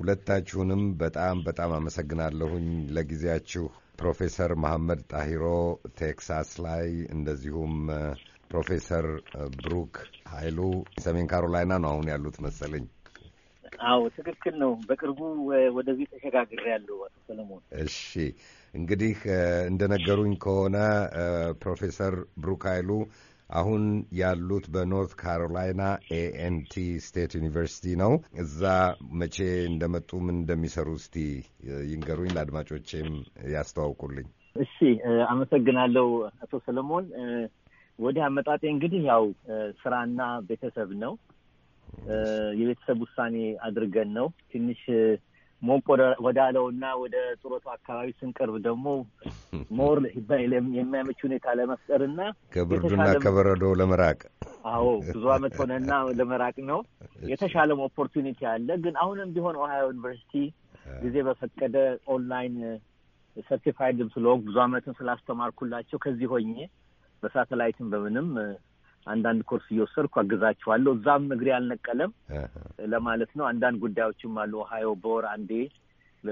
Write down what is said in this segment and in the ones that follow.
ሁለታችሁንም በጣም በጣም አመሰግናለሁኝ ለጊዜያችሁ። ፕሮፌሰር መሐመድ ጣሂሮ ቴክሳስ ላይ እንደዚሁም ፕሮፌሰር ብሩክ ኃይሉ ሰሜን ካሮላይና ነው አሁን ያሉት መሰለኝ። አዎ ትክክል ነው። በቅርቡ ወደዚህ ተሸጋግሬ ያለሁ ሰለሞን። እሺ እንግዲህ እንደነገሩኝ ከሆነ ፕሮፌሰር ብሩክ ኃይሉ አሁን ያሉት በኖርት ካሮላይና ኤኤንቲ ስቴት ዩኒቨርሲቲ ነው። እዛ መቼ እንደመጡ ምን እንደሚሰሩ እስቲ ይንገሩኝ፣ ለአድማጮቼም ያስተዋውቁልኝ። እሺ፣ አመሰግናለሁ አቶ ሰለሞን። ወደ አመጣጤ እንግዲህ ያው ስራና ቤተሰብ ነው። የቤተሰብ ውሳኔ አድርገን ነው ትንሽ ሞቅ ወዳለው እና ወደ ጡረቱ አካባቢ ስንቀርብ ደግሞ ሞር የሚያመች ሁኔታ ለመፍጠር እና ከብርዱና ከበረዶ ለመራቅ አዎ ብዙ አመት ሆነና ለመራቅ ነው። የተሻለም ኦፖርቱኒቲ አለ። ግን አሁንም ቢሆን ኦሃዮ ዩኒቨርሲቲ ጊዜ በፈቀደ ኦንላይን ሰርቲፋይድም ስለሆንኩ ብዙ አመትን ስላስተማርኩላቸው ከዚህ ሆኜ በሳተላይትም በምንም አንዳንድ ኮርስ እየወሰድኩ አግዛችኋለሁ። እዛም እግሬ አልነቀለም ለማለት ነው። አንዳንድ ጉዳዮችም አሉ። ኦሃዮ በወር አንዴ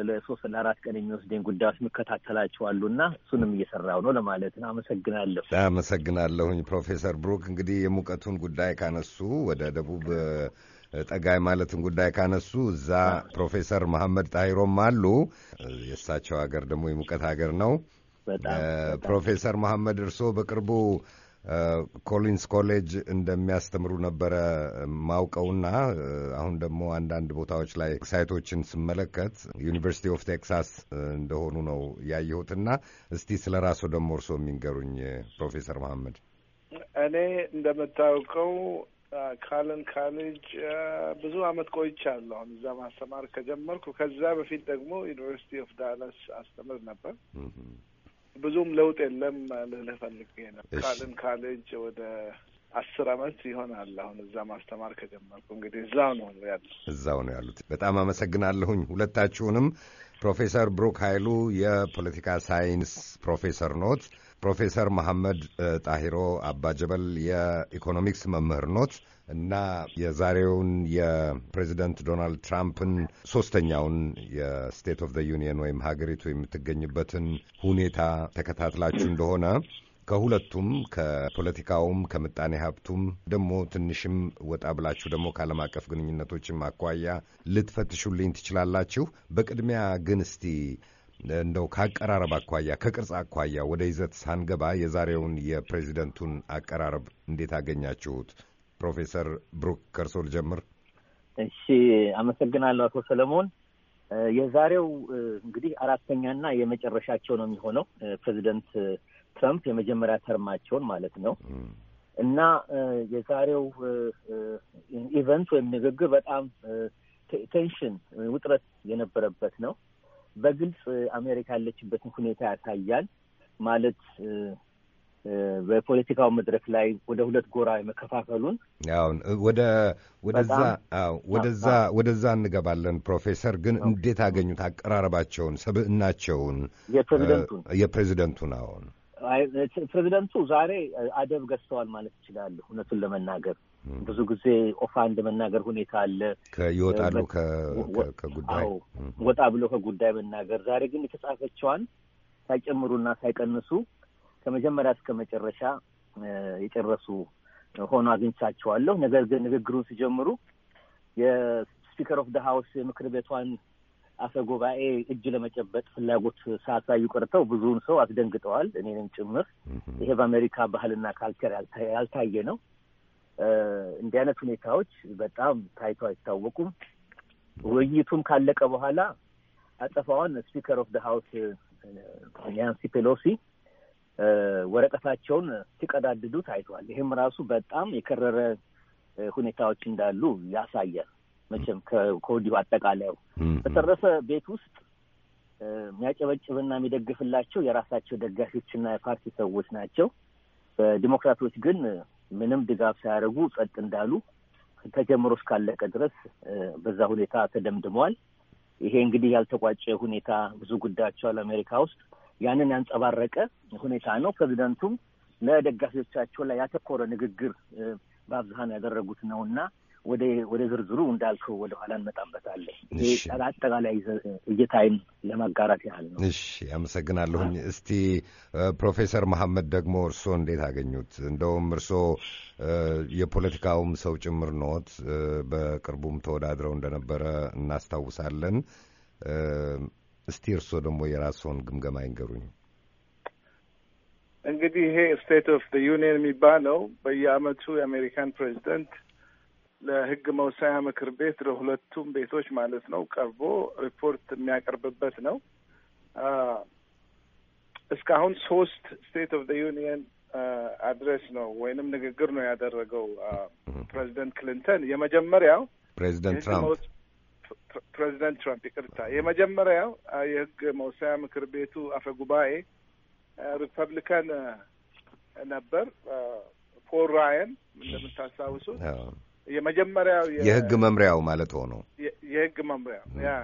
ለሶስት ለአራት ቀን የሚወስደኝ ጉዳዮች የምከታተላችኋሉ እና እሱንም እየሰራው ነው ለማለት ነው። አመሰግናለሁ። አመሰግናለሁኝ ፕሮፌሰር ብሩክ እንግዲህ የሙቀቱን ጉዳይ ካነሱ ወደ ደቡብ ጠጋይ ማለትን ጉዳይ ካነሱ እዛ ፕሮፌሰር መሐመድ ጣሂሮም አሉ። የእሳቸው ሀገር ደግሞ የሙቀት ሀገር ነው። ፕሮፌሰር መሐመድ እርስዎ በቅርቡ ኮሊንስ ኮሌጅ እንደሚያስተምሩ ነበረ ማውቀውና አሁን ደግሞ አንዳንድ ቦታዎች ላይ ሳይቶችን ስመለከት ዩኒቨርሲቲ ኦፍ ቴክሳስ እንደሆኑ ነው ያየሁትና እስቲ ስለ ራሱ ደግሞ እርስዎ የሚንገሩኝ ፕሮፌሰር መሐመድ። እኔ እንደምታውቀው ካለን ካሌጅ ብዙ አመት ቆይቻለሁ። አሁን እዛ ማስተማር ከጀመርኩ ከዛ በፊት ደግሞ ዩኒቨርሲቲ ኦፍ ዳላስ አስተምር ነበር። ብዙም ለውጥ የለም ልልህ ፈልጌ ነው። ካልን ካሌጅ ወደ አስር አመት ይሆናል አሁን እዛ ማስተማር ከጀመርኩ እንግዲህ እዛው ነው ያሉት እዛው ነው ያሉት። በጣም አመሰግናለሁኝ ሁለታችሁንም። ፕሮፌሰር ብሩክ ኃይሉ የፖለቲካ ሳይንስ ፕሮፌሰር ኖት። ፕሮፌሰር መሐመድ ጣሂሮ አባጀበል የኢኮኖሚክስ መምህር ኖት። እና የዛሬውን የፕሬዚደንት ዶናልድ ትራምፕን ሶስተኛውን የስቴት ኦፍ ዘ ዩኒየን ወይም ሀገሪቱ የምትገኝበትን ሁኔታ ተከታትላችሁ እንደሆነ ከሁለቱም ከፖለቲካውም ከምጣኔ ሀብቱም ደግሞ ትንሽም ወጣ ብላችሁ ደግሞ ከዓለም አቀፍ ግንኙነቶችም አኳያ ልትፈትሹልኝ ትችላላችሁ። በቅድሚያ ግን እስቲ እንደው ከአቀራረብ አኳያ ከቅርጽ አኳያ ወደ ይዘት ሳንገባ የዛሬውን የፕሬዚደንቱን አቀራረብ እንዴት አገኛችሁት? ፕሮፌሰር ብሩክ ከርሶ ልጀምር። እሺ፣ አመሰግናለሁ አቶ ሰለሞን። የዛሬው እንግዲህ አራተኛና የመጨረሻቸው ነው የሚሆነው ፕሬዚደንት ትራምፕ የመጀመሪያ ተርማቸውን ማለት ነው እና የዛሬው ኢቨንት ወይም ንግግር በጣም ቴንሽን ውጥረት የነበረበት ነው። በግልጽ አሜሪካ ያለችበትን ሁኔታ ያሳያል። ማለት በፖለቲካው መድረክ ላይ ወደ ሁለት ጎራ የመከፋፈሉን ወደ ወደዛ ወደዛ ወደዛ እንገባለን። ፕሮፌሰር ግን እንዴት አገኙት አቀራረባቸውን፣ ሰብእናቸውን የፕሬዚደንቱን የፕሬዚደንቱን አሁን ፕሬዚደንቱ ዛሬ አደብ ገዝተዋል ማለት ይችላል። እውነቱን ለመናገር ብዙ ጊዜ ኦፋ እንደ መናገር ሁኔታ አለ። ይወጣሉ ከጉዳይ ወጣ ብሎ ከጉዳይ መናገር ዛሬ ግን የተጻፈችዋን ሳይጨምሩና ሳይቀንሱ ከመጀመሪያ እስከ መጨረሻ የጨረሱ ሆኖ አግኝቻቸዋለሁ። ነገር ግን ንግግሩን ሲጀምሩ የስፒከር ኦፍ ደ ሀውስ የምክር ቤቷን አፈ ጉባኤ እጅ ለመጨበጥ ፍላጎት ሳያሳዩ ቀርተው ብዙውን ሰው አስደንግጠዋል፣ እኔንም ጭምር። ይሄ በአሜሪካ ባህልና ካልቸር ያልታየ ነው። እንዲህ አይነት ሁኔታዎች በጣም ታይቶ አይታወቁም። ውይይቱም ካለቀ በኋላ አጸፋዋን ስፒከር ኦፍ ደ ሀውስ ናንሲ ፔሎሲ ወረቀታቸውን ሲቀዳድዱ ታይቷል። ይህም ራሱ በጣም የከረረ ሁኔታዎች እንዳሉ ያሳያል። መቼም ከወዲሁ አጠቃላዩ በተረፈ ቤት ውስጥ የሚያጨበጭብና የሚደግፍላቸው የራሳቸው ደጋፊዎችና የፓርቲ ሰዎች ናቸው። ዲሞክራቶች ግን ምንም ድጋፍ ሳያደርጉ ጸጥ እንዳሉ ተጀምሮ እስካለቀ ድረስ በዛ ሁኔታ ተደምድመዋል። ይሄ እንግዲህ ያልተቋጨ ሁኔታ ብዙ ጉዳያቸዋል አሜሪካ ውስጥ ያንን ያንጸባረቀ ሁኔታ ነው። ፕሬዚደንቱም ለደጋፊዎቻቸው ላይ ያተኮረ ንግግር በአብዛሃን ያደረጉት ነው እና ወደ ዝርዝሩ እንዳልከው ወደ ኋላ እንመጣበታለን። አጠቃላይ እይታይም ለማጋራት ያህል ነው። እሺ፣ አመሰግናለሁኝ። እስቲ ፕሮፌሰር መሐመድ ደግሞ እርስዎ እንዴት አገኙት? እንደውም እርስዎ የፖለቲካውም ሰው ጭምር ኖት፣ በቅርቡም ተወዳድረው እንደነበረ እናስታውሳለን። እስቲ እርስዎ ደግሞ የራስዎን ግምገማ ይንገሩኝ። እንግዲህ ይሄ ስቴት ኦፍ ዘ ዩኒየን የሚባለው በየአመቱ የአሜሪካን ፕሬዚደንት ለህግ መውሳያ ምክር ቤት ለሁለቱም ቤቶች ማለት ነው ቀርቦ ሪፖርት የሚያቀርብበት ነው። እስካሁን ሶስት ስቴት ኦፍ ዘ ዩኒየን አድሬስ ነው ወይንም ንግግር ነው ያደረገው ፕሬዚደንት ክሊንተን። የመጀመሪያው ፕሬዚደንት ትራምፕ ፕሬዚደንት ትራምፕ ይቅርታ፣ የመጀመሪያው የህግ መወሰኛ ምክር ቤቱ አፈ ጉባኤ ሪፐብሊካን ነበር ፖል ራየን እንደምታስታውሱት የመጀመሪያው የህግ መምሪያው ማለት ሆኖ የህግ መምሪያው ያ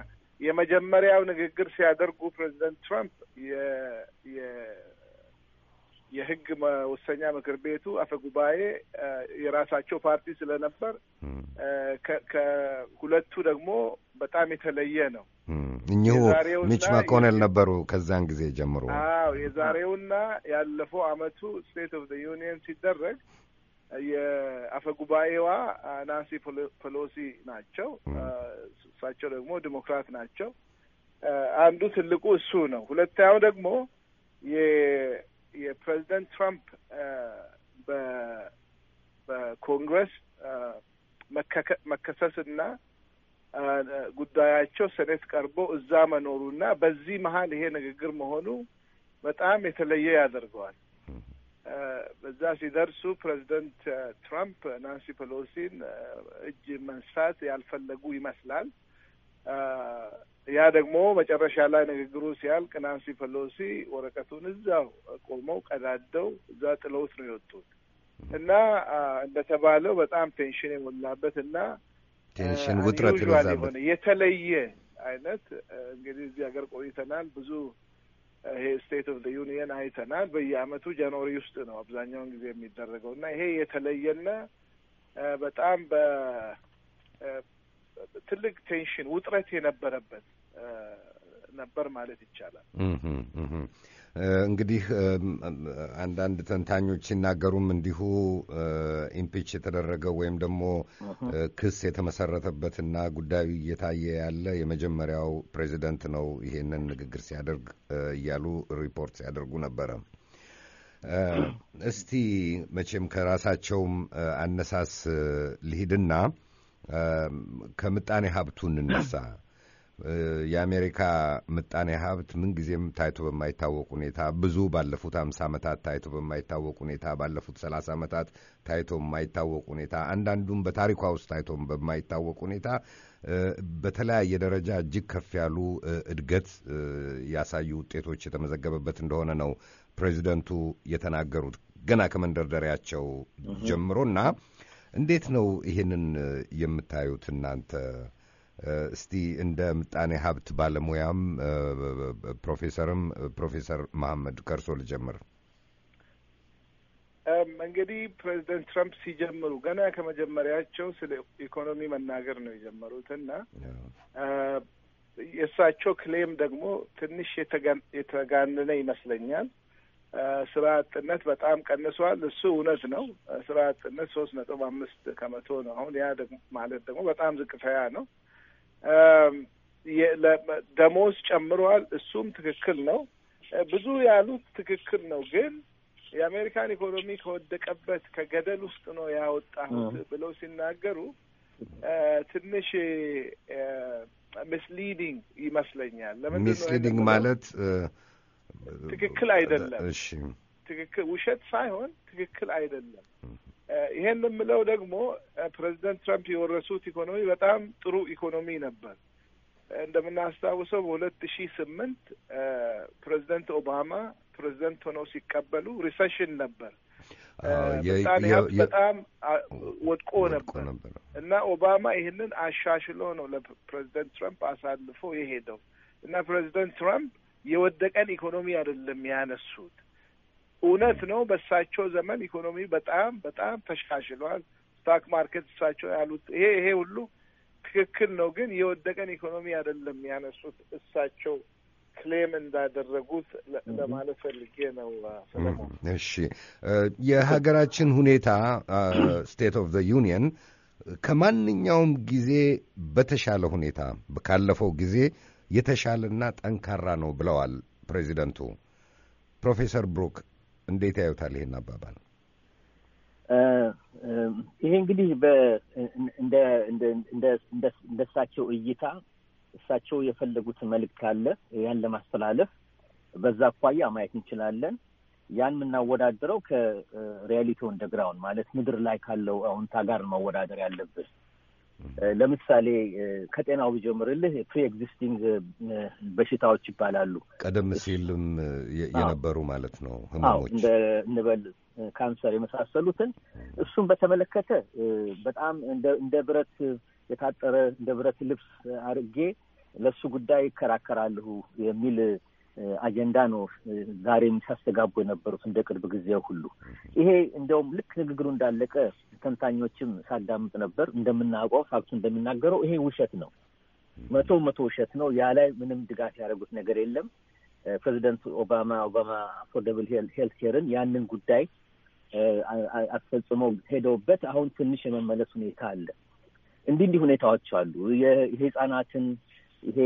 የመጀመሪያው ንግግር ሲያደርጉ ፕሬዚደንት ትራምፕ የህግ መወሰኛ ምክር ቤቱ አፈ ጉባኤ የራሳቸው ፓርቲ ስለነበር ከሁለቱ ደግሞ በጣም የተለየ ነው። እኚሁ ሚች ማኮኔል ነበሩ ከዛን ጊዜ ጀምሮ። አዎ የዛሬውና ያለፈው አመቱ ስቴት ኦፍ ዩኒየን ሲደረግ የአፈ ጉባኤዋ ናንሲ ፔሎሲ ናቸው። እሳቸው ደግሞ ዲሞክራት ናቸው። አንዱ ትልቁ እሱ ነው። ሁለተኛው ደግሞ የፕሬዚደንት ትራምፕ በኮንግረስ መከሰስና ጉዳያቸው ሴኔት ቀርቦ እዛ እና በዚህ መሀል ይሄ ንግግር መሆኑ በጣም የተለየ ያደርገዋል። በዛ ሲደርሱ ፕሬዚደንት ትራምፕ ናንሲ ፔሎሲን እጅ መንሳት ያልፈለጉ ይመስላል። ያ ደግሞ መጨረሻ ላይ ንግግሩ ሲያልቅ ናንሲ ፐሎሲ ወረቀቱን እዛ ቆመው ቀዳደው እዛ ጥለውት ነው የወጡት እና እንደተባለው በጣም ቴንሽን የሞላበት እና ቴንሽን ውጥረት የሆነ የተለየ አይነት እንግዲህ እዚህ ሀገር ቆይተናል። ብዙ ይሄ ስቴት ኦፍ ዩኒየን አይተናል። በየአመቱ ጃንዋሪ ውስጥ ነው አብዛኛውን ጊዜ የሚደረገው እና ይሄ የተለየና በጣም በትልቅ ቴንሽን ውጥረት የነበረበት ነበር ማለት ይቻላል። እንግዲህ አንዳንድ ተንታኞች ሲናገሩም እንዲሁ ኢምፒች የተደረገው ወይም ደግሞ ክስ የተመሰረተበትና ጉዳዩ እየታየ ያለ የመጀመሪያው ፕሬዚደንት ነው ይሄንን ንግግር ሲያደርግ እያሉ ሪፖርት ሲያደርጉ ነበረ። እስቲ መቼም ከራሳቸውም አነሳስ ልሂድና ከምጣኔ ሀብቱ እንነሳ። የአሜሪካ ምጣኔ ሀብት ምንጊዜም ታይቶ በማይታወቅ ሁኔታ ብዙ ባለፉት አምሳ ዓመታት ታይቶ በማይታወቅ ሁኔታ ባለፉት ሰላሳ ዓመታት ታይቶ በማይታወቅ ሁኔታ አንዳንዱም በታሪኳ ውስጥ ታይቶ በማይታወቅ ሁኔታ በተለያየ ደረጃ እጅግ ከፍ ያሉ እድገት ያሳዩ ውጤቶች የተመዘገበበት እንደሆነ ነው ፕሬዚደንቱ የተናገሩት ገና ከመንደርደሪያቸው ጀምሮ እና እንዴት ነው ይህንን የምታዩት እናንተ? እስቲ እንደ ምጣኔ ሀብት ባለሙያም ፕሮፌሰርም ፕሮፌሰር መሐመድ ከርሶ ልጀምር። እንግዲህ ፕሬዚደንት ትራምፕ ሲጀምሩ ገና ከመጀመሪያቸው ስለ ኢኮኖሚ መናገር ነው የጀመሩት እና የእሳቸው ክሌም ደግሞ ትንሽ የተጋነነ ይመስለኛል። ስራ አጥነት በጣም ቀንሷል። እሱ እውነት ነው። ስራ አጥነት ሶስት ነጥብ አምስት ከመቶ ነው አሁን። ያ ደግሞ ማለት ደግሞ በጣም ዝቅተኛ ነው። ደሞዝ ጨምሯል። እሱም ትክክል ነው። ብዙ ያሉት ትክክል ነው። ግን የአሜሪካን ኢኮኖሚ ከወደቀበት ከገደል ውስጥ ነው ያወጣሁት ብለው ሲናገሩ ትንሽ ሚስሊዲንግ ይመስለኛል። ለምንድን ሚስሊዲንግ ማለት? ትክክል አይደለም። ትክክል ውሸት ሳይሆን ትክክል አይደለም። ይሄን የምለው ደግሞ ፕሬዚደንት ትራምፕ የወረሱት ኢኮኖሚ በጣም ጥሩ ኢኮኖሚ ነበር። እንደምናስታውሰው በሁለት ሺ ስምንት ፕሬዚደንት ኦባማ ፕሬዚደንት ሆነው ሲቀበሉ ሪሰሽን ነበር፣ በጣም ወድቆ ነበር እና ኦባማ ይህንን አሻሽሎ ነው ለፕሬዚደንት ትራምፕ አሳልፎ የሄደው እና ፕሬዚደንት ትራምፕ የወደቀን ኢኮኖሚ አይደለም ያነሱት እውነት ነው። በእሳቸው ዘመን ኢኮኖሚ በጣም በጣም ተሻሽሏል። ስታክ ማርኬት እሳቸው ያሉት ይሄ ይሄ ሁሉ ትክክል ነው። ግን የወደቀን ኢኮኖሚ አይደለም ያነሱት እሳቸው ክሌም እንዳደረጉት ለማለት ፈልጌ ነው። ሰለሞን፣ እሺ የሀገራችን ሁኔታ ስቴት ኦፍ ዘ ዩኒየን ከማንኛውም ጊዜ በተሻለ ሁኔታ ካለፈው ጊዜ የተሻለና ጠንካራ ነው ብለዋል ፕሬዚደንቱ። ፕሮፌሰር ብሩክ እንዴት ያዩታል ይሄን አባባል? ይሄ እንግዲህ እንደ እሳቸው እይታ እሳቸው የፈለጉት መልእክት ካለ ያን ለማስተላለፍ በዛ አኳያ ማየት እንችላለን። ያን የምናወዳደረው ከሪያሊቲ ኦን ደ ግራውንድ ማለት ምድር ላይ ካለው አሁንታ ጋር ማወዳደር ያለብን ለምሳሌ ከጤናው ቢጀምርልህ ፕሪ ኤግዚስቲንግ በሽታዎች ይባላሉ። ቀደም ሲልም የነበሩ ማለት ነው ህመሞች እንበል ካንሰር የመሳሰሉትን እሱን በተመለከተ በጣም እንደ ብረት የታጠረ እንደ ብረት ልብስ አድርጌ ለእሱ ጉዳይ ይከራከራልሁ የሚል አጀንዳ ነው ዛሬም ሲያስተጋቡ የነበሩት እንደ ቅርብ ጊዜው ሁሉ። ይሄ እንደውም ልክ ንግግሩ እንዳለቀ ተንታኞችም ሳዳምጥ ነበር። እንደምናውቀው ፋክቱ እንደሚናገረው ይሄ ውሸት ነው፣ መቶ መቶ ውሸት ነው። ያ ላይ ምንም ድጋፍ ያደረጉት ነገር የለም። ፕሬዚደንት ኦባማ ኦባማ አፎርደብል ሄልት ኬርን ያንን ጉዳይ አስፈጽመው ሄደውበት አሁን ትንሽ የመመለስ ሁኔታ አለ። እንዲህ እንዲህ ሁኔታዎች አሉ። የህፃናትን ይሄ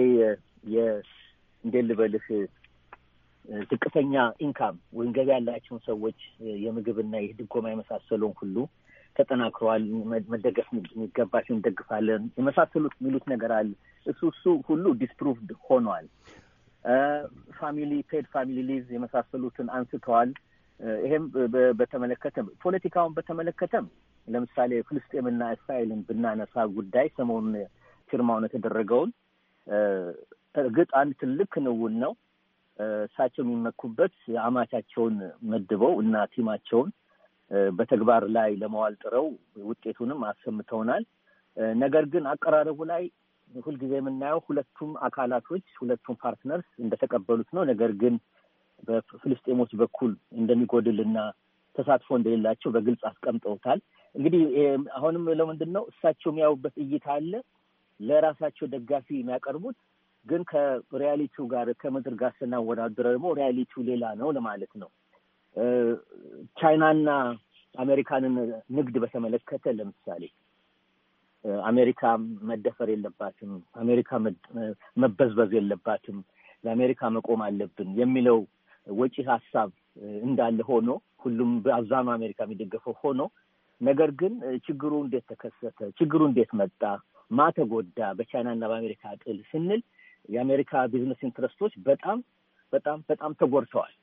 እንዴት ልበልህ ዝቅተኛ ኢንካም ወይም ገቢ ያላቸውን ሰዎች የምግብና የድጎማ የመሳሰሉን ሁሉ ተጠናክረዋል። መደገፍ የሚገባቸው እንደግፋለን የመሳሰሉት የሚሉት ነገር አለ። እሱ እሱ ሁሉ ዲስፕሩቭድ ሆኗል። ፋሚሊ ፔድ ፋሚሊ ሊዝ የመሳሰሉትን አንስተዋል። ይሄም በተመለከተም ፖለቲካውን በተመለከተም ለምሳሌ ፍልስጤምና እስራኤልን ብናነሳ ጉዳይ ሰሞኑን ፊርማውን የተደረገውን እርግጥ አንድ ትልቅ ክንውን ነው። እሳቸው የሚመኩበት አማቻቸውን መድበው እና ቲማቸውን በተግባር ላይ ለመዋል ጥረው ውጤቱንም አሰምተውናል። ነገር ግን አቀራረቡ ላይ ሁልጊዜ የምናየው ሁለቱም አካላቶች ሁለቱም ፓርትነርስ እንደተቀበሉት ነው። ነገር ግን በፍልስጤሞች በኩል እንደሚጎድል ተሳትፎ እንደሌላቸው በግልጽ አስቀምጠውታል። እንግዲህ አሁንም ለምንድን ነው እሳቸው የሚያዩበት እይታ አለ። ለራሳቸው ደጋፊ የሚያቀርቡት ግን ከሪያሊቲው ጋር ከምድር ጋር ስናወዳድረ ደግሞ ሪያሊቲው ሌላ ነው ለማለት ነው። ቻይናና አሜሪካንን ንግድ በተመለከተ ለምሳሌ አሜሪካ መደፈር የለባትም፣ አሜሪካ መበዝበዝ የለባትም፣ ለአሜሪካ መቆም አለብን የሚለው ወጪ ሀሳብ እንዳለ ሆኖ ሁሉም በአብዛኛው አሜሪካ የሚደገፈው ሆኖ ነገር ግን ችግሩ እንዴት ተከሰተ? ችግሩ እንዴት መጣ? ማተጎዳ በቻይናና በአሜሪካ ጥል ስንል የአሜሪካ ቢዝነስ ኢንትረስቶች በጣም በጣም በጣም ተጎድተዋል።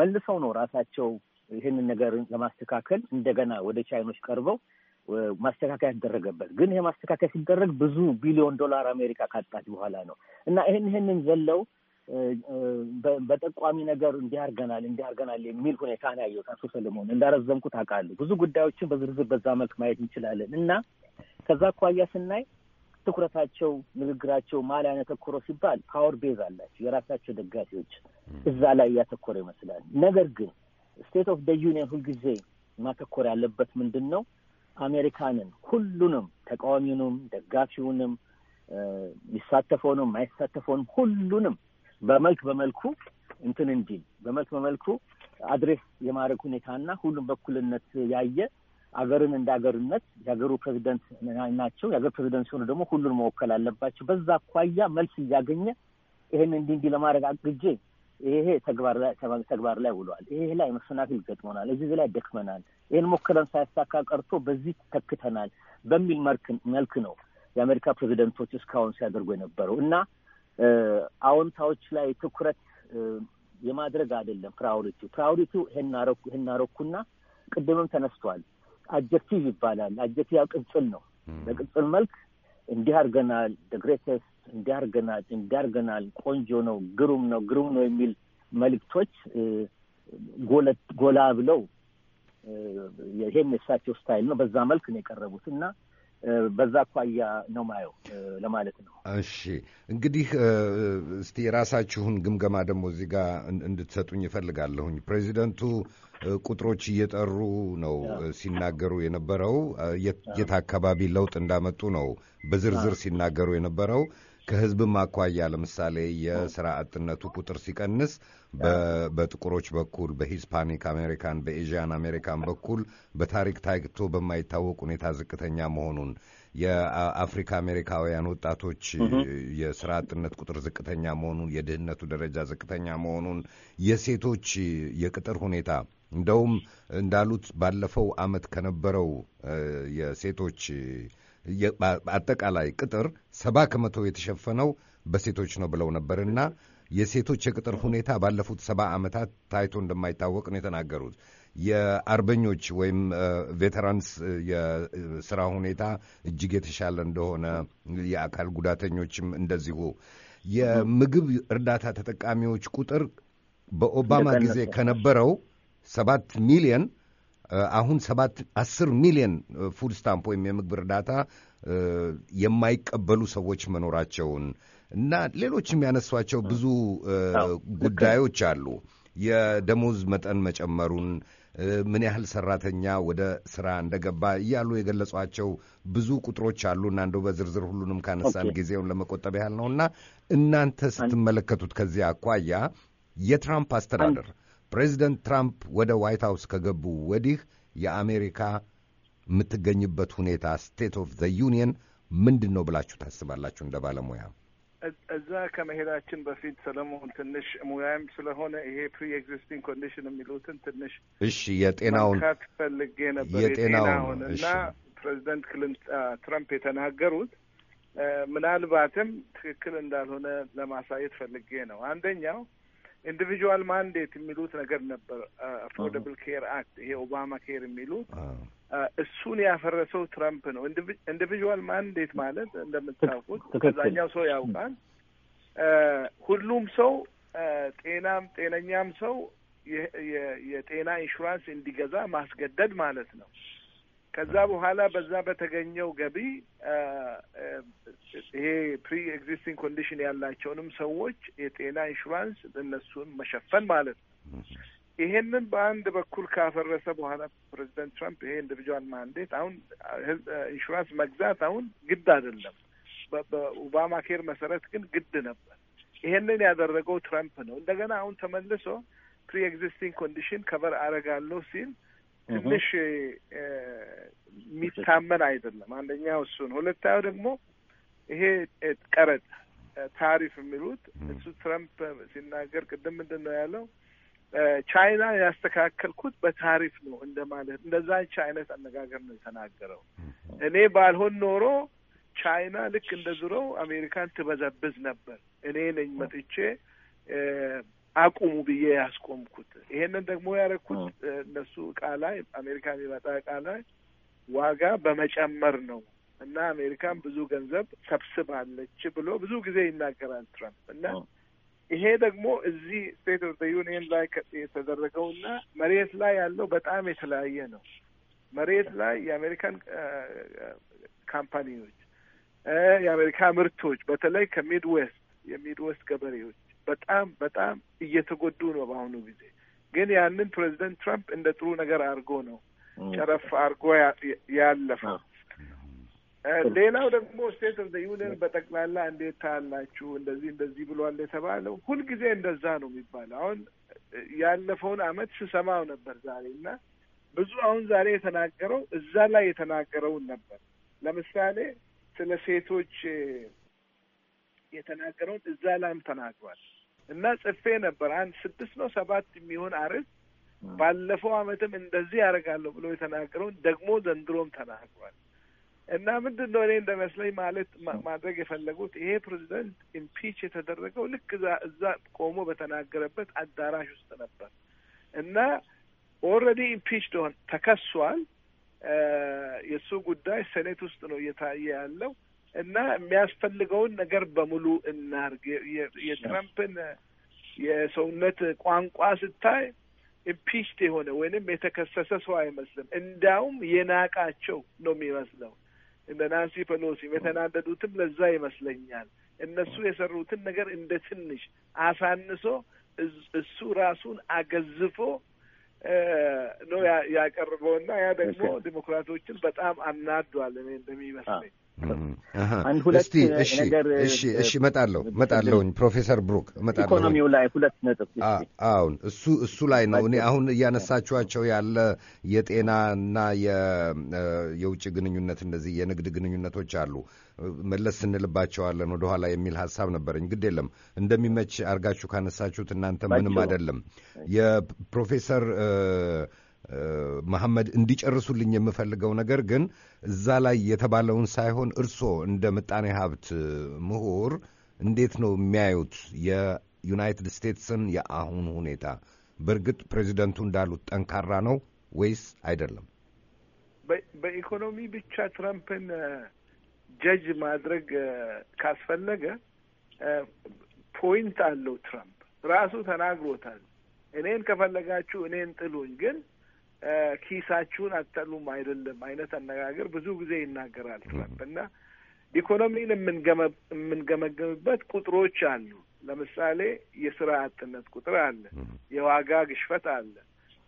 መልሰው ነው ራሳቸው ይህንን ነገር ለማስተካከል እንደገና ወደ ቻይኖች ቀርበው ማስተካከያ ያደረገበት። ግን ይሄ ማስተካከያ ሲደረግ ብዙ ቢሊዮን ዶላር አሜሪካ ካጣች በኋላ ነው እና ይህን ይህንን ዘለው በጠቋሚ ነገር እንዲያርገናል እንዲያርገናል የሚል ሁኔታ ነው ያየሁት። አቶ ሰለሞን እንዳረዘምኩት አውቃለሁ። ብዙ ጉዳዮችን በዝርዝር በዛ መልክ ማየት እንችላለን እና ከዛ አኳያ ስናይ ትኩረታቸው፣ ንግግራቸው ማን ላይ ያተኮረው ሲባል ፓወር ቤዝ አላቸው የራሳቸው ደጋፊዎች እዛ ላይ እያተኮረ ይመስላል። ነገር ግን ስቴት ኦፍ ደ ዩኒየን ሁልጊዜ ማተኮር ያለበት ምንድን ነው? አሜሪካንን ሁሉንም ተቃዋሚውንም ደጋፊውንም የሚሳተፈውንም የማይሳተፈውንም ሁሉንም በመልክ በመልኩ እንትን እንዲል በመልክ በመልኩ አድሬስ የማድረግ ሁኔታና ሁሉም በኩልነት ያየ አገርን እንደ አገርነት የሀገሩ ፕሬዚደንት ናቸው። የሀገር ፕሬዚደንት ሲሆኑ ደግሞ ሁሉን መወከል አለባቸው። በዛ አኳያ መልስ እያገኘ ይህን እንዲህ እንዲህ ለማድረግ አግጄ ይሄ ተግባር ላይ ውሏል። ይሄ ላይ መሰናክል ገጥሞናል፣ እዚህ ላይ ደክመናል፣ ይህን ሞክረን ሳያሳካ ቀርቶ በዚህ ተክተናል በሚል መልክ ነው የአሜሪካ ፕሬዚደንቶች እስካሁን ሲያደርጉ የነበረው እና አዎንታዎች ላይ ትኩረት የማድረግ አይደለም ፕራዮሪቲው ፕራዮሪቲው ይሄን አረኩ አረኩና ቅድምም ተነስቷል አጀክቲቭ ይባላል። አጀክቲቭ ያው ቅጽል ነው። በቅጽል መልክ እንዲህ አድርገናል፣ ደግሬተስ እንዲህ አድርገናል፣ እንዲህ አድርገናል፣ ቆንጆ ነው፣ ግሩም ነው፣ ግሩም ነው የሚል መልእክቶች ጎላ ብለው ይሄም የሳቸው ስታይል ነው። በዛ መልክ ነው የቀረቡት እና በዛ አኳያ ነው ማየው ለማለት ነው። እሺ እንግዲህ እስቲ የራሳችሁን ግምገማ ደግሞ እዚህ ጋር እንድትሰጡኝ ይፈልጋለሁኝ። ፕሬዚደንቱ ቁጥሮች እየጠሩ ነው ሲናገሩ የነበረው የት አካባቢ ለውጥ እንዳመጡ ነው በዝርዝር ሲናገሩ የነበረው ከህዝብም አኳያ ለምሳሌ የስራ አጥነቱ ቁጥር ሲቀንስ በጥቁሮች በኩል በሂስፓኒክ አሜሪካን፣ በኤዥያን አሜሪካን በኩል በታሪክ ታይቶ በማይታወቅ ሁኔታ ዝቅተኛ መሆኑን የአፍሪካ አሜሪካውያን ወጣቶች የስራ አጥነት ቁጥር ዝቅተኛ መሆኑን፣ የድህነቱ ደረጃ ዝቅተኛ መሆኑን፣ የሴቶች የቅጥር ሁኔታ እንደውም እንዳሉት ባለፈው አመት ከነበረው የሴቶች በአጠቃላይ ቅጥር ሰባ ከመቶ የተሸፈነው በሴቶች ነው ብለው ነበርና የሴቶች የቅጥር ሁኔታ ባለፉት ሰባ ዓመታት ታይቶ እንደማይታወቅ ነው የተናገሩት። የአርበኞች ወይም ቬተራንስ የስራ ሁኔታ እጅግ የተሻለ እንደሆነ፣ የአካል ጉዳተኞችም እንደዚሁ። የምግብ እርዳታ ተጠቃሚዎች ቁጥር በኦባማ ጊዜ ከነበረው ሰባት ሚሊየን አሁን ሰባት አስር ሚሊዮን ፉድ ስታምፕ ወይም የምግብ እርዳታ የማይቀበሉ ሰዎች መኖራቸውን እና ሌሎችም ያነሷቸው ብዙ ጉዳዮች አሉ። የደሞዝ መጠን መጨመሩን፣ ምን ያህል ሰራተኛ ወደ ስራ እንደገባ እያሉ የገለጿቸው ብዙ ቁጥሮች አሉ እና እንደው በዝርዝር ሁሉንም ካነሳን ጊዜውን ለመቆጠብ ያህል ነው እና እናንተ ስትመለከቱት ከዚያ አኳያ የትራምፕ አስተዳደር ፕሬዚደንት ትራምፕ ወደ ዋይት ሃውስ ከገቡ ወዲህ የአሜሪካ የምትገኝበት ሁኔታ ስቴት ኦፍ ዘ ዩኒየን ምንድን ነው ብላችሁ ታስባላችሁ? እንደ ባለሙያ እዛ ከመሄዳችን በፊት ሰለሞን፣ ትንሽ ሙያም ስለሆነ ይሄ ፕሪ ኤግዚስቲንግ ኮንዲሽን የሚሉትን ትንሽ እሺ፣ የጤናውን ፈልጌ ነበር። የጤናውን እና ፕሬዚደንት ትራምፕ የተናገሩት ምናልባትም ትክክል እንዳልሆነ ለማሳየት ፈልጌ ነው። አንደኛው ኢንዲቪጁዋል ማንዴት የሚሉት ነገር ነበር። አፎርደብል ኬር አክት ይሄ ኦባማ ኬር የሚሉት uh, እሱን ያፈረሰው ትራምፕ ነው። ኢንዲቪጁዋል ማንዴት ማለት እንደምታውቁት አብዛኛው ሰው ያውቃል። uh, ሁሉም ሰው uh, ጤናም ጤነኛም ሰው የጤና ኢንሹራንስ እንዲገዛ ማስገደድ ማለት ነው። ከዛ በኋላ በዛ በተገኘው ገቢ ይሄ ፕሪ ኤግዚስቲንግ ኮንዲሽን ያላቸውንም ሰዎች የጤና ኢንሹራንስ እነሱን መሸፈን ማለት ነው። ይሄንን በአንድ በኩል ካፈረሰ በኋላ ፕሬዚደንት ትራምፕ ይሄ ኢንዲቪጁዋል ማንዴት አሁን ኢንሹራንስ መግዛት አሁን ግድ አይደለም፣ በኦባማ ኬር መሰረት ግን ግድ ነበር። ይሄንን ያደረገው ትራምፕ ነው። እንደገና አሁን ተመልሶ ፕሪ ኤግዚስቲንግ ኮንዲሽን ከበር አረጋለሁ ሲል ትንሽ የሚታመን አይደለም። አንደኛው እሱ ነው። ሁለተኛው ደግሞ ይሄ ቀረጥ ታሪፍ የሚሉት እሱ ትረምፕ ሲናገር ቅድም ምንድን ነው ያለው? ቻይና ያስተካከልኩት በታሪፍ ነው እንደማለት እንደዛ አይነት አነጋገር ነው የተናገረው። እኔ ባልሆን ኖሮ ቻይና ልክ እንደ ድሮው አሜሪካን ትበዘብዝ ነበር። እኔ ነኝ መጥቼ አቁሙ ብዬ ያስቆምኩት። ይሄንን ደግሞ ያደረኩት እነሱ እቃ ላይ አሜሪካ የሚመጣ እቃ ላይ ዋጋ በመጨመር ነው እና አሜሪካን ብዙ ገንዘብ ሰብስባለች ብሎ ብዙ ጊዜ ይናገራል ትራምፕ እና ይሄ ደግሞ እዚህ ስቴት ኦፍ ዩኒየን ላይ እና መሬት ላይ ያለው በጣም የተለያየ ነው። መሬት ላይ የአሜሪካን ካምፓኒዎች የአሜሪካ ምርቶች በተለይ ከሚድዌስት የሚድዌስት የሚድ ገበሬዎች በጣም በጣም እየተጎዱ ነው። በአሁኑ ጊዜ ግን ያንን ፕሬዚደንት ትራምፕ እንደ ጥሩ ነገር አድርጎ ነው ጨረፍ አድርጎ ያለፈው። ሌላው ደግሞ ስቴት ኦፍ ዩኒየን በጠቅላላ እንዴት ታያላችሁ እንደዚህ እንደዚህ ብሏል የተባለው ሁልጊዜ እንደዛ ነው የሚባለው። አሁን ያለፈውን አመት ስሰማው ነበር ዛሬ እና ብዙ አሁን ዛሬ የተናገረው እዛ ላይ የተናገረውን ነበር። ለምሳሌ ስለ ሴቶች የተናገረውን እዛ ላይም ተናግሯል። እና ጽፌ ነበር አንድ ስድስት ነው ሰባት የሚሆን አርዕስት ባለፈው አመትም እንደዚህ ያደርጋለሁ ብሎ የተናገረውን ደግሞ ዘንድሮም ተናግሯል። እና ምንድን ነው እኔ እንደመስለኝ ማለት ማድረግ የፈለጉት ይሄ ፕሬዚደንት ኢምፒች የተደረገው ልክ እዛ ቆሞ በተናገረበት አዳራሽ ውስጥ ነበር እና ኦልሬዲ ኢምፒች ደሆን ተከሷል። የእሱ ጉዳይ ሴኔት ውስጥ ነው እየታየ ያለው። እና የሚያስፈልገውን ነገር በሙሉ እናርግ። የትረምፕን የሰውነት ቋንቋ ስታይ ኢምፒችድ የሆነ ወይንም የተከሰሰ ሰው አይመስልም። እንዲያውም የናቃቸው ነው የሚመስለው። እንደ ናንሲ ፔሎሲም የተናደዱትም ለዛ ይመስለኛል። እነሱ የሰሩትን ነገር እንደ ትንሽ አሳንሶ እሱ ራሱን አገዝፎ ነው ያቀርበውና ያ ደግሞ ዲሞክራቶችን በጣም አናዷል እኔ እንደሚመስለኝ። አንድ ሁለት ነገር እሺ፣ እሺ፣ እመጣለሁ እመጣለሁኝ ፕሮፌሰር ብሩክ እመጣለሁ። ኢኮኖሚው ላይ ሁለት ነጥብ። አሁን እሱ እሱ ላይ ነው እኔ አሁን እያነሳችኋቸው ያለ የጤናና የውጭ ግንኙነት እነዚህ የንግድ ግንኙነቶች አሉ። መለስ ስንልባቸዋለን ወደኋላ የሚል ሀሳብ ነበረኝ። ግድ የለም እንደሚመች አርጋችሁ ካነሳችሁት እናንተ ምንም አይደለም። የፕሮፌሰር መሐመድ እንዲጨርሱልኝ የምፈልገው ነገር ግን እዛ ላይ የተባለውን ሳይሆን እርስዎ እንደ ምጣኔ ሀብት ምሁር እንዴት ነው የሚያዩት የዩናይትድ ስቴትስን የአሁኑ ሁኔታ? በእርግጥ ፕሬዚደንቱ እንዳሉት ጠንካራ ነው ወይስ አይደለም? በኢኮኖሚ ብቻ ትራምፕን ጀጅ ማድረግ ካስፈለገ ፖይንት አለው። ትራምፕ ራሱ ተናግሮታል። እኔን ከፈለጋችሁ እኔን ጥሉኝ፣ ግን ኪሳችሁን አትጠሉም አይደለም አይነት አነጋገር ብዙ ጊዜ ይናገራል ትራምፕ እና ኢኮኖሚን የምንገመገምበት ቁጥሮች አሉ። ለምሳሌ የስራ አጥነት ቁጥር አለ፣ የዋጋ ግሽፈት አለ፣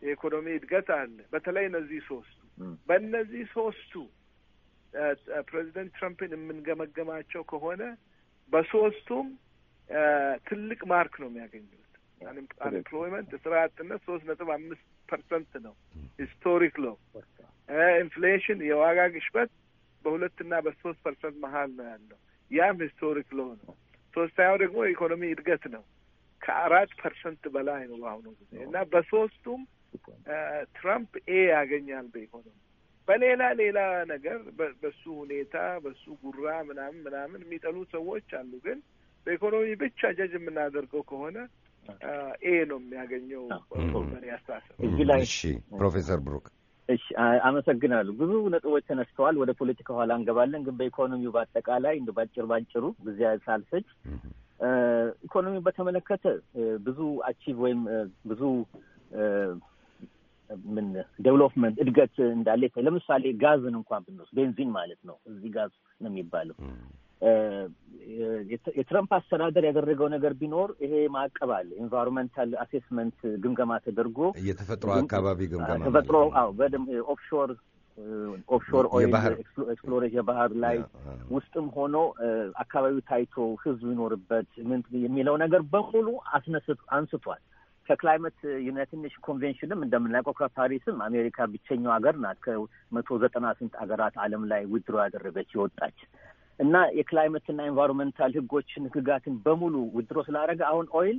የኢኮኖሚ እድገት አለ። በተለይ እነዚህ ሶስቱ በእነዚህ ሶስቱ ፕሬዚደንት ትራምፕን የምንገመገማቸው ከሆነ በሶስቱም ትልቅ ማርክ ነው የሚያገኙት። አንኤምፕሎይመንት ስራ አጥነት ሶስት ነጥብ አምስት ፐርሰንት ነው። ሂስቶሪክ ሎ ኢንፍሌሽን የዋጋ ግሽበት በሁለትና በሶስት ፐርሰንት መሀል ነው ያለው። ያም ሂስቶሪክ ሎ ነው። ሶስተኛው ደግሞ የኢኮኖሚ እድገት ነው። ከአራት ፐርሰንት በላይ ነው በአሁኑ ጊዜ እና በሶስቱም ትራምፕ ኤ ያገኛል በኢኮኖሚ በሌላ ሌላ ነገር በሱ ሁኔታ በሱ ጉራ ምናምን ምናምን የሚጠሉ ሰዎች አሉ። ግን በኢኮኖሚ ብቻ ጀጅ የምናደርገው ከሆነ ኤ ነው የሚያገኘው። በኔ አስተሳሰብ እዚህ ላይ ፕሮፌሰር ብሩክ እሺ፣ አመሰግናለሁ። ብዙ ነጥቦች ተነስተዋል። ወደ ፖለቲካ ኋላ እንገባለን። ግን በኢኮኖሚው በአጠቃላይ እንደ ባጭር ባጭሩ ጊዜ ሳልፈጅ ኢኮኖሚው በተመለከተ ብዙ አቺቭ ወይም ብዙ ምን ዴቨሎፕመንት እድገት እንዳለ ለምሳሌ ጋዝን እንኳን ብንወስድ ቤንዚን ማለት ነው። እዚህ ጋዝ ነው የሚባለው የትረምፕ አስተዳደር ያደረገው ነገር ቢኖር ይሄ ማዕቀብ አለ። ኢንቫይሮንመንታል አሴስመንት ግምገማ ተደርጎ የተፈጥሮ አካባቢ ግምገማ ተፈጥሮ በደምብ ኦፍሾር ኦፍሾር ኦይል ኤክስፕሎሬሽ የባህር ላይ ውስጥም ሆኖ አካባቢው ታይቶ ህዝብ ይኖርበት ምን የሚለው ነገር በሙሉ አስነስቶ አንስቷል። ከክላይመት ዩናይትንሽ ኮንቬንሽንም እንደምናውቀው ከፓሪስም አሜሪካ ብቸኛው ሀገር ናት ከመቶ ዘጠና ስንት ሀገራት ዓለም ላይ ውድሮ ያደረገች የወጣች እና የክላይመትና ኤንቫይሮንመንታል ህጎችን ህግጋትን በሙሉ ውድሮ ስላደረገ አሁን ኦይል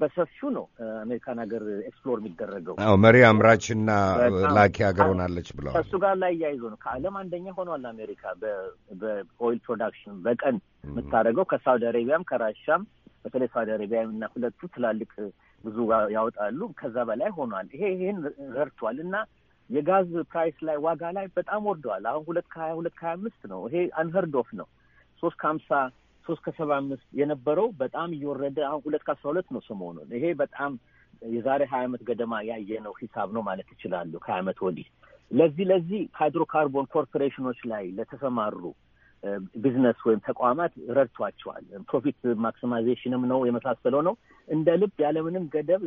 በሰፊው ነው አሜሪካን ሀገር ኤክስፕሎር የሚደረገው። አዎ መሪ አምራችና ላኪ ሀገር ሆናለች ብለዋል። ከእሱ ጋር ላይ እያይዞ ነው ከዓለም አንደኛ ሆኗል አሜሪካ በኦይል ፕሮዳክሽን በቀን የምታደርገው ከሳውዲ አረቢያም ከራሻም በተለይ ሳውዲ አረቢያ እና ሁለቱ ትላልቅ ብዙ ያወጣሉ። ከዛ በላይ ሆኗል። ይሄ ይህን ረድቷል እና የጋዝ ፕራይስ ላይ ዋጋ ላይ በጣም ወርደዋል። አሁን ሁለት ከሀያ ሁለት ከሀያ አምስት ነው። ይሄ አንኸርድ ኦፍ ነው። ሶስት ከሀምሳ ሶስት ከሰባ አምስት የነበረው በጣም እየወረደ አሁን ሁለት ከአስራ ሁለት ነው ሰሞኑን። ይሄ በጣም የዛሬ ሀያ አመት ገደማ ያየ ነው ሂሳብ ነው ማለት ይችላሉ ከሀያ አመት ወዲህ። ለዚህ ለዚህ ሃይድሮካርቦን ኮርፖሬሽኖች ላይ ለተሰማሩ ቢዝነስ ወይም ተቋማት ረድቷቸዋል። ፕሮፊት ማክሲማይዜሽንም ነው የመሳሰለው ነው እንደ ልብ ያለምንም ገደብ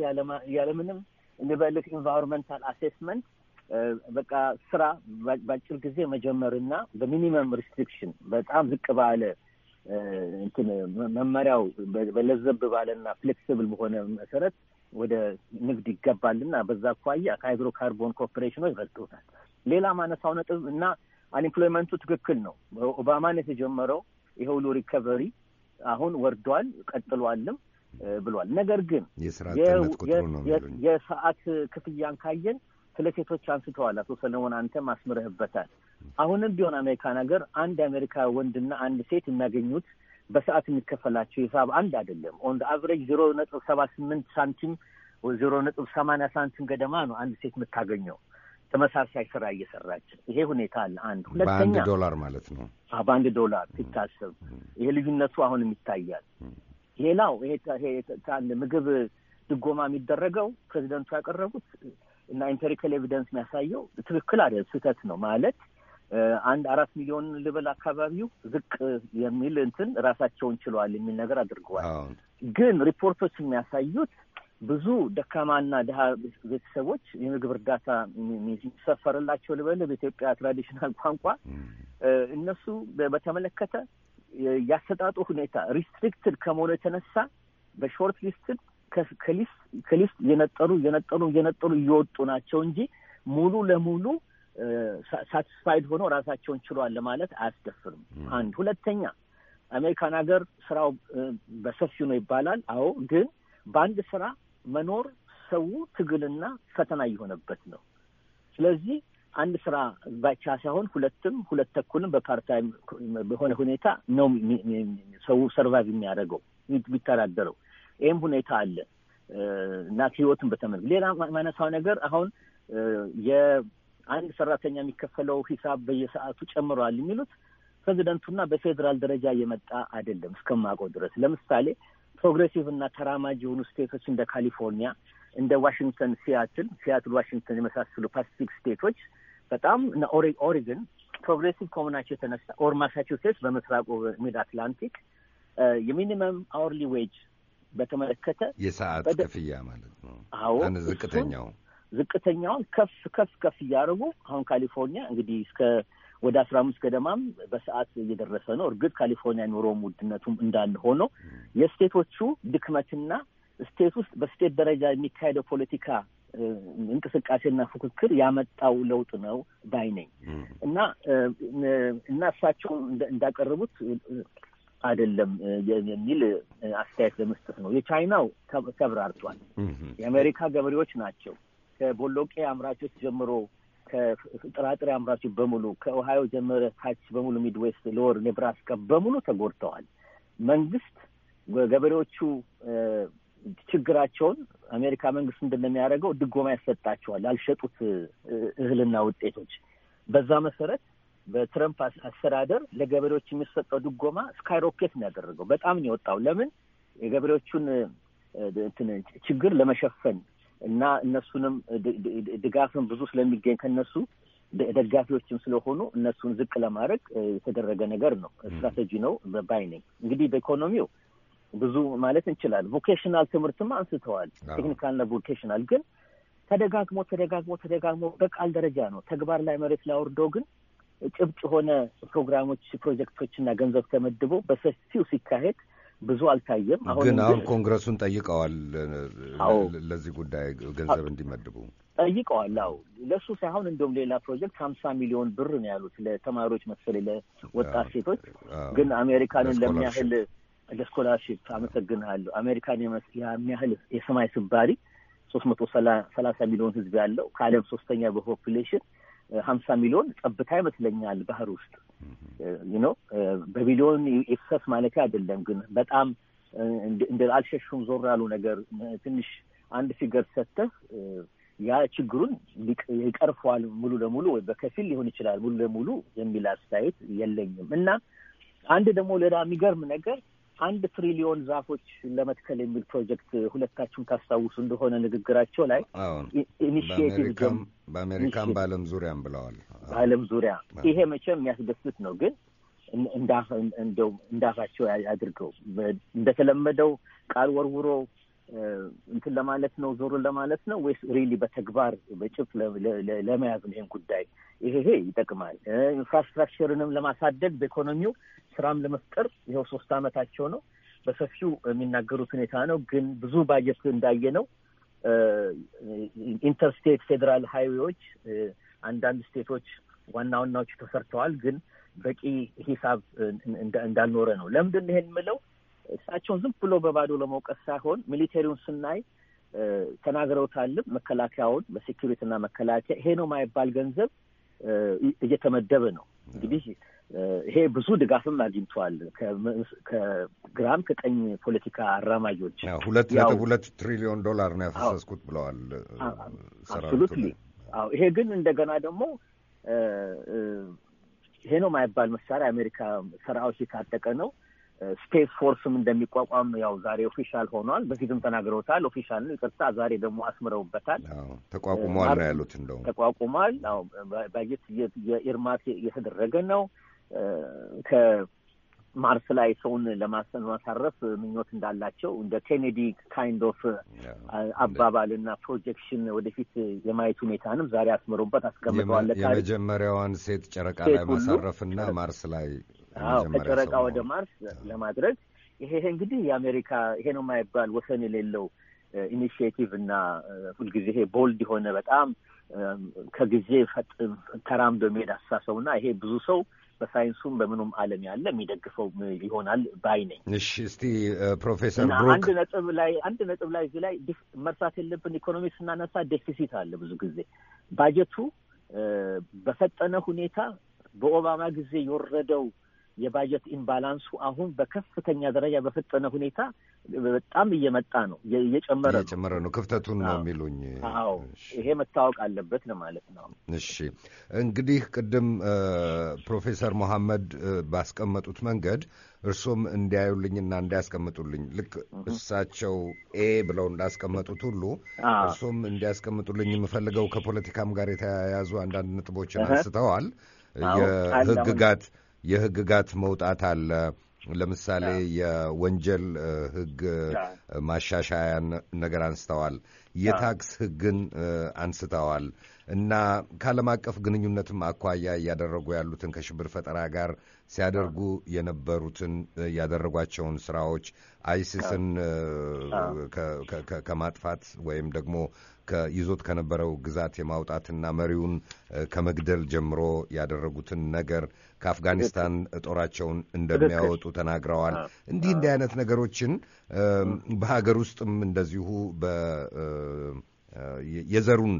ያለምንም እንበልክ ኢንቫይሮንመንታል አሴስመንት በቃ ስራ በአጭር ጊዜ መጀመርና በሚኒመም ሪስትሪክሽን በጣም ዝቅ ባለ እንትን መመሪያው በለዘብ ባለና ፍሌክሲብል በሆነ መሰረት ወደ ንግድ ይገባልና በዛ አኳያ ከሃይድሮ ካርቦን ኮርፖሬሽኖች ሌላ ማነሳው ነጥብ እና አንኤምፕሎይመንቱ ትክክል ነው። ኦባማን የተጀመረው ይሄ ሁሉ ሪከቨሪ አሁን ወርዷል፣ ቀጥሏልም ብሏል። ነገር ግን የሰዓት ክፍያን ካየን ስለ ሴቶች አንስተዋል። አቶ ሰለሞን አንተም ማስምረህበታል አሁንም ቢሆን አሜሪካን ሀገር አንድ አሜሪካ ወንድና አንድ ሴት የሚያገኙት በሰዓት የሚከፈላቸው ሂሳብ አንድ አይደለም። ኦን አቨሬጅ ዜሮ ነጥብ ሰባ ስምንት ሳንቲም ዜሮ ነጥብ ሰማንያ ሳንቲም ገደማ ነው አንድ ሴት የምታገኘው ተመሳሳይ ስራ እየሰራች። ይሄ ሁኔታ አለ። አንድ ሁለተኛ፣ በአንድ ዶላር ማለት ነው። በአንድ ዶላር ሲታሰብ ይሄ ልዩነቱ አሁንም ይታያል። ሌላው ይሄ ምግብ ድጎማ የሚደረገው ፕሬዚደንቱ ያቀረቡት እና ኢምፔሪካል ኤቪደንስ የሚያሳየው ትክክል አይደል፣ ስህተት ነው ማለት አንድ አራት ሚሊዮን ልበል አካባቢው ዝቅ የሚል እንትን ራሳቸውን ችለዋል የሚል ነገር አድርገዋል። ግን ሪፖርቶች የሚያሳዩት ብዙ ደካማና ድሀ ቤተሰቦች የምግብ እርዳታ የሚሰፈርላቸው ልበል በኢትዮጵያ ትራዲሽናል ቋንቋ እነሱ በተመለከተ ያሰጣጡ ሁኔታ ሪስትሪክትድ ከመሆኑ የተነሳ በሾርት ሊስትድ ከሊስት ከሊስት እየነጠሩ እየነጠሩ እየነጠሩ እየወጡ ናቸው እንጂ ሙሉ ለሙሉ ሳቲስፋይድ ሆኖ ራሳቸውን ችሏል ለማለት አያስደፍርም። አንድ ሁለተኛ አሜሪካን ሀገር ስራው በሰፊው ነው ይባላል። አዎ፣ ግን በአንድ ስራ መኖር ሰው ትግልና ፈተና እየሆነበት ነው። ስለዚህ አንድ ስራ ብቻ ሳይሆን ሁለትም ሁለት ተኩልም በፓርታይም በሆነ ሁኔታ ነው ሰው ሰርቫይቭ የሚያደርገው የሚተዳደረው። ይህም ሁኔታ አለ እና ህይወትን በተመለ ሌላ ማነሳው ነገር አሁን የአንድ ሰራተኛ የሚከፈለው ሂሳብ በየሰዓቱ ጨምረዋል የሚሉት ፕሬዚደንቱና በፌዴራል ደረጃ የመጣ አይደለም እስከማውቀው ድረስ። ለምሳሌ ፕሮግሬሲቭ እና ተራማጅ የሆኑ ስቴቶች እንደ ካሊፎርኒያ፣ እንደ ዋሽንግተን ሲያትል፣ ሲያትል ዋሽንግተን የመሳሰሉ ፓሲፊክ ስቴቶች በጣም እና ኦሪገን ፕሮግሬሲቭ ከመሆናቸው የተነሳ ኦር ማሳቹሴትስ በምስራቁ ሚድ አትላንቲክ የሚኒመም አውርሊ ዌጅ በተመለከተ የሰዓት ክፍያ ማለት ነው። አዎ ዝቅተኛው ዝቅተኛውን ከፍ ከፍ ከፍ እያደረጉ አሁን ካሊፎርኒያ እንግዲህ እስከ ወደ አስራ አምስት ገደማም በሰዓት እየደረሰ ነው። እርግጥ ካሊፎርኒያ ኑሮም ውድነቱም እንዳለ ሆኖ የስቴቶቹ ድክመትና ስቴት ውስጥ በስቴት ደረጃ የሚካሄደው ፖለቲካ እንቅስቃሴና ፉክክር ያመጣው ለውጥ ነው ባይ ነኝ እና እና እሳቸው እንዳቀረቡት አይደለም የሚል አስተያየት ለመስጠት ነው። የቻይናው ተብራርቷል። የአሜሪካ ገበሬዎች ናቸው ከቦሎቄ አምራቾች ጀምሮ ከጥራጥሬ አምራቾች በሙሉ ከኦሃዮ ጀመረ ታች በሙሉ ሚድዌስት፣ ሎወር ኔብራስካ በሙሉ ተጎድተዋል። መንግስት ገበሬዎቹ ችግራቸውን አሜሪካ መንግስት እንደሚያደርገው ድጎማ ያሰጣቸዋል ላልሸጡት እህልና ውጤቶች። በዛ መሰረት በትረምፕ አስተዳደር ለገበሬዎች የሚሰጠው ድጎማ ስካይሮኬት ነው ያደረገው። በጣም ነው የወጣው። ለምን የገበሬዎቹን ችግር ለመሸፈን እና እነሱንም ድጋፍን ብዙ ስለሚገኝ ከነሱ ደጋፊዎችም ስለሆኑ እነሱን ዝቅ ለማድረግ የተደረገ ነገር ነው። ስትራቴጂ ነው ባይ ነኝ። እንግዲህ በኢኮኖሚው ብዙ ማለት እንችላለን። ቮኬሽናል ትምህርትም አንስተዋል። ቴክኒካልና ቮኬሽናል ግን ተደጋግሞ ተደጋግሞ ተደጋግሞ በቃል ደረጃ ነው። ተግባር ላይ መሬት ላይ አውርደው ግን ጭብጭ የሆነ ፕሮግራሞች፣ ፕሮጀክቶች እና ገንዘብ ተመድቦ በሰፊው ሲካሄድ ብዙ አልታየም። ግን አሁን ኮንግረሱን ጠይቀዋል ለዚህ ጉዳይ ገንዘብ እንዲመድቡ ጠይቀዋል። አዎ ለእሱ ሳይሆን እንደውም ሌላ ፕሮጀክት ሀምሳ ሚሊዮን ብር ነው ያሉት ለተማሪዎች መሰለኝ ለወጣት ሴቶች። ግን አሜሪካንን ለሚያህል ለስኮላርሽፕ አመሰግንሃለሁ አሜሪካን የሚያህል የሰማይ ስባሪ ሶስት መቶ ሰላሳ ሚሊዮን ህዝብ ያለው ከዓለም ሶስተኛ በፖፕሌሽን ሀምሳ ሚሊዮን ጠብታ ይመስለኛል ባህር ውስጥ ነው። በቢሊዮን ኤክሰስ ማለት አይደለም፣ ግን በጣም እንደ አልሸሹም ዞር ያሉ ነገር ትንሽ አንድ ፊገር ሰተህ ያ ችግሩን ይቀርፈዋል ሙሉ ለሙሉ ወይ በከፊል ሊሆን ይችላል ሙሉ ለሙሉ የሚል አስተያየት የለኝም። እና አንድ ደግሞ ሌላ የሚገርም ነገር አንድ ትሪሊዮን ዛፎች ለመትከል የሚል ፕሮጀክት ሁለታችሁም ታስታውሱ እንደሆነ ንግግራቸው ላይ ኢኒሽቲቭ በአሜሪካም በዓለም ዙሪያም ብለዋል። በዓለም ዙሪያ ይሄ መቼም የሚያስደስት ነው። ግን እንደው እንዳፋቸው አድርገው እንደተለመደው ቃል ወርውሮ እንትን ለማለት ነው ዞሩን ለማለት ነው ወይስ ሪሊ በተግባር በጭፍ ለመያዝ ነው? ይህን ጉዳይ ይሄ ይሄ ይጠቅማል፣ ኢንፍራስትራክቸርንም ለማሳደግ በኢኮኖሚው ስራም ለመፍጠር ይኸው ሶስት አመታቸው ነው። በሰፊው የሚናገሩት ሁኔታ ነው። ግን ብዙ ባጀት እንዳየ ነው ኢንተርስቴት ፌዴራል ሃይዌዎች አንዳንድ ስቴቶች ዋና ዋናዎቹ ተሰርተዋል፣ ግን በቂ ሂሳብ እንዳልኖረ ነው። ለምንድን ይሄን የምለው እሳቸውን ዝም ብሎ በባዶ ለመውቀስ ሳይሆን ሚሊቴሪውን ስናይ ተናግረውታልም። መከላከያውን ና መከላከያ ይሄ ነው የማይባል ገንዘብ እየተመደበ ነው። እንግዲህ ይሄ ብዙ ድጋፍም አግኝቷል ከግራም ከቀኝ ፖለቲካ አራማጆች። ሁለት ነጥብ ሁለት ትሪሊዮን ዶላር ነው ያፈሰስኩት ብለዋል። አብሶሉት። ይሄ ግን እንደገና ደግሞ ይሄ ነው የማይባል መሳሪያ አሜሪካ ሰራዊት የታጠቀ ነው ስፔስ ፎርስም እንደሚቋቋም ያው ዛሬ ኦፊሻል ሆኗል። በፊትም ተናግረውታል። ኦፊሻል ነው ይቅርታ፣ ዛሬ ደግሞ አስምረውበታል። ተቋቁሟል ነው ያሉት። እንደውም ተቋቁሟል። ባጀት የኢርማት እየተደረገ ነው። ማርስ ላይ ሰውን ለማሳረፍ ምኞት እንዳላቸው እንደ ኬኔዲ ካይንድ ኦፍ uh, አባባልና ፕሮጀክሽን ወደፊት የማየት ሁኔታንም ዛሬ አስምሮበት አስቀምጠዋል። የመጀመሪያዋን ሴት ጨረቃ ላይ ማሳረፍና ማርስ ላይ ከጨረቃ ወደ ማርስ ለማድረግ ይሄ እንግዲህ የአሜሪካ ይሄ ነው የማይባል ወሰን የሌለው ኢኒሽቲቭ uh, እና uh, ሁልጊዜ ይሄ ቦልድ የሆነ በጣም um, ከጊዜ ተራምዶ የሚሄድ አስተሳሰብ እና ይሄ ብዙ ሰው በሳይንሱም በምኑም ዓለም ያለ የሚደግፈው ይሆናል ባይ ነኝ። እሺ እስቲ ፕሮፌሰር ብሩክ አንድ ነጥብ ላይ አንድ ነጥብ ላይ እዚህ ላይ መርሳት የለብን ኢኮኖሚ ስናነሳ ዴፊሲት አለ። ብዙ ጊዜ ባጀቱ በፈጠነ ሁኔታ በኦባማ ጊዜ የወረደው የባጀት ኢምባላንሱ አሁን በከፍተኛ ደረጃ በፈጠነ ሁኔታ በጣም እየመጣ ነው፣ እየጨመረ ነው እየጨመረ ነው። ክፍተቱን ነው የሚሉኝ። አዎ ይሄ መታወቅ አለበት ማለት ነው። እሺ እንግዲህ ቅድም ፕሮፌሰር መሐመድ ባስቀመጡት መንገድ እርሶም እንዲያዩልኝና እንዲያስቀምጡልኝ ልክ እሳቸው ኤ ብለው እንዳስቀመጡት ሁሉ እርሶም እንዲያስቀምጡልኝ የምፈልገው ከፖለቲካም ጋር የተያያዙ አንዳንድ ነጥቦችን አንስተዋል የህግጋት የህግጋት መውጣት አለ። ለምሳሌ የወንጀል ህግ ማሻሻያ ነገር አንስተዋል። የታክስ ህግን አንስተዋል እና ከዓለም አቀፍ ግንኙነትም አኳያ እያደረጉ ያሉትን ከሽብር ፈጠራ ጋር ሲያደርጉ የነበሩትን ያደረጓቸውን ስራዎች አይሲስን ከማጥፋት ወይም ደግሞ ይዞት ከነበረው ግዛት የማውጣትና መሪውን ከመግደል ጀምሮ ያደረጉትን ነገር ከአፍጋኒስታን ጦራቸውን እንደሚያወጡ ተናግረዋል። እንዲህ እንዲህ አይነት ነገሮችን በሀገር ውስጥም እንደዚሁ የዘሩን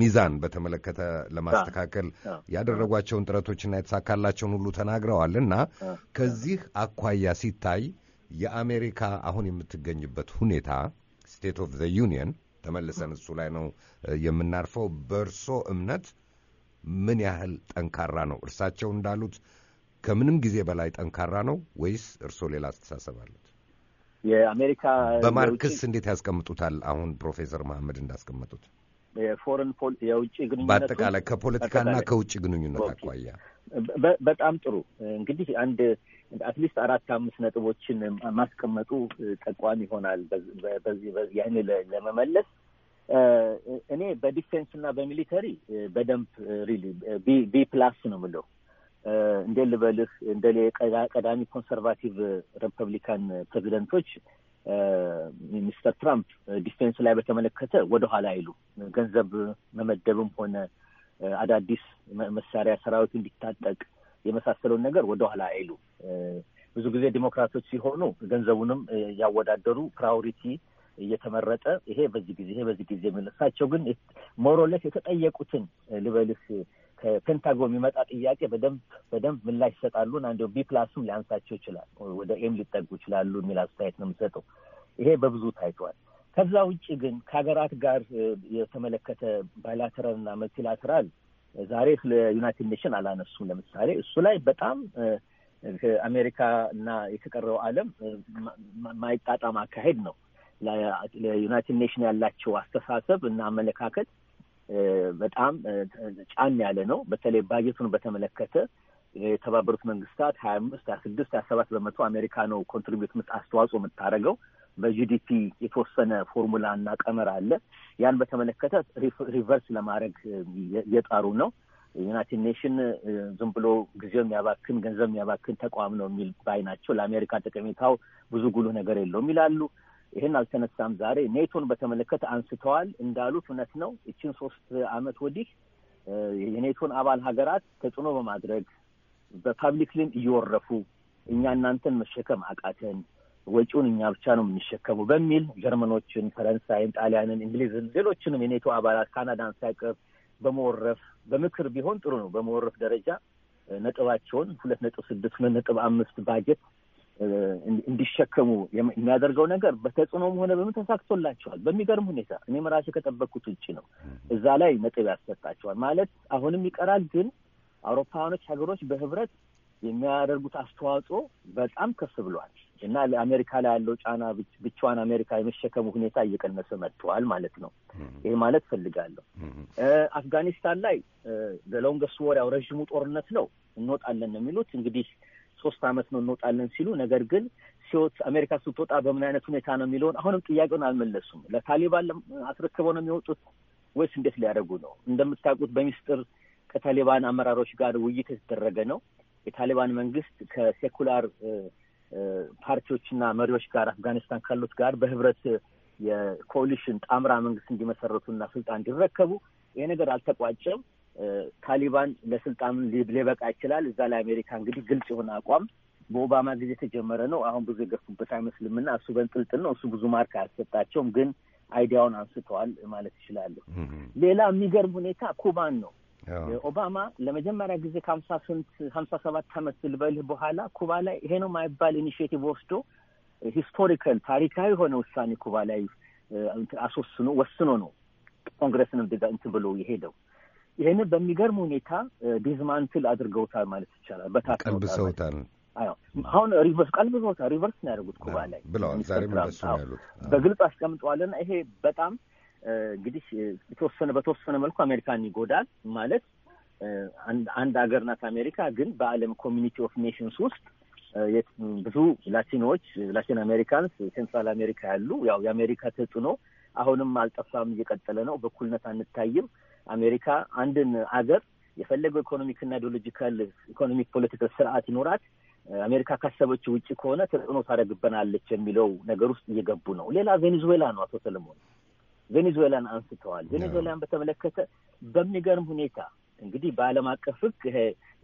ሚዛን በተመለከተ ለማስተካከል ያደረጓቸውን ጥረቶችና የተሳካላቸውን ሁሉ ተናግረዋል እና ከዚህ አኳያ ሲታይ የአሜሪካ አሁን የምትገኝበት ሁኔታ ስቴት ኦፍ ዘ ዩኒየን ተመልሰን እሱ ላይ ነው የምናርፈው። በእርሶ እምነት ምን ያህል ጠንካራ ነው? እርሳቸው እንዳሉት ከምንም ጊዜ በላይ ጠንካራ ነው ወይስ እርሶ ሌላ አስተሳሰብ አሉት? የአሜሪካ በማርክስ እንዴት ያስቀምጡታል? አሁን ፕሮፌሰር መሐመድ እንዳስቀመጡት የፎረን የውጭ ግንኙነት በአጠቃላይ ከፖለቲካና ከውጭ ግንኙነት አኳያ በጣም ጥሩ እንግዲህ አንድ አትሊስት አራት አምስት ነጥቦችን ማስቀመጡ ጠቋሚ ይሆናል። በዚህ ያን ለመመለስ እኔ በዲፌንስ እና በሚሊተሪ በደንብ ሪሊ ቢ ፕላስ ነው የምለው። እንዴት ልበልህ እንደ ቀዳሚ ኮንሰርቫቲቭ ሪፐብሊካን ፕሬዚደንቶች ሚስተር ትራምፕ ዲፌንስ ላይ በተመለከተ ወደኋላ አይሉ ገንዘብ መመደብም ሆነ አዳዲስ መሳሪያ ሰራዊት እንዲታጠቅ የመሳሰለውን ነገር ወደኋላ አይሉ። ብዙ ጊዜ ዲሞክራቶች ሲሆኑ ገንዘቡንም ያወዳደሩ ፕራዮሪቲ እየተመረጠ ይሄ በዚህ ጊዜ ይሄ በዚህ ጊዜ የምንሳቸው ግን ሞሮለስ የተጠየቁትን ልበልስ ከፔንታጎን የሚመጣ ጥያቄ በደንብ በደንብ ምላሽ ይሰጣሉ። አንዲ ቢ ፕላሱም ሊያንሳቸው ይችላል፣ ወደ ኤም ሊጠጉ ይችላሉ የሚል አስተያየት ነው የምሰጠው። ይሄ በብዙ ታይቷል። ከዛ ውጭ ግን ከሀገራት ጋር የተመለከተ ባይላተራል እና መልቲላተራል ዛሬ ስለ ዩናይትድ ኔሽን አላነሱም። ለምሳሌ እሱ ላይ በጣም አሜሪካ እና የተቀረው ዓለም ማይጣጣም አካሄድ ነው። ለዩናይትድ ኔሽን ያላቸው አስተሳሰብ እና አመለካከት በጣም ጫን ያለ ነው። በተለይ ባጀቱን በተመለከተ የተባበሩት መንግስታት ሀያ አምስት ሀያ ስድስት ሀያ ሰባት በመቶ አሜሪካ ነው ኮንትሪቢዩት አስተዋጽኦ የምታደርገው በጂዲፒ የተወሰነ ፎርሙላ እና ቀመር አለ። ያን በተመለከተ ሪቨርስ ለማድረግ የጣሩ ነው። ዩናይትድ ኔሽን ዝም ብሎ ጊዜው የሚያባክን ገንዘብ የሚያባክን ተቋም ነው የሚል ባይ ናቸው። ለአሜሪካ ጠቀሜታው ብዙ ጉልህ ነገር የለውም ይላሉ። ይህን አልተነሳም። ዛሬ ኔቶን በተመለከተ አንስተዋል። እንዳሉት እውነት ነው። ይችን ሶስት አመት ወዲህ የኔቶን አባል ሀገራት ተጽዕኖ በማድረግ በፓብሊክ ሊም እየወረፉ እኛ እናንተን መሸከም አቃተን ወጪውን እኛ ብቻ ነው የምንሸከመው በሚል ጀርመኖችን፣ ፈረንሳይን፣ ጣሊያንን፣ እንግሊዝን፣ ሌሎችንም የኔቶ አባላት ካናዳን ሳይቀር በመወረፍ በምክር ቢሆን ጥሩ ነው። በመወረፍ ደረጃ ነጥባቸውን ሁለት ነጥብ ስድስት ሁለት ነጥብ አምስት ባጀት እንዲሸከሙ የሚያደርገው ነገር በተጽዕኖም ሆነ በምን ተሳክቶላቸዋል በሚገርም ሁኔታ እኔም ራሴ ከጠበቅኩት ውጭ ነው። እዛ ላይ ነጥብ ያሰጣቸዋል ማለት አሁንም ይቀራል፣ ግን አውሮፓውያኖች ሀገሮች በህብረት የሚያደርጉት አስተዋጽኦ በጣም ከፍ ብሏል። እና አሜሪካ ላይ ያለው ጫና ብቻዋን አሜሪካ የመሸከሙ ሁኔታ እየቀነሰ መጥተዋል ማለት ነው። ይሄ ማለት ፈልጋለሁ። አፍጋኒስታን ላይ በሎንገስ ወር ያው ረዥሙ ጦርነት ነው እንወጣለን የሚሉት እንግዲህ ሶስት አመት ነው እንወጣለን ሲሉ፣ ነገር ግን ሲወት አሜሪካ ስትወጣ በምን አይነት ሁኔታ ነው የሚለውን አሁንም ጥያቄውን አልመለሱም። ለታሊባን አስረክበው ነው የሚወጡት ወይስ እንዴት ሊያደርጉ ነው? እንደምታውቁት በሚስጥር ከታሊባን አመራሮች ጋር ውይይት የተደረገ ነው። የታሊባን መንግስት ከሴኩላር ፓርቲዎችና መሪዎች ጋር አፍጋኒስታን ካሉት ጋር በህብረት የኮሊሽን ጣምራ መንግስት እንዲመሰረቱና ስልጣን እንዲረከቡ ይሄ ነገር አልተቋጨም። ታሊባን ለስልጣን ሊበቃ ይችላል። እዛ ላይ አሜሪካ እንግዲህ ግልጽ የሆነ አቋም በኦባማ ጊዜ የተጀመረ ነው። አሁን ብዙ የገፉበት አይመስልምና እሱ በንጥልጥል ነው። እሱ ብዙ ማርክ አያሰጣቸውም፣ ግን አይዲያውን አንስተዋል ማለት ይችላለሁ። ሌላ የሚገርም ሁኔታ ኩባን ነው። ኦባማ ለመጀመሪያ ጊዜ ከሀምሳ ስንት ሀምሳ ሰባት አመት ልበልህ በኋላ ኩባ ላይ ይሄ ነው የማይባል ኢኒሽቲቭ ወስዶ ሂስቶሪካል ታሪካዊ የሆነ ውሳኔ ኩባ ላይ አስወስኖ ወስኖ ነው ኮንግረስንም ድጋ እንትን ብሎ የሄደው። ይህንን በሚገርም ሁኔታ ዲዝማንትል አድርገውታል ማለት ይቻላል። በታቀልብሰውታል። አሁን ሪቨርስ ቀልብሰውታል። ሪቨርስ ነው ያደርጉት ኩባ ላይ ብለዋል። ዛሬም እንደሱ ነው ያሉት። በግልጽ አስቀምጠዋልና ይሄ በጣም እንግዲህ የተወሰነ በተወሰነ መልኩ አሜሪካን ይጎዳል ማለት አንድ ሀገር ናት አሜሪካ። ግን በዓለም ኮሚኒቲ ኦፍ ኔሽንስ ውስጥ ብዙ ላቲኖች፣ ላቲን አሜሪካንስ፣ ሴንትራል አሜሪካ ያሉ ያው የአሜሪካ ተጽዕኖ አሁንም አልጠፋም፣ እየቀጠለ ነው። በኩልነት አንታይም። አሜሪካ አንድን አገር የፈለገው ኢኮኖሚክና ኢዲዮሎጂካል ኢኮኖሚክ ፖለቲካል ስርዓት ይኖራት አሜሪካ ካሰበችው ውጭ ከሆነ ተጽዕኖ ታደርግበናለች የሚለው ነገር ውስጥ እየገቡ ነው። ሌላ ቬኔዙዌላ ነው አቶ ሰለሞን ቬኔዙዌላን አንስተዋል። ቬኔዙዌላን በተመለከተ በሚገርም ሁኔታ እንግዲህ በዓለም አቀፍ ሕግ ይሄ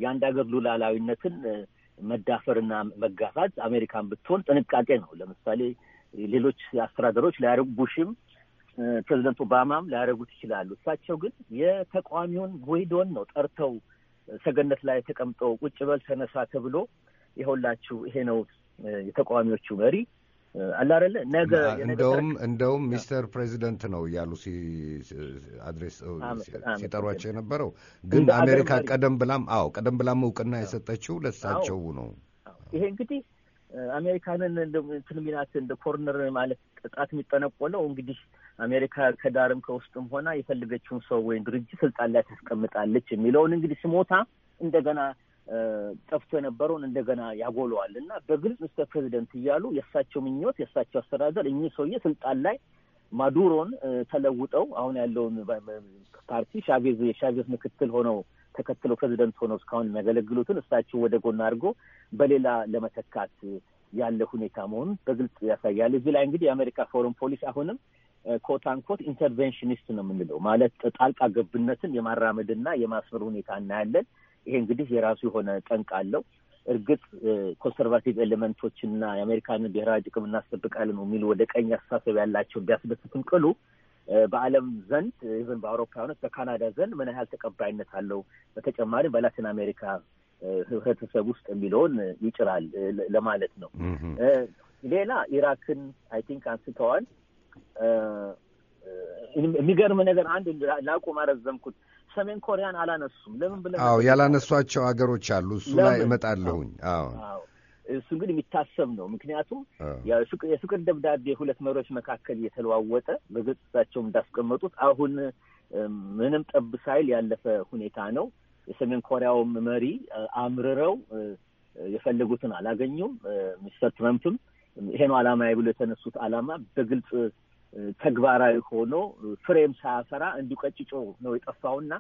የአንድ ሀገር ሉዓላዊነትን መዳፈርና መጋፋት አሜሪካን ብትሆን ጥንቃቄ ነው። ለምሳሌ ሌሎች አስተዳደሮች ላያደርጉ ቡሽም ፕሬዚደንት ኦባማም ላያደርጉት ይችላሉ። እሳቸው ግን የተቃዋሚውን ጉይዶን ነው ጠርተው ሰገነት ላይ ተቀምጠው ቁጭ በል ተነሳ ተብሎ ይኸውላችሁ ይሄ ነው የተቃዋሚዎቹ መሪ አላረለ ነገ እንደውም እንደውም ሚስተር ፕሬዚደንት ነው እያሉ አድሬስ ሲጠሯቸው የነበረው ግን አሜሪካ ቀደም ብላም አዎ ቀደም ብላም እውቅና የሰጠችው ለሳቸው ነው። ይሄ እንግዲህ አሜሪካንን እንትን ሚላት እንደ ኮርነር ማለት ቅጣት የሚጠነቆለው እንግዲህ አሜሪካ ከዳርም ከውስጥም ሆና የፈለገችውን ሰው ወይም ድርጅት ስልጣን ላይ ታስቀምጣለች የሚለውን እንግዲህ ስሞታ እንደገና ጠፍቶ የነበረውን እንደገና ያጎለዋል እና በግልጽ ምስተ ፕሬዚደንት እያሉ የእሳቸው ምኞት የእሳቸው አስተዳደር እኚህ ሰውዬ ስልጣን ላይ ማዱሮን ተለውጠው አሁን ያለውን ፓርቲ ሻቬዝ የሻቬዝ ምክትል ሆነው ተከትለው ፕሬዚደንት ሆነው እስካሁን የሚያገለግሉትን እሳቸው ወደ ጎን አድርጎ በሌላ ለመተካት ያለ ሁኔታ መሆኑን በግልጽ ያሳያል። እዚህ ላይ እንግዲህ የአሜሪካ ፎረን ፖሊሲ አሁንም ኮት አንኮት ኢንተርቬንሽኒስት ነው የምንለው ማለት ጣልቃ ገብነትን የማራመድና የማስፈር ሁኔታ እናያለን። ይሄ እንግዲህ የራሱ የሆነ ጠንቅ አለው። እርግጥ ኮንሰርቫቲቭ ኤሌመንቶችና የአሜሪካንን ብሔራዊ ጥቅም እናስጠብቃለን የሚሉ ወደ ቀኝ አስተሳሰብ ያላቸው ቢያስደስትም ቅሉ በዓለም ዘንድ በአውሮፓ በአውሮፓውያኖች በካናዳ ዘንድ ምን ያህል ተቀባይነት አለው፣ በተጨማሪም በላቲን አሜሪካ ህብረተሰብ ውስጥ የሚለውን ይጭራል ለማለት ነው። ሌላ ኢራክን አይ ቲንክ አንስተዋል። የሚገርም ነገር አንድ ላቁ ማረዘምኩት ሰሜን ኮሪያን አላነሱም። ለምን ብለ አዎ ያላነሷቸው ሀገሮች አሉ። እሱ ላይ እመጣለሁኝ። አዎ እሱ ግን የሚታሰብ ነው። ምክንያቱም የፍቅር ደብዳቤ ሁለት መሪዎች መካከል እየተለዋወጠ በገጽታቸው እንዳስቀመጡት አሁን ምንም ጠብ ሳይል ያለፈ ሁኔታ ነው። የሰሜን ኮሪያውም መሪ አምርረው የፈለጉትን አላገኙም። ሚስተር ትረምፕም ይሄ ነው ዓላማ ብሎ የተነሱት አላማ በግልጽ ተግባራዊ ሆኖ ፍሬም ሳያፈራ እንዲሁ ቀጭጮ ነው የጠፋውና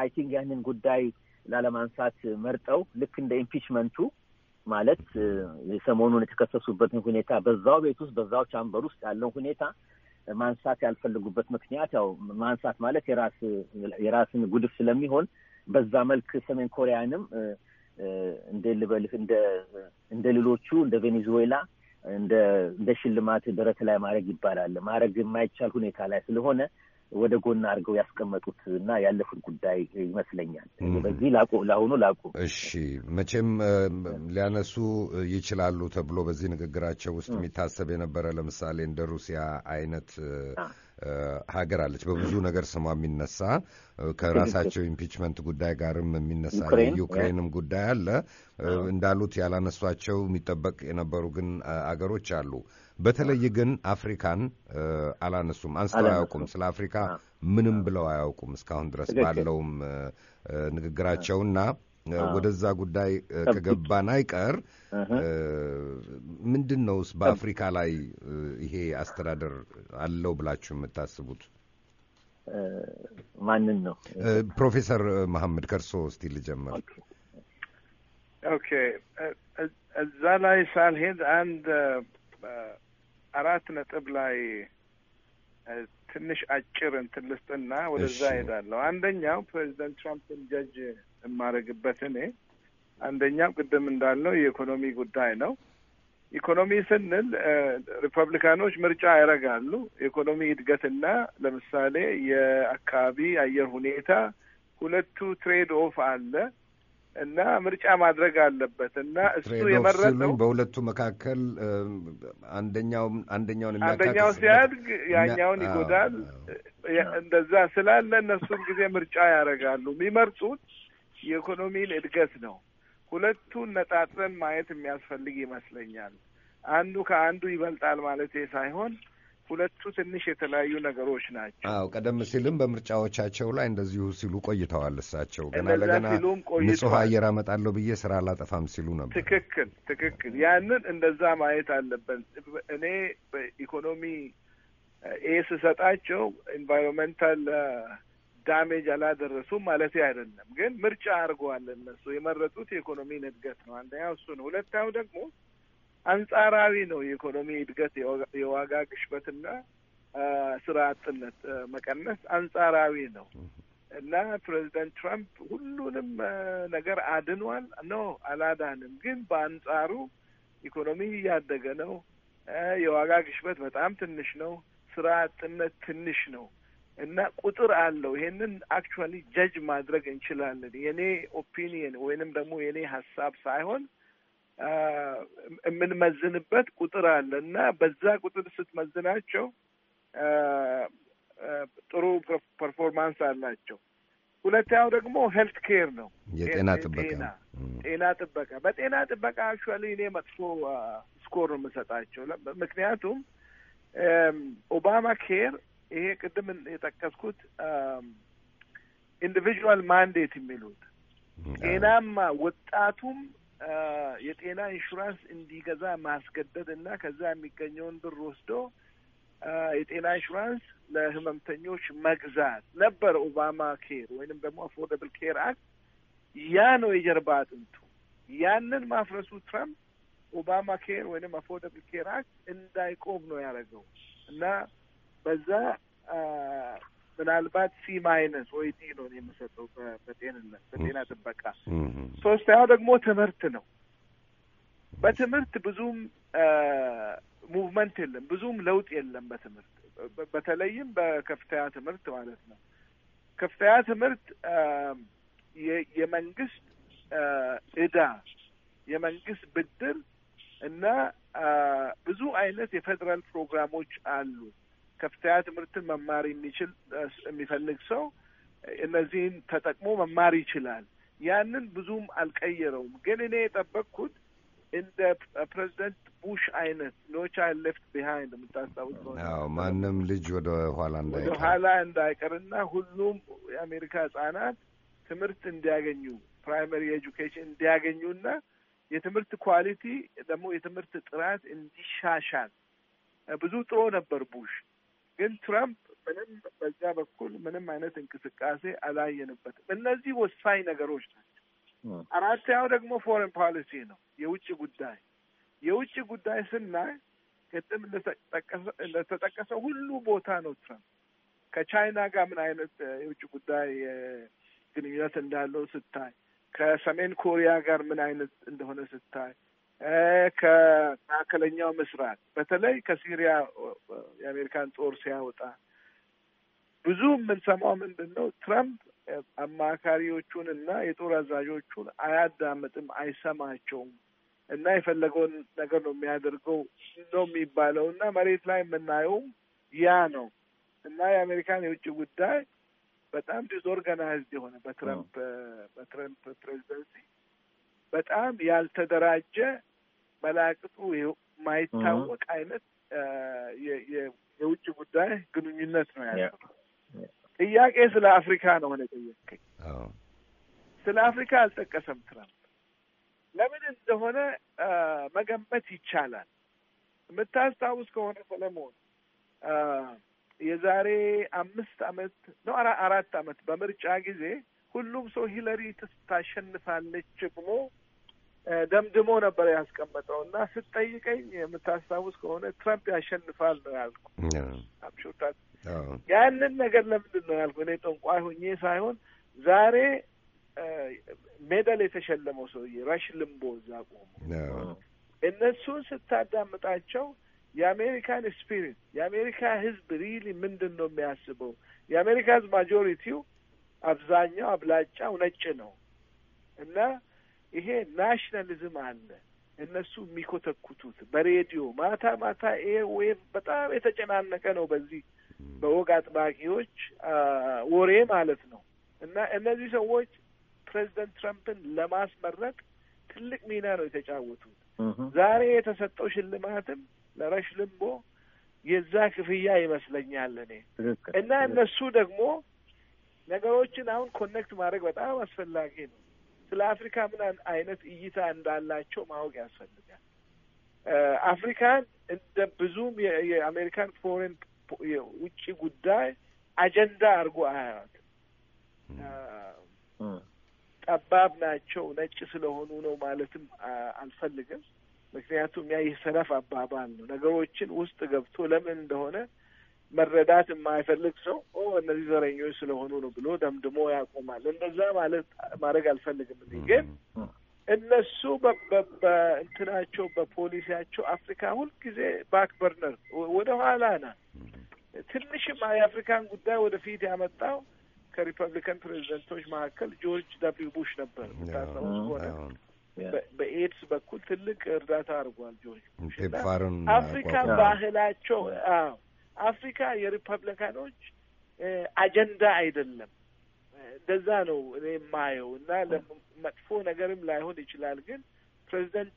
አይ ቲንክ ያንን ጉዳይ ላለማንሳት መርጠው ልክ እንደ ኢምፒችመንቱ ማለት የሰሞኑን የተከሰሱበትን ሁኔታ በዛው ቤት ውስጥ በዛው ቻምበር ውስጥ ያለው ሁኔታ ማንሳት ያልፈልጉበት ምክንያት ያው ማንሳት ማለት የራስን ጉድፍ ስለሚሆን በዛ መልክ ሰሜን ኮሪያንም እንደ ልበልህ እንደ ሌሎቹ እንደ ቬኔዙዌላ እንደ ሽልማት ደረት ላይ ማድረግ ይባላል። ማድረግ የማይቻል ሁኔታ ላይ ስለሆነ ወደ ጎና አድርገው ያስቀመጡት እና ያለፉት ጉዳይ ይመስለኛል። በዚህ ላቁ ለአሁኑ ላቁ። እሺ መቼም ሊያነሱ ይችላሉ ተብሎ በዚህ ንግግራቸው ውስጥ የሚታሰብ የነበረ ለምሳሌ እንደ ሩሲያ አይነት ሀገር አለች። በብዙ ነገር ስሟ የሚነሳ ከራሳቸው ኢምፒችመንት ጉዳይ ጋርም የሚነሳ የዩክሬንም ጉዳይ አለ። እንዳሉት ያላነሷቸው የሚጠበቅ የነበሩ ግን አገሮች አሉ። በተለይ ግን አፍሪካን አላነሱም፣ አንስተው አያውቁም። ስለ አፍሪካ ምንም ብለው አያውቁም እስካሁን ድረስ ባለውም ንግግራቸውና ወደዛ ጉዳይ ከገባን አይቀር ምንድን ነውስ በአፍሪካ ላይ ይሄ አስተዳደር አለው ብላችሁ የምታስቡት? ማንን ነው? ፕሮፌሰር መሐመድ ከርሶ እስቲ ልጀምር። ኦኬ፣ እዛ ላይ ሳልሄድ አንድ አራት ነጥብ ላይ ትንሽ አጭር እንትን ልስጥና ወደዛ ሄዳለሁ። አንደኛው ፕሬዚደንት ትራምፕን ጃጅ የማደርግበት እኔ አንደኛው ቅድም እንዳልነው የኢኮኖሚ ጉዳይ ነው። ኢኮኖሚ ስንል ሪፐብሊካኖች ምርጫ ያደርጋሉ። የኢኮኖሚ እድገትና ለምሳሌ የአካባቢ አየር ሁኔታ ሁለቱ ትሬድ ኦፍ አለ እና ምርጫ ማድረግ አለበት እና እሱ የመረጠው በሁለቱ መካከል አንደኛው አንደኛውን አንደኛው ሲያድግ ያኛውን ይጎዳል። እንደዛ ስላለ እነሱም ጊዜ ምርጫ ያደርጋሉ የሚመርጡት የኢኮኖሚን እድገት ነው። ሁለቱን ነጣጥረን ማየት የሚያስፈልግ ይመስለኛል። አንዱ ከአንዱ ይበልጣል ማለት ሳይሆን ሁለቱ ትንሽ የተለያዩ ነገሮች ናቸው። አዎ ቀደም ሲልም በምርጫዎቻቸው ላይ እንደዚሁ ሲሉ ቆይተዋል። እሳቸው ገና ለገና ንጹህ አየር አመጣለሁ ብዬ ስራ አላጠፋም ሲሉ ነበር። ትክክል ትክክል። ያንን እንደዛ ማየት አለብን። እኔ በኢኮኖሚ ኤ ስሰጣቸው ኢንቫይሮንሜንታል ዳሜጅ አላደረሱም ማለት አይደለም። ግን ምርጫ አድርገዋል። እነሱ የመረጡት የኢኮኖሚ እድገት ነው። አንደኛው እሱ ነው። ሁለታው ደግሞ አንጻራዊ ነው የኢኮኖሚ እድገት የዋጋ ግሽበትና ስራ አጥነት መቀነስ አንጻራዊ ነው እና ፕሬዚደንት ትራምፕ ሁሉንም ነገር አድኗል? ኖ አላዳንም። ግን በአንጻሩ ኢኮኖሚ እያደገ ነው። የዋጋ ግሽበት በጣም ትንሽ ነው። ስራ አጥነት ትንሽ ነው። እና ቁጥር አለው። ይሄንን አክቹዋሊ ጀጅ ማድረግ እንችላለን። የኔ ኦፒኒየን ወይንም ደግሞ የኔ ሀሳብ ሳይሆን የምንመዝንበት ቁጥር አለ እና በዛ ቁጥር ስትመዝናቸው ጥሩ ፐርፎርማንስ አላቸው። ሁለተኛው ደግሞ ሄልት ኬር ነው፣ የጤና ጥበቃ ጤና ጥበቃ። በጤና ጥበቃ አክቹዋሊ እኔ መጥፎ ስኮር ነው የምሰጣቸው። ምክንያቱም ኦባማ ኬር ይሄ ቅድም የጠቀስኩት ኢንዲቪዥዋል ማንዴት የሚሉት ጤናማ ወጣቱም የጤና ኢንሹራንስ እንዲገዛ ማስገደድ እና ከዛ የሚገኘውን ብር ወስዶ የጤና ኢንሹራንስ ለህመምተኞች መግዛት ነበር። ኦባማ ኬር ወይንም ደግሞ አፎርደብል ኬር አክት ያ ነው የጀርባ አጥንቱ። ያንን ማፍረሱ ትራምፕ ኦባማ ኬር ወይንም አፎርደብል ኬር አክት እንዳይቆም ነው ያደረገው እና በዛ ምናልባት ሲ ማይነስ ወይ ዲ ነው የምሰጠው በጤንነት በጤና ጥበቃ። ሶስተኛው ደግሞ ትምህርት ነው። በትምህርት ብዙም ሙቭመንት የለም፣ ብዙም ለውጥ የለም በትምህርት በተለይም በከፍተኛ ትምህርት ማለት ነው። ከፍተኛ ትምህርት የመንግስት እዳ የመንግስት ብድር እና ብዙ አይነት የፌዴራል ፕሮግራሞች አሉ። ከፍተኛ ትምህርትን መማር የሚችል የሚፈልግ ሰው እነዚህን ተጠቅሞ መማር ይችላል። ያንን ብዙም አልቀየረውም። ግን እኔ የጠበቅኩት እንደ ፕሬዚደንት ቡሽ አይነት ኖ ቻይልድ ሌፍት ቢሃይንድ የምታስታውስ ከሆነ ማንም ልጅ ወደ ኋላ እንዳይቀር ወደ ኋላ እንዳይቀርና ሁሉም የአሜሪካ ህጻናት ትምህርት እንዲያገኙ ፕራይመሪ ኤጁኬሽን እንዲያገኙና የትምህርት ኳሊቲ ደግሞ የትምህርት ጥራት እንዲሻሻል ብዙ ጥሮ ነበር ቡሽ ግን ትራምፕ ምንም በዛ በኩል ምንም አይነት እንቅስቃሴ አላየንበትም። እነዚህ ወሳኝ ነገሮች ናቸው። አራተኛው ደግሞ ፎሬን ፖሊሲ ነው፣ የውጭ ጉዳይ። የውጭ ጉዳይ ስናይ ቅድም እንደተጠቀሰው ሁሉ ቦታ ነው ትራምፕ ከቻይና ጋር ምን አይነት የውጭ ጉዳይ ግንኙነት እንዳለው ስታይ፣ ከሰሜን ኮሪያ ጋር ምን አይነት እንደሆነ ስታይ፣ ከመካከለኛው ምስራቅ በተለይ ከሲሪያ የአሜሪካን ጦር ሲያወጣ ብዙ የምንሰማው ምንድን ነው? ትራምፕ አማካሪዎቹን እና የጦር አዛዦቹን አያዳምጥም፣ አይሰማቸውም እና የፈለገውን ነገር ነው የሚያደርገው ነው የሚባለው እና መሬት ላይ የምናየውም ያ ነው እና የአሜሪካን የውጭ ጉዳይ በጣም ዲስኦርጋናይዝድ የሆነ በትራምፕ በትረምፕ ፕሬዚደንሲ በጣም ያልተደራጀ መላቅጡ የማይታወቅ አይነት የውጭ ጉዳይ ግንኙነት ነው ያለው። ጥያቄ ስለ አፍሪካ ነው ሆነ ስለ አፍሪካ አልጠቀሰም ትራምፕ። ለምን እንደሆነ መገመት ይቻላል። የምታስታውስ ከሆነ ሰለሞን የዛሬ አምስት አመት ነው አራት አመት በምርጫ ጊዜ ሁሉም ሰው ሂለሪ ታሸንፋለች ብሎ ደምድሞ ነበር ያስቀመጠው እና ስጠይቀኝ የምታስታውስ ከሆነ ትራምፕ ያሸንፋል ነው ያልኩ። አምሹታ ያንን ነገር ለምንድን ነው ያልኩ። እኔ ጠንቋይ ሆኜ ሳይሆን ዛሬ ሜዳል የተሸለመው ሰውዬ ራሽ ልምቦ እዛ ቆሙ። እነሱን ስታዳምጣቸው የአሜሪካን ስፒሪት የአሜሪካ ህዝብ ሪሊ ምንድን ነው የሚያስበው የአሜሪካ ህዝብ ማጆሪቲው አብዛኛው አብላጫው ነጭ ነው እና ይሄ ናሽናሊዝም አለ። እነሱ የሚኮተኩቱት በሬዲዮ ማታ ማታ ይሄ በጣም የተጨናነቀ ነው በዚህ በወግ አጥባቂዎች ወሬ ማለት ነው እና እነዚህ ሰዎች ፕሬዚደንት ትረምፕን ለማስመረጥ ትልቅ ሚና ነው የተጫወቱት። ዛሬ የተሰጠው ሽልማትም ለረሽ ልምቦ የዛ ክፍያ ይመስለኛል እኔ እና እነሱ ደግሞ ነገሮችን አሁን ኮኔክት ማድረግ በጣም አስፈላጊ ነው። ስለ አፍሪካ ምን አይነት እይታ እንዳላቸው ማወቅ ያስፈልጋል። አፍሪካን እንደ ብዙም የአሜሪካን ፎሬን የውጭ ጉዳይ አጀንዳ አድርጎ አያት ጠባብ ናቸው ነጭ ስለሆኑ ነው ማለትም አልፈልግም። ምክንያቱም ያ የሰነፍ አባባል ነው። ነገሮችን ውስጥ ገብቶ ለምን እንደሆነ መረዳት የማይፈልግ ሰው ኦ እነዚህ ዘረኞች ስለሆኑ ነው ብሎ ደምድሞ ያቆማል። እንደዛ ማለት ማድረግ አልፈልግም እኔ ግን እነሱ በእንትናቸው በፖሊሲያቸው አፍሪካ ሁልጊዜ ባክ በርነር ወደ ኋላ ና ትንሽም የአፍሪካን ጉዳይ ወደፊት ያመጣው ከሪፐብሊካን ፕሬዚደንቶች መካከል ጆርጅ ደብሊው ቡሽ ነበር። ታስታውስ ከሆነ በኤድስ በኩል ትልቅ እርዳታ አድርጓል ጆርጅ ቡሽ። አፍሪካን ባህላቸው አዎ አፍሪካ የሪፐብሊካኖች አጀንዳ አይደለም። እንደዛ ነው እኔ የማየው እና መጥፎ ነገርም ላይሆን ይችላል። ግን ፕሬዚደንት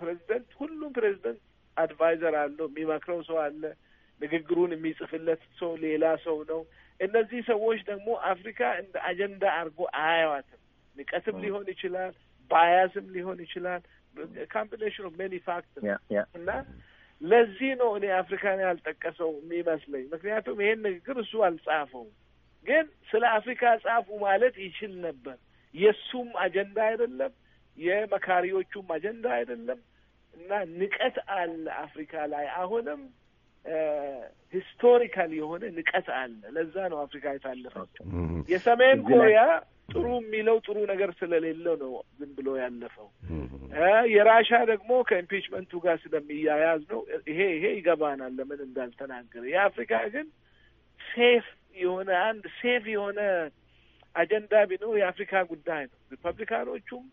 ፕሬዚደንት ሁሉም ፕሬዚደንት አድቫይዘር አለው፣ የሚመክረው ሰው አለ፣ ንግግሩን የሚጽፍለት ሰው ሌላ ሰው ነው። እነዚህ ሰዎች ደግሞ አፍሪካ እንደ አጀንዳ አድርጎ አያዋትም። ንቀትም ሊሆን ይችላል፣ ባያስም ሊሆን ይችላል፣ ካምቢኔሽን ኦፍ ሜኒ ፋክት እና ለዚህ ነው እኔ አፍሪካን ያልጠቀሰው የሚመስለኝ። ምክንያቱም ይሄን ንግግር እሱ አልጻፈውም፣ ግን ስለ አፍሪካ ጻፉ ማለት ይችል ነበር። የእሱም አጀንዳ አይደለም፣ የመካሪዎቹም አጀንዳ አይደለም እና ንቀት አለ አፍሪካ ላይ አሁንም ሂስቶሪካል የሆነ ንቀት አለ። ለዛ ነው አፍሪካ የታለፈችው። የሰሜን ኮሪያ ጥሩ የሚለው ጥሩ ነገር ስለሌለ ነው ዝም ብሎ ያለፈው። የራሻ ደግሞ ከኢምፒችመንቱ ጋር ስለሚያያዝ ነው። ይሄ ይሄ ይገባናል ለምን እንዳልተናገረ። የአፍሪካ ግን ሴፍ የሆነ አንድ ሴፍ የሆነ አጀንዳ ቢኖር የአፍሪካ ጉዳይ ነው። ሪፐብሊካኖቹም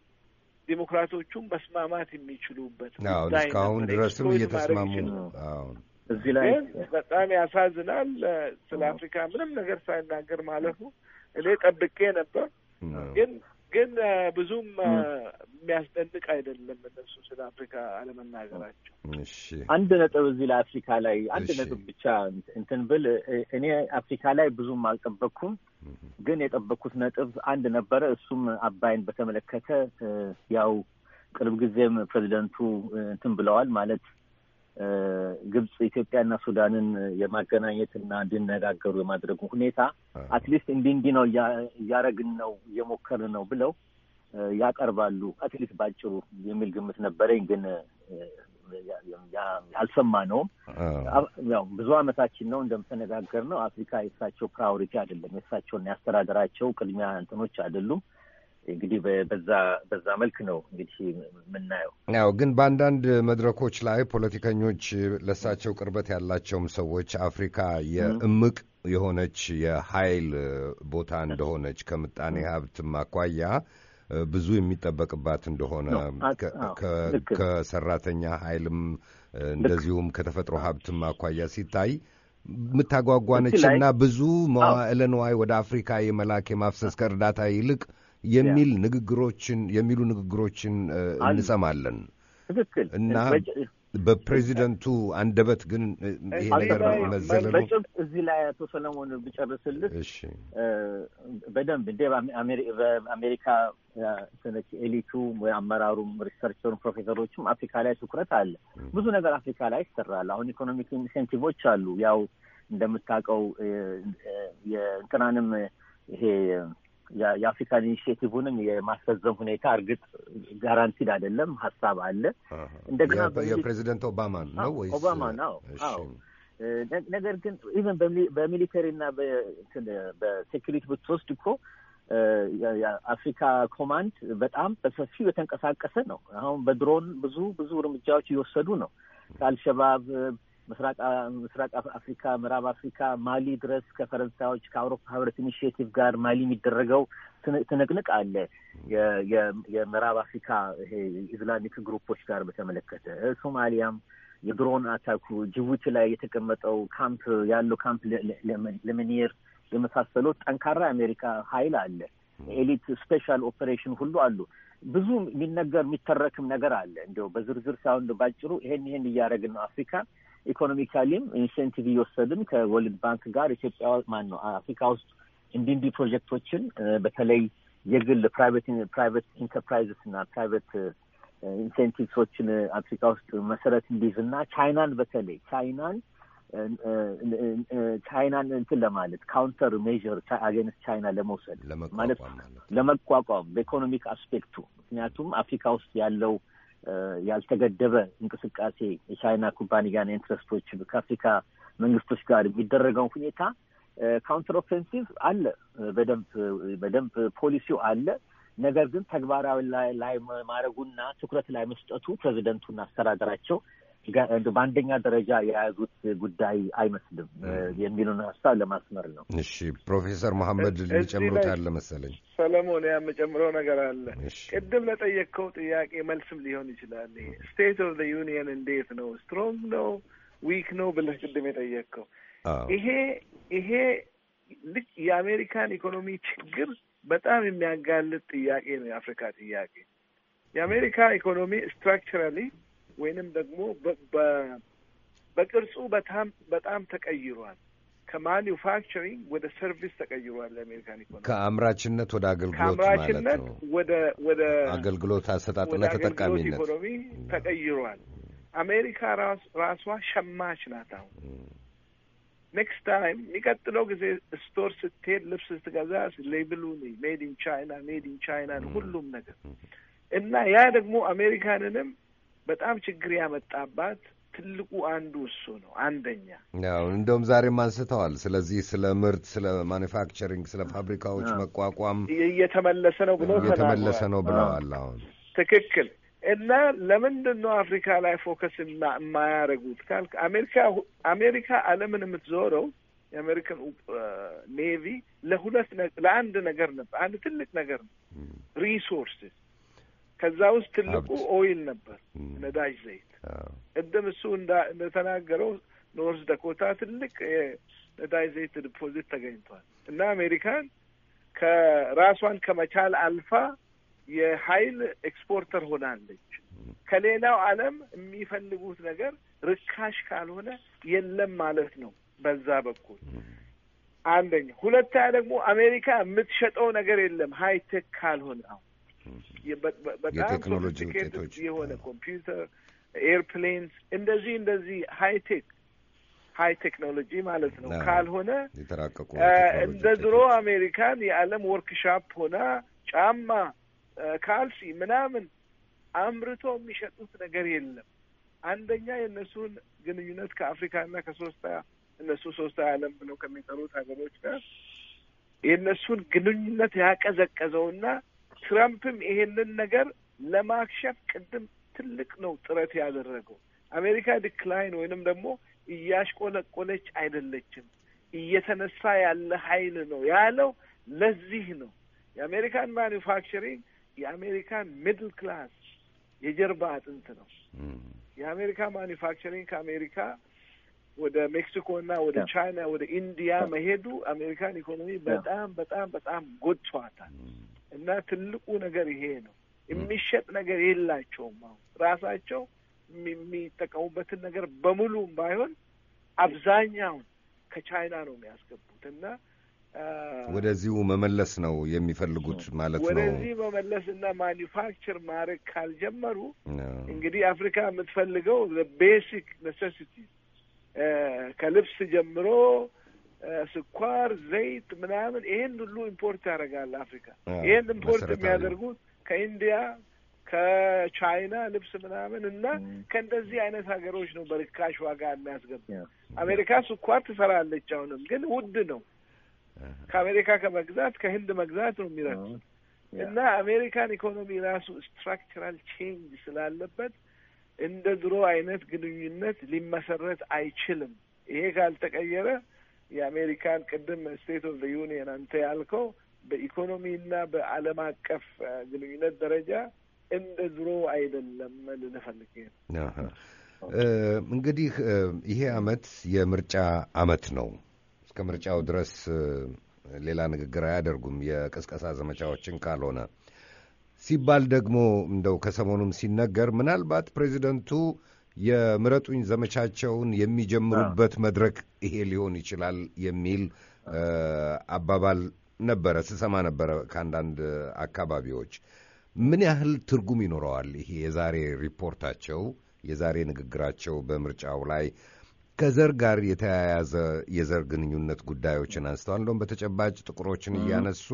ዴሞክራቶቹም መስማማት የሚችሉበት ጉዳይ እስካሁን ድረስም እየተስማሙ ነው። እዚህ ላይ በጣም ያሳዝናል። ስለ አፍሪካ ምንም ነገር ሳይናገር ማለት ነው። እኔ ጠብቄ ነበር። ግን ግን ብዙም የሚያስደንቅ አይደለም እነሱ ስለ አፍሪካ አለመናገራቸው። አንድ ነጥብ እዚህ ለአፍሪካ ላይ አንድ ነጥብ ብቻ እንትን ብል እኔ አፍሪካ ላይ ብዙም አልጠበቅኩም። ግን የጠበቅኩት ነጥብ አንድ ነበረ። እሱም አባይን በተመለከተ ያው ቅርብ ጊዜም ፕሬዚደንቱ እንትን ብለዋል ማለት ግብጽ ኢትዮጵያና ሱዳንን የማገናኘትና እንዲነጋገሩ የማድረጉ ሁኔታ አትሊስት እንዲህ እንዲህ ነው እያረግን ነው እየሞከር ነው ብለው ያቀርባሉ አትሊስት ባጭሩ የሚል ግምት ነበረኝ። ግን ያልሰማ ነውም ያው ብዙ ዓመታችን ነው እንደምተነጋገር ነው። አፍሪካ የእሳቸው ፕራዮሪቲ አይደለም። የእሳቸውና ያስተዳደራቸው ቅድሚያ እንትኖች አይደሉም። እንግዲህ በዛ በዛ መልክ ነው እንግዲህ የምናየው። ያው ግን በአንዳንድ መድረኮች ላይ ፖለቲከኞች፣ ለሳቸው ቅርበት ያላቸውም ሰዎች አፍሪካ የእምቅ የሆነች የኃይል ቦታ እንደሆነች ከምጣኔ ሀብትም አኳያ ብዙ የሚጠበቅባት እንደሆነ ከሰራተኛ ኃይልም እንደዚሁም ከተፈጥሮ ሀብትም አኳያ ሲታይ ምታጓጓነች እና ብዙ መዋዕለ ንዋይ ወደ አፍሪካ የመላክ የማፍሰስ ከእርዳታ ይልቅ የሚል ንግግሮችን የሚሉ ንግግሮችን እንሰማለን። ትክክል እና በፕሬዚደንቱ አንደበት ግን ይሄ ነገር መዘለሉ በጭብጥ እዚህ ላይ አቶ ሰለሞን ብጨርስልህ በደንብ እንደ በአሜሪካ ሰነች ኤሊቱ ወይ አመራሩም ሪሰርቸሩም ፕሮፌሰሮችም አፍሪካ ላይ ትኩረት አለ። ብዙ ነገር አፍሪካ ላይ ይሰራል። አሁን ኢኮኖሚክ ኢንሴንቲቮች አሉ። ያው እንደምታውቀው የእንትናንም ይሄ የአፍሪካን ኢኒሽቲቭንም የማስፈዘም ሁኔታ እርግጥ ጋራንቲድ አይደለም፣ ሀሳብ አለ። እንደገና የፕሬዚደንት ኦባማ ነው ወይስ ኦባማ ነው? ነገር ግን ኢቨን በሚሊተሪና በሴኪሪቲ ብትወስድ እኮ የአፍሪካ ኮማንድ በጣም በሰፊው የተንቀሳቀሰ ነው። አሁን በድሮን ብዙ ብዙ እርምጃዎች እየወሰዱ ነው ከአልሸባብ ምስራቅ አፍሪካ፣ ምዕራብ አፍሪካ፣ ማሊ ድረስ ከፈረንሳዮች ከአውሮፓ ህብረት ኢኒሽቲቭ ጋር ማሊ የሚደረገው ትንቅንቅ አለ። የምዕራብ አፍሪካ ይሄ ኢስላሚክ ግሩፖች ጋር በተመለከተ ሶማሊያም የድሮን አታኩ ጅቡቲ ላይ የተቀመጠው ካምፕ ያለው ካምፕ ለመኒየር የመሳሰሉት ጠንካራ የአሜሪካ ሀይል አለ። ኤሊት ስፔሻል ኦፕሬሽን ሁሉ አሉ። ብዙ የሚነገር የሚተረክም ነገር አለ። እንዲያው በዝርዝር ሳይሆን ባጭሩ ይሄን ይሄን እያደረግን ነው አፍሪካ ኢኮኖሚካሊም ኢንሴንቲቭ እየወሰድን ከወርልድ ባንክ ጋር ኢትዮጵያ ማን ነው አፍሪካ ውስጥ እንዲህ እንዲህ ፕሮጀክቶችን በተለይ የግል ፕራይቬት ፕራይቬት ኢንተርፕራይዝስ እና ፕራይቬት ኢንሴንቲቭሶችን አፍሪካ ውስጥ መሰረት እንዲይዝ እና ቻይናን በተለይ ቻይናን ቻይናን እንትን ለማለት ካውንተር ሜዥር አጌንስት ቻይና ለመውሰድ ማለት ለመቋቋም በኢኮኖሚክ አስፔክቱ ምክንያቱም አፍሪካ ውስጥ ያለው ያልተገደበ እንቅስቃሴ የቻይና ኩባንያን ኢንትረስቶች ከአፍሪካ መንግስቶች ጋር የሚደረገውን ሁኔታ ካውንተር ኦፌንሲቭ አለ፣ በደንብ በደንብ ፖሊሲው አለ። ነገር ግን ተግባራዊ ላይ ማድረጉና ትኩረት ላይ መስጠቱ ፕሬዚደንቱና አስተዳደራቸው በአንደኛ ደረጃ የያዙት ጉዳይ አይመስልም የሚሉን ሀሳብ ለማስመር ነው። እሺ ፕሮፌሰር መሐመድ ሊጨምሩት አለ መሰለኝ። ሰለሞን የምጨምረው ነገር አለ። ቅድም ለጠየቅከው ጥያቄ መልስም ሊሆን ይችላል። ስቴት ኦፍ ዩኒየን እንዴት ነው? ስትሮንግ ነው ዊክ ነው ብለህ ቅድም የጠየቅከው ይሄ ይሄ ልክ የአሜሪካን ኢኮኖሚ ችግር በጣም የሚያጋልጥ ጥያቄ ነው። የአፍሪካ ጥያቄ የአሜሪካ ኢኮኖሚ ስትራክቸራሊ ወይንም ደግሞ በቅርጹ በጣም በጣም ተቀይሯል። ከማኒፋክቸሪንግ ወደ ሰርቪስ ተቀይሯል። የአሜሪካን ኢኮኖሚ ከአምራችነት ወደ አገልግሎት ከአምራችነት ወደ ወደ አገልግሎት አሰጣጥና ተጠቃሚነት ኢኮኖሚ ተቀይሯል። አሜሪካ ራሷ ሸማች ናት። አሁን ኔክስት ታይም የሚቀጥለው ጊዜ ስቶር ስትሄድ ልብስ ስትገዛ ሌብሉ ሜድ ኢን ቻይና ሜድ ኢን ቻይና ሁሉም ነገር እና ያ ደግሞ አሜሪካንንም በጣም ችግር ያመጣባት ትልቁ አንዱ እሱ ነው። አንደኛ ያው እንደውም ዛሬም አንስተዋል። ስለዚህ ስለ ምርት፣ ስለ ማኒፋክቸሪንግ፣ ስለ ፋብሪካዎች መቋቋም እየተመለሰ ነው ብለው እየተመለሰ ነው ብለዋል። አሁን ትክክል እና ለምንድን ነው አፍሪካ ላይ ፎከስ የማያደርጉት ካልክ አሜሪካ አሜሪካ ዓለምን የምትዞረው የአሜሪካን ኔቪ ለሁለት ለአንድ ነገር ነበር። አንድ ትልቅ ነገር ነው ሪሶርስስ ከዛ ውስጥ ትልቁ ኦይል ነበር፣ ነዳጅ ዘይት። ቅድም እሱ እንደተናገረው ኖርዝ ደኮታ ትልቅ የነዳጅ ዘይት ዲፖዚት ተገኝቷል እና አሜሪካን ከራሷን ከመቻል አልፋ የሀይል ኤክስፖርተር ሆናለች። ከሌላው ዓለም የሚፈልጉት ነገር ርካሽ ካልሆነ የለም ማለት ነው። በዛ በኩል አንደኛ። ሁለተኛ ደግሞ አሜሪካ የምትሸጠው ነገር የለም ሀይቴክ ካልሆነ አሁን በጣም ሶፊስቲኬትድ የሆነ ኮምፒውተር፣ ኤርፕሌንስ እንደዚህ እንደዚህ ሀይቴክ ሀይ ቴክኖሎጂ ማለት ነው። ካልሆነ የተራቀቁ እንደ ድሮ አሜሪካን የዓለም ወርክሻፕ ሆና ጫማ፣ ካልሲ ምናምን አምርቶ የሚሸጡት ነገር የለም። አንደኛ የእነሱን ግንኙነት ከአፍሪካና ከሶስት እነሱ ሶስት ዓለም ብለው ከሚጠሩት ሀገሮች ጋር የእነሱን ግንኙነት ያቀዘቀዘውና ትራምፕም ይሄንን ነገር ለማክሸፍ ቅድም ትልቅ ነው ጥረት ያደረገው። አሜሪካ ዲክላይን ወይንም ደግሞ እያሽቆለቆለች አይደለችም፣ እየተነሳ ያለ ኃይል ነው ያለው። ለዚህ ነው የአሜሪካን ማኒፋክቸሪንግ የአሜሪካን ሚድል ክላስ የጀርባ አጥንት ነው። የአሜሪካ ማኒፋክቸሪንግ ከአሜሪካ ወደ ሜክሲኮና ወደ ቻይና ወደ ኢንዲያ መሄዱ አሜሪካን ኢኮኖሚ በጣም በጣም በጣም ጎድቷታል። እና ትልቁ ነገር ይሄ ነው። የሚሸጥ ነገር የላቸውም። አሁን ራሳቸው የሚጠቀሙበትን ነገር በሙሉም ባይሆን አብዛኛውን ከቻይና ነው የሚያስገቡት እና ወደዚሁ መመለስ ነው የሚፈልጉት ማለት ነው። ወደዚህ መመለስ እና ማኒፋክቸር ማድረግ ካልጀመሩ እንግዲህ አፍሪካ የምትፈልገው ቤሲክ ኔሴሲቲ ከልብስ ጀምሮ ስኳር፣ ዘይት ምናምን ይሄን ሁሉ ኢምፖርት ያደርጋል አፍሪካ። ይሄን ኢምፖርት የሚያደርጉት ከኢንዲያ ከቻይና ልብስ ምናምን እና ከእንደዚህ አይነት ሀገሮች ነው በርካሽ ዋጋ የሚያስገባ። አሜሪካ ስኳር ትሰራለች አሁንም፣ ግን ውድ ነው። ከአሜሪካ ከመግዛት ከህንድ መግዛት ነው የሚረዱ እና አሜሪካን ኢኮኖሚ ራሱ ስትራክቸራል ቼንጅ ስላለበት እንደ ድሮ አይነት ግንኙነት ሊመሰረት አይችልም። ይሄ ካልተቀየረ የአሜሪካን ቅድም ስቴት ኦፍ ዩኒየን አንተ ያልከው በኢኮኖሚና በዓለም አቀፍ ግንኙነት ደረጃ እንደ ድሮ አይደለም ልንፈልግ እንግዲህ ይሄ አመት የምርጫ አመት ነው። እስከ ምርጫው ድረስ ሌላ ንግግር አያደርጉም የቅስቀሳ ዘመቻዎችን ካልሆነ ሲባል ደግሞ እንደው ከሰሞኑም ሲነገር ምናልባት ፕሬዚደንቱ የምረጡኝ ዘመቻቸውን የሚጀምሩበት መድረክ ይሄ ሊሆን ይችላል የሚል አባባል ነበረ ስሰማ ነበረ ከአንዳንድ አካባቢዎች። ምን ያህል ትርጉም ይኖረዋል ይሄ የዛሬ ሪፖርታቸው የዛሬ ንግግራቸው በምርጫው ላይ ከዘር ጋር የተያያዘ የዘር ግንኙነት ጉዳዮችን አንስተዋል። እንደውም በተጨባጭ ጥቁሮችን እያነሱ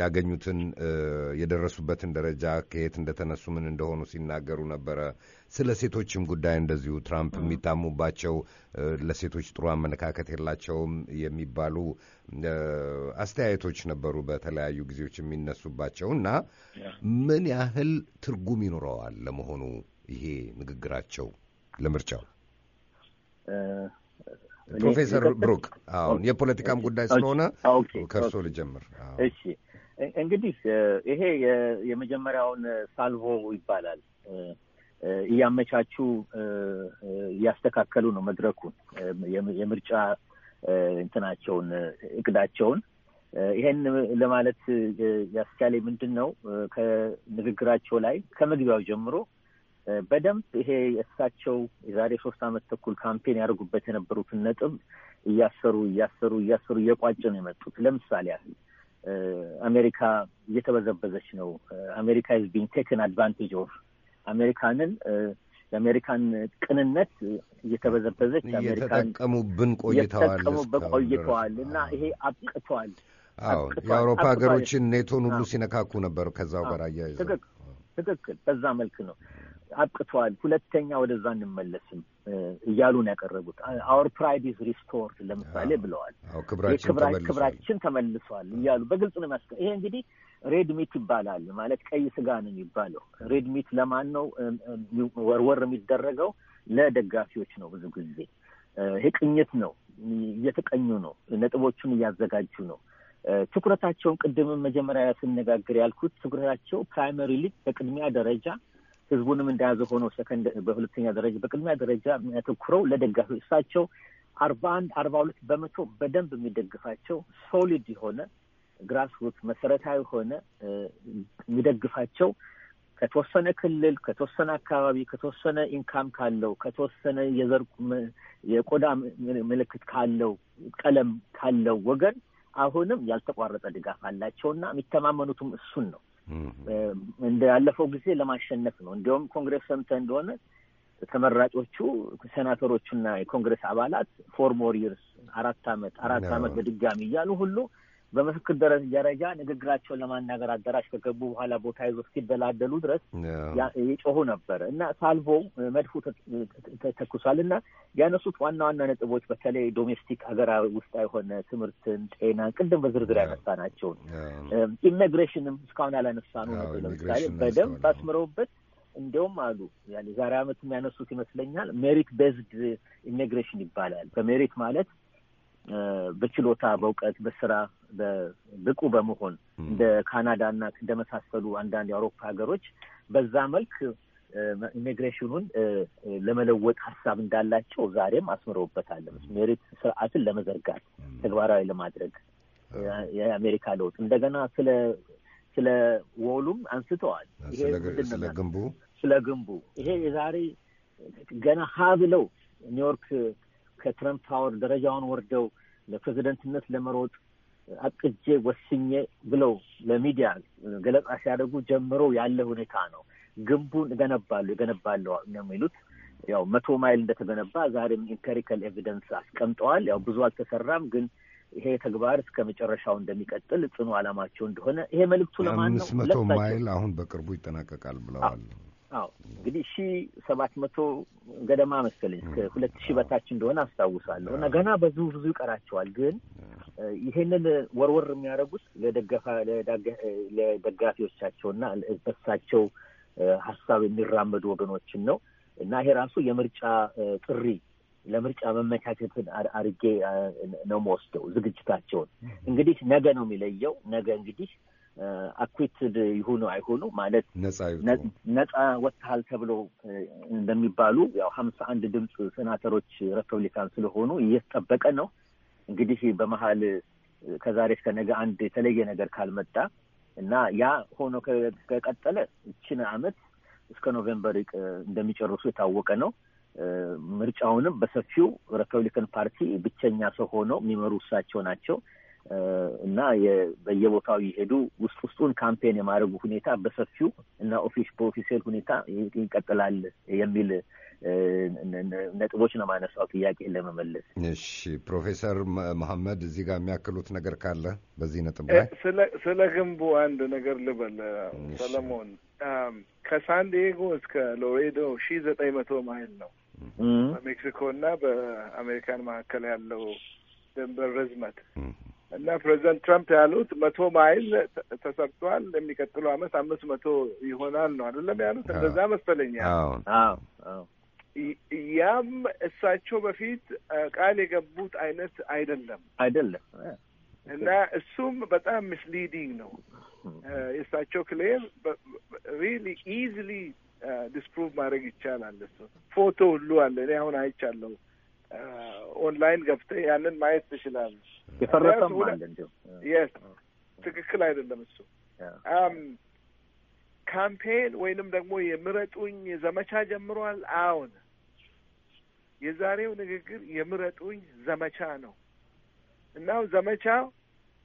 ያገኙትን የደረሱበትን ደረጃ ከየት እንደተነሱ ምን እንደሆኑ ሲናገሩ ነበረ። ስለ ሴቶችም ጉዳይ እንደዚሁ ትራምፕ የሚታሙባቸው ለሴቶች ጥሩ አመለካከት የላቸውም የሚባሉ አስተያየቶች ነበሩ በተለያዩ ጊዜዎች የሚነሱባቸው እና ምን ያህል ትርጉም ይኖረዋል ለመሆኑ ይሄ ንግግራቸው ለምርጫው? ፕሮፌሰር ብሩክ አሁን የፖለቲካም ጉዳይ ስለሆነ ከእርሶ ልጀምር። እሺ እንግዲህ ይሄ የመጀመሪያውን ሳልቮ ይባላል። እያመቻቹ እያስተካከሉ ነው መድረኩን የምርጫ እንትናቸውን እቅዳቸውን። ይሄን ለማለት ያስቻለ ምንድን ነው ከንግግራቸው ላይ ከመግቢያው ጀምሮ በደንብ ይሄ እሳቸው የዛሬ ሶስት አመት ተኩል ካምፔን ያደርጉበት የነበሩትን ነጥብ እያሰሩ እያሰሩ እያሰሩ እየቋጭ ነው የመጡት። ለምሳሌ ያህል አሜሪካ እየተበዘበዘች ነው፣ አሜሪካ ኢዝ ቢን ቴክን አድቫንቴጅ ኦፍ አሜሪካንን የአሜሪካን ቅንነት እየተበዘበዘች እየተጠቀሙብን ቆይተዋል ቆይተዋል እና ይሄ አብቅተዋል። አዎ የአውሮፓ ሀገሮችን ኔቶን ሁሉ ሲነካኩ ነበር። ከዛው ጋር ትክክል፣ በዛ መልክ ነው አብቅተዋል ሁለተኛ ወደዛ እንመለስም እያሉን ያቀረቡት አወር ፕራይድ ኢዝ ሪስቶርድ ለምሳሌ ብለዋል። ክብራችን ተመልሷል እያሉ በግልጽ ነው የሚያስ ይሄ እንግዲህ ሬድ ሚት ይባላል ማለት ቀይ ስጋ ነው የሚባለው። ሬድ ሚት ለማን ነው ወርወር የሚደረገው? ለደጋፊዎች ነው። ብዙ ጊዜ ይሄ ቅኝት ነው። እየተቀኙ ነው፣ ነጥቦቹን እያዘጋጁ ነው። ትኩረታቸውን ቅድምም መጀመሪያ ስነጋግር ያልኩት ትኩረታቸው ፕራይመሪሊ በቅድሚያ ደረጃ ህዝቡንም እንደያዘ ሆኖ ሰከንድ በሁለተኛ ደረጃ በቅድሚያ ደረጃ የሚያተኩረው ለደጋፊ እሳቸው አርባ አንድ አርባ ሁለት በመቶ በደንብ የሚደግፋቸው ሶሊድ የሆነ ግራስ ሩት መሰረታዊ የሆነ የሚደግፋቸው ከተወሰነ ክልል ከተወሰነ አካባቢ ከተወሰነ ኢንካም ካለው ከተወሰነ የዘር የቆዳ ምልክት ካለው ቀለም ካለው ወገን አሁንም ያልተቋረጠ ድጋፍ አላቸውና የሚተማመኑትም እሱን ነው። እንደ ያለፈው ጊዜ ለማሸነፍ ነው። እንዲሁም ኮንግረስ ሰምተህ እንደሆነ ተመራጮቹ ሴናተሮቹና የኮንግረስ አባላት ፎር ሞር ይርስ አራት አመት አራት አመት በድጋሚ እያሉ ሁሉ በምስክር ደረጃ ንግግራቸውን ለማናገር አዳራሽ ከገቡ በኋላ ቦታ ይዞ እስኪደላደሉ ድረስ የጮሁ ነበር እና ሳልቮ መድፉ ተኩሷል እና ያነሱት ዋና ዋና ነጥቦች በተለይ ዶሜስቲክ ሀገራዊ ውስጥ የሆነ ትምህርትን፣ ጤና ቅድም በዝርዝር ያነሳ ናቸው። ኢሚግሬሽንም እስካሁን ያላነሳ ነው ነበር። ለምሳሌ በደንብ አስምረውበት እንዲያውም አሉ የዛሬ ዓመት የሚያነሱት ይመስለኛል ሜሪት ቤዝድ ኢሚግሬሽን ይባላል። በሜሪት ማለት በችሎታ በእውቀት በስራ ብቁ በመሆን እንደ ካናዳና እንደመሳሰሉ አንዳንድ የአውሮፓ ሀገሮች በዛ መልክ ኢሚግሬሽኑን ለመለወጥ ሀሳብ እንዳላቸው ዛሬም አስምረውበታል። ሜሪት ስርዓትን ለመዘርጋት ተግባራዊ ለማድረግ የአሜሪካ ለውጥ እንደገና ስለ ስለ ወሉም አንስተዋል። ስለ ግንቡ ስለ ግንቡ ይሄ የዛሬ ገና ሀ ብለው ኒውዮርክ ከትረምፕ ታወር ደረጃውን ወርደው ለፕሬዚደንትነት ለመሮጥ አቅጄ ወስኜ ብለው ለሚዲያ ገለጻ ሲያደርጉ ጀምሮ ያለ ሁኔታ ነው። ግንቡን እገነባሉ እገነባለሁ ነው የሚሉት። ያው መቶ ማይል እንደተገነባ ዛሬም ኢምፔሪካል ኤቪደንስ አስቀምጠዋል። ያው ብዙ አልተሰራም፣ ግን ይሄ ተግባር እስከ መጨረሻው እንደሚቀጥል ጽኑ ዓላማቸው እንደሆነ ይሄ መልእክቱ ለማን ነው? አምስት መቶ ማይል አሁን በቅርቡ ይጠናቀቃል ብለዋል። አዎ እንግዲህ ሺ ሰባት መቶ ገደማ መሰለኝ እስከ ሁለት ሺህ በታች እንደሆነ አስታውሳለሁ። እና ገና ብዙ ብዙ ይቀራቸዋል። ግን ይሄንን ወርወር የሚያደርጉት እና በሳቸው ሀሳብ የሚራመዱ ወገኖችን ነው እና ይሄ ራሱ የምርጫ ጥሪ ለምርጫ መመቻቸትን አድርጌ ነው መወስደው። ዝግጅታቸውን እንግዲህ ነገ ነው የሚለየው። ነገ እንግዲህ አኩትድ ይሁኑ አይሆኑ ማለት ነጻ ወጥተሃል ተብሎ እንደሚባሉ ያው ሀምሳ አንድ ድምፅ ሴናተሮች ሪፐብሊካን ስለሆኑ እየተጠበቀ ነው። እንግዲህ በመሀል ከዛሬ እስከ ነገ አንድ የተለየ ነገር ካልመጣ እና ያ ሆኖ ከቀጠለ እችን አመት እስከ ኖቬምበር እንደሚጨርሱ የታወቀ ነው። ምርጫውንም በሰፊው ሪፐብሊካን ፓርቲ ብቸኛ ሰው ሆነው የሚመሩ እሳቸው ናቸው። እና በየቦታው የሄዱ ውስጥ ውስጡን ካምፔን የማድረጉ ሁኔታ በሰፊው እና ኦፊስ በኦፊሴል ሁኔታ ይቀጥላል የሚል ነጥቦች ነው ማነሳው ጥያቄ ለመመለስ። እሺ ፕሮፌሰር መሐመድ እዚህ ጋር የሚያክሉት ነገር ካለ በዚህ ነጥብ ላይ ስለ ግንቡ አንድ ነገር ልበል ሰለሞን። ከሳንዲየጎ እስከ ሎሬዶ ሺ ዘጠኝ መቶ ማይል ነው በሜክሲኮ እና በአሜሪካን መካከል ያለው ድንበር ርዝመት እና ፕሬዚደንት ትራምፕ ያሉት መቶ ማይል ተሰርቷል፣ የሚቀጥለው አመት አምስት መቶ ይሆናል ነው አይደለም ያሉት? እንደዛ መሰለኛል። ያም እሳቸው በፊት ቃል የገቡት አይነት አይደለም አይደለም። እና እሱም በጣም ሚስሊዲንግ ነው። የእሳቸው ክሌም ሪሊ ኢዚሊ ዲስፕሩቭ ማድረግ ይቻላል። ፎቶ ሁሉ አለ። እኔ አሁን አይቻለሁ ኦንላይን ገብተህ ያንን ማየት ትችላለህ። የፈረሰም የስ ትክክል አይደለም እሱ ካምፔን ወይንም ደግሞ የምረጡኝ ዘመቻ ጀምሯል። አዎን የዛሬው ንግግር የምረጡኝ ዘመቻ ነው። እናው ዘመቻ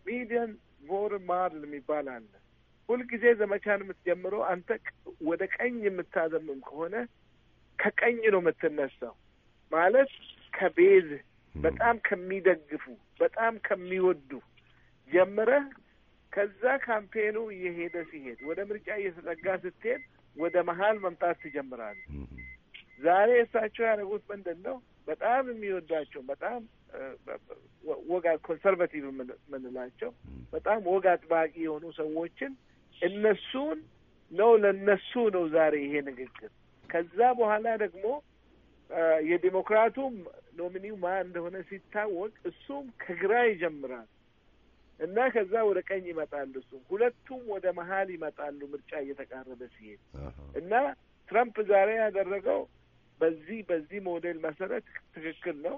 ሚሊየን ቮር ማርል የሚባል አለ። ሁልጊዜ ዘመቻን የምትጀምረው አንተ ወደ ቀኝ የምታዘምም ከሆነ ከቀኝ ነው የምትነሳው ማለት ከቤዝ በጣም ከሚደግፉ በጣም ከሚወዱ ጀምረህ ከዛ ካምፔኑ እየሄደ ሲሄድ ወደ ምርጫ እየተጠጋ ስትሄድ ወደ መሀል መምጣት ትጀምራለህ። ዛሬ እሳቸው ያደረጉት ምንድን ነው? በጣም የሚወዷቸው በጣም ወጋ ኮንሰርቫቲቭ የምንላቸው በጣም ወግ አጥባቂ የሆኑ ሰዎችን እነሱን ነው ለነሱ ነው ዛሬ ይሄ ንግግር። ከዛ በኋላ ደግሞ የዲሞክራቱም ኖሚኒው ማን እንደሆነ ሲታወቅ እሱም ከግራ ይጀምራል እና ከዛ ወደ ቀኝ ይመጣል። እሱም ሁለቱም ወደ መሀል ይመጣሉ ምርጫ እየተቃረበ ሲሄድ እና ትራምፕ ዛሬ ያደረገው በዚህ በዚህ ሞዴል መሰረት ትክክል ነው።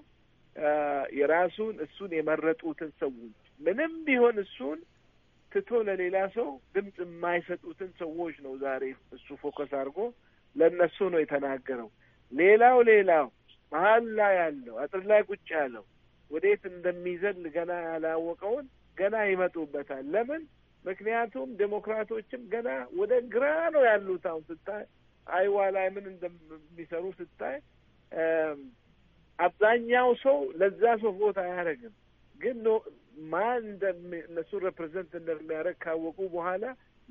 የራሱን እሱን የመረጡትን ሰዎች ምንም ቢሆን እሱን ትቶ ለሌላ ሰው ድምፅ የማይሰጡትን ሰዎች ነው ዛሬ እሱ ፎከስ አድርጎ ለእነሱ ነው የተናገረው። ሌላው ሌላው መሀል ላይ ያለው አጥር ላይ ቁጭ ያለው ወዴት እንደሚዘል ገና ያላወቀውን ገና ይመጡበታል። ለምን? ምክንያቱም ዴሞክራቶችም ገና ወደ ግራ ነው ያሉት። አሁን ስታይ አይዋ ላይ ምን እንደሚሰሩ ስታይ አብዛኛው ሰው ለዛ ሰው ቦታ አያደርግም። ግን ማን እነሱ ሬፕሬዘንት እንደሚያደርግ ካወቁ በኋላ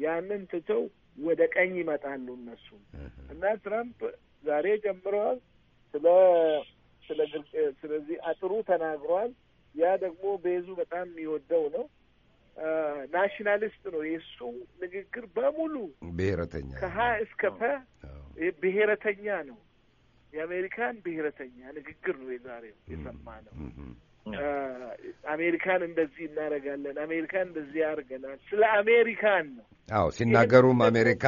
ያንን ትተው ወደ ቀኝ ይመጣሉ እነሱም እና ትራምፕ ዛሬ ጀምረዋል። ስለ ስለ ስለዚህ አጥሩ ተናግረዋል። ያ ደግሞ ቤዙ በጣም የሚወደው ነው። ናሽናሊስት ነው። የእሱ ንግግር በሙሉ ብሔረተኛ ከሀ እስከ ፐ ብሔረተኛ ነው። የአሜሪካን ብሔረተኛ ንግግር ነው የዛሬው ነው። አሜሪካን እንደዚህ እናደርጋለን፣ አሜሪካን እንደዚህ ያደርገናል። ስለ አሜሪካን ነው። አዎ ሲናገሩም አሜሪካ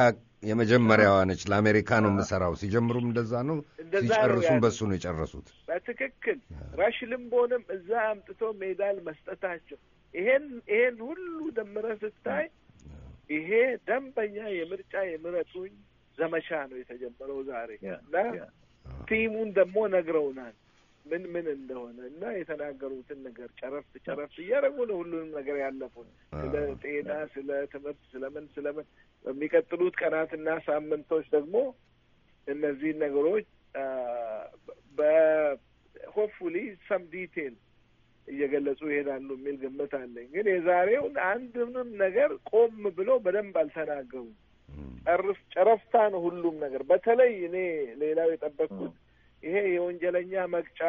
የመጀመሪያዋ ነች። ለአሜሪካ ነው የምሰራው። ሲጀምሩም እንደዛ ነው፣ ሲጨርሱም በሱ ነው የጨረሱት። በትክክል ራሽ ልምቦንም እዛ አምጥቶ ሜዳል መስጠታቸው ይሄን ይሄን ሁሉ ደምረ ስታይ ይሄ ደንበኛ የምርጫ የምረጡኝ ዘመቻ ነው የተጀመረው ዛሬ እና ቲሙን ደግሞ ነግረውናል ምን ምን እንደሆነ እና የተናገሩትን ነገር ጨረፍ ጨረፍ እያደረጉ ነው ሁሉንም ነገር ያለፉን ስለ ጤና፣ ስለ ትምህርት፣ ስለምን ስለምን በሚቀጥሉት ቀናትና ሳምንቶች ደግሞ እነዚህን ነገሮች በሆፕፉሊ ሰም ዲቴል እየገለጹ ይሄዳሉ የሚል ግምት አለኝ። ግን የዛሬውን አንድንም ነገር ቆም ብለው በደንብ አልተናገሩም። ጨርስ ጨረፍታ ነው ሁሉም ነገር። በተለይ እኔ ሌላው የጠበቅኩት ይሄ የወንጀለኛ መቅጫ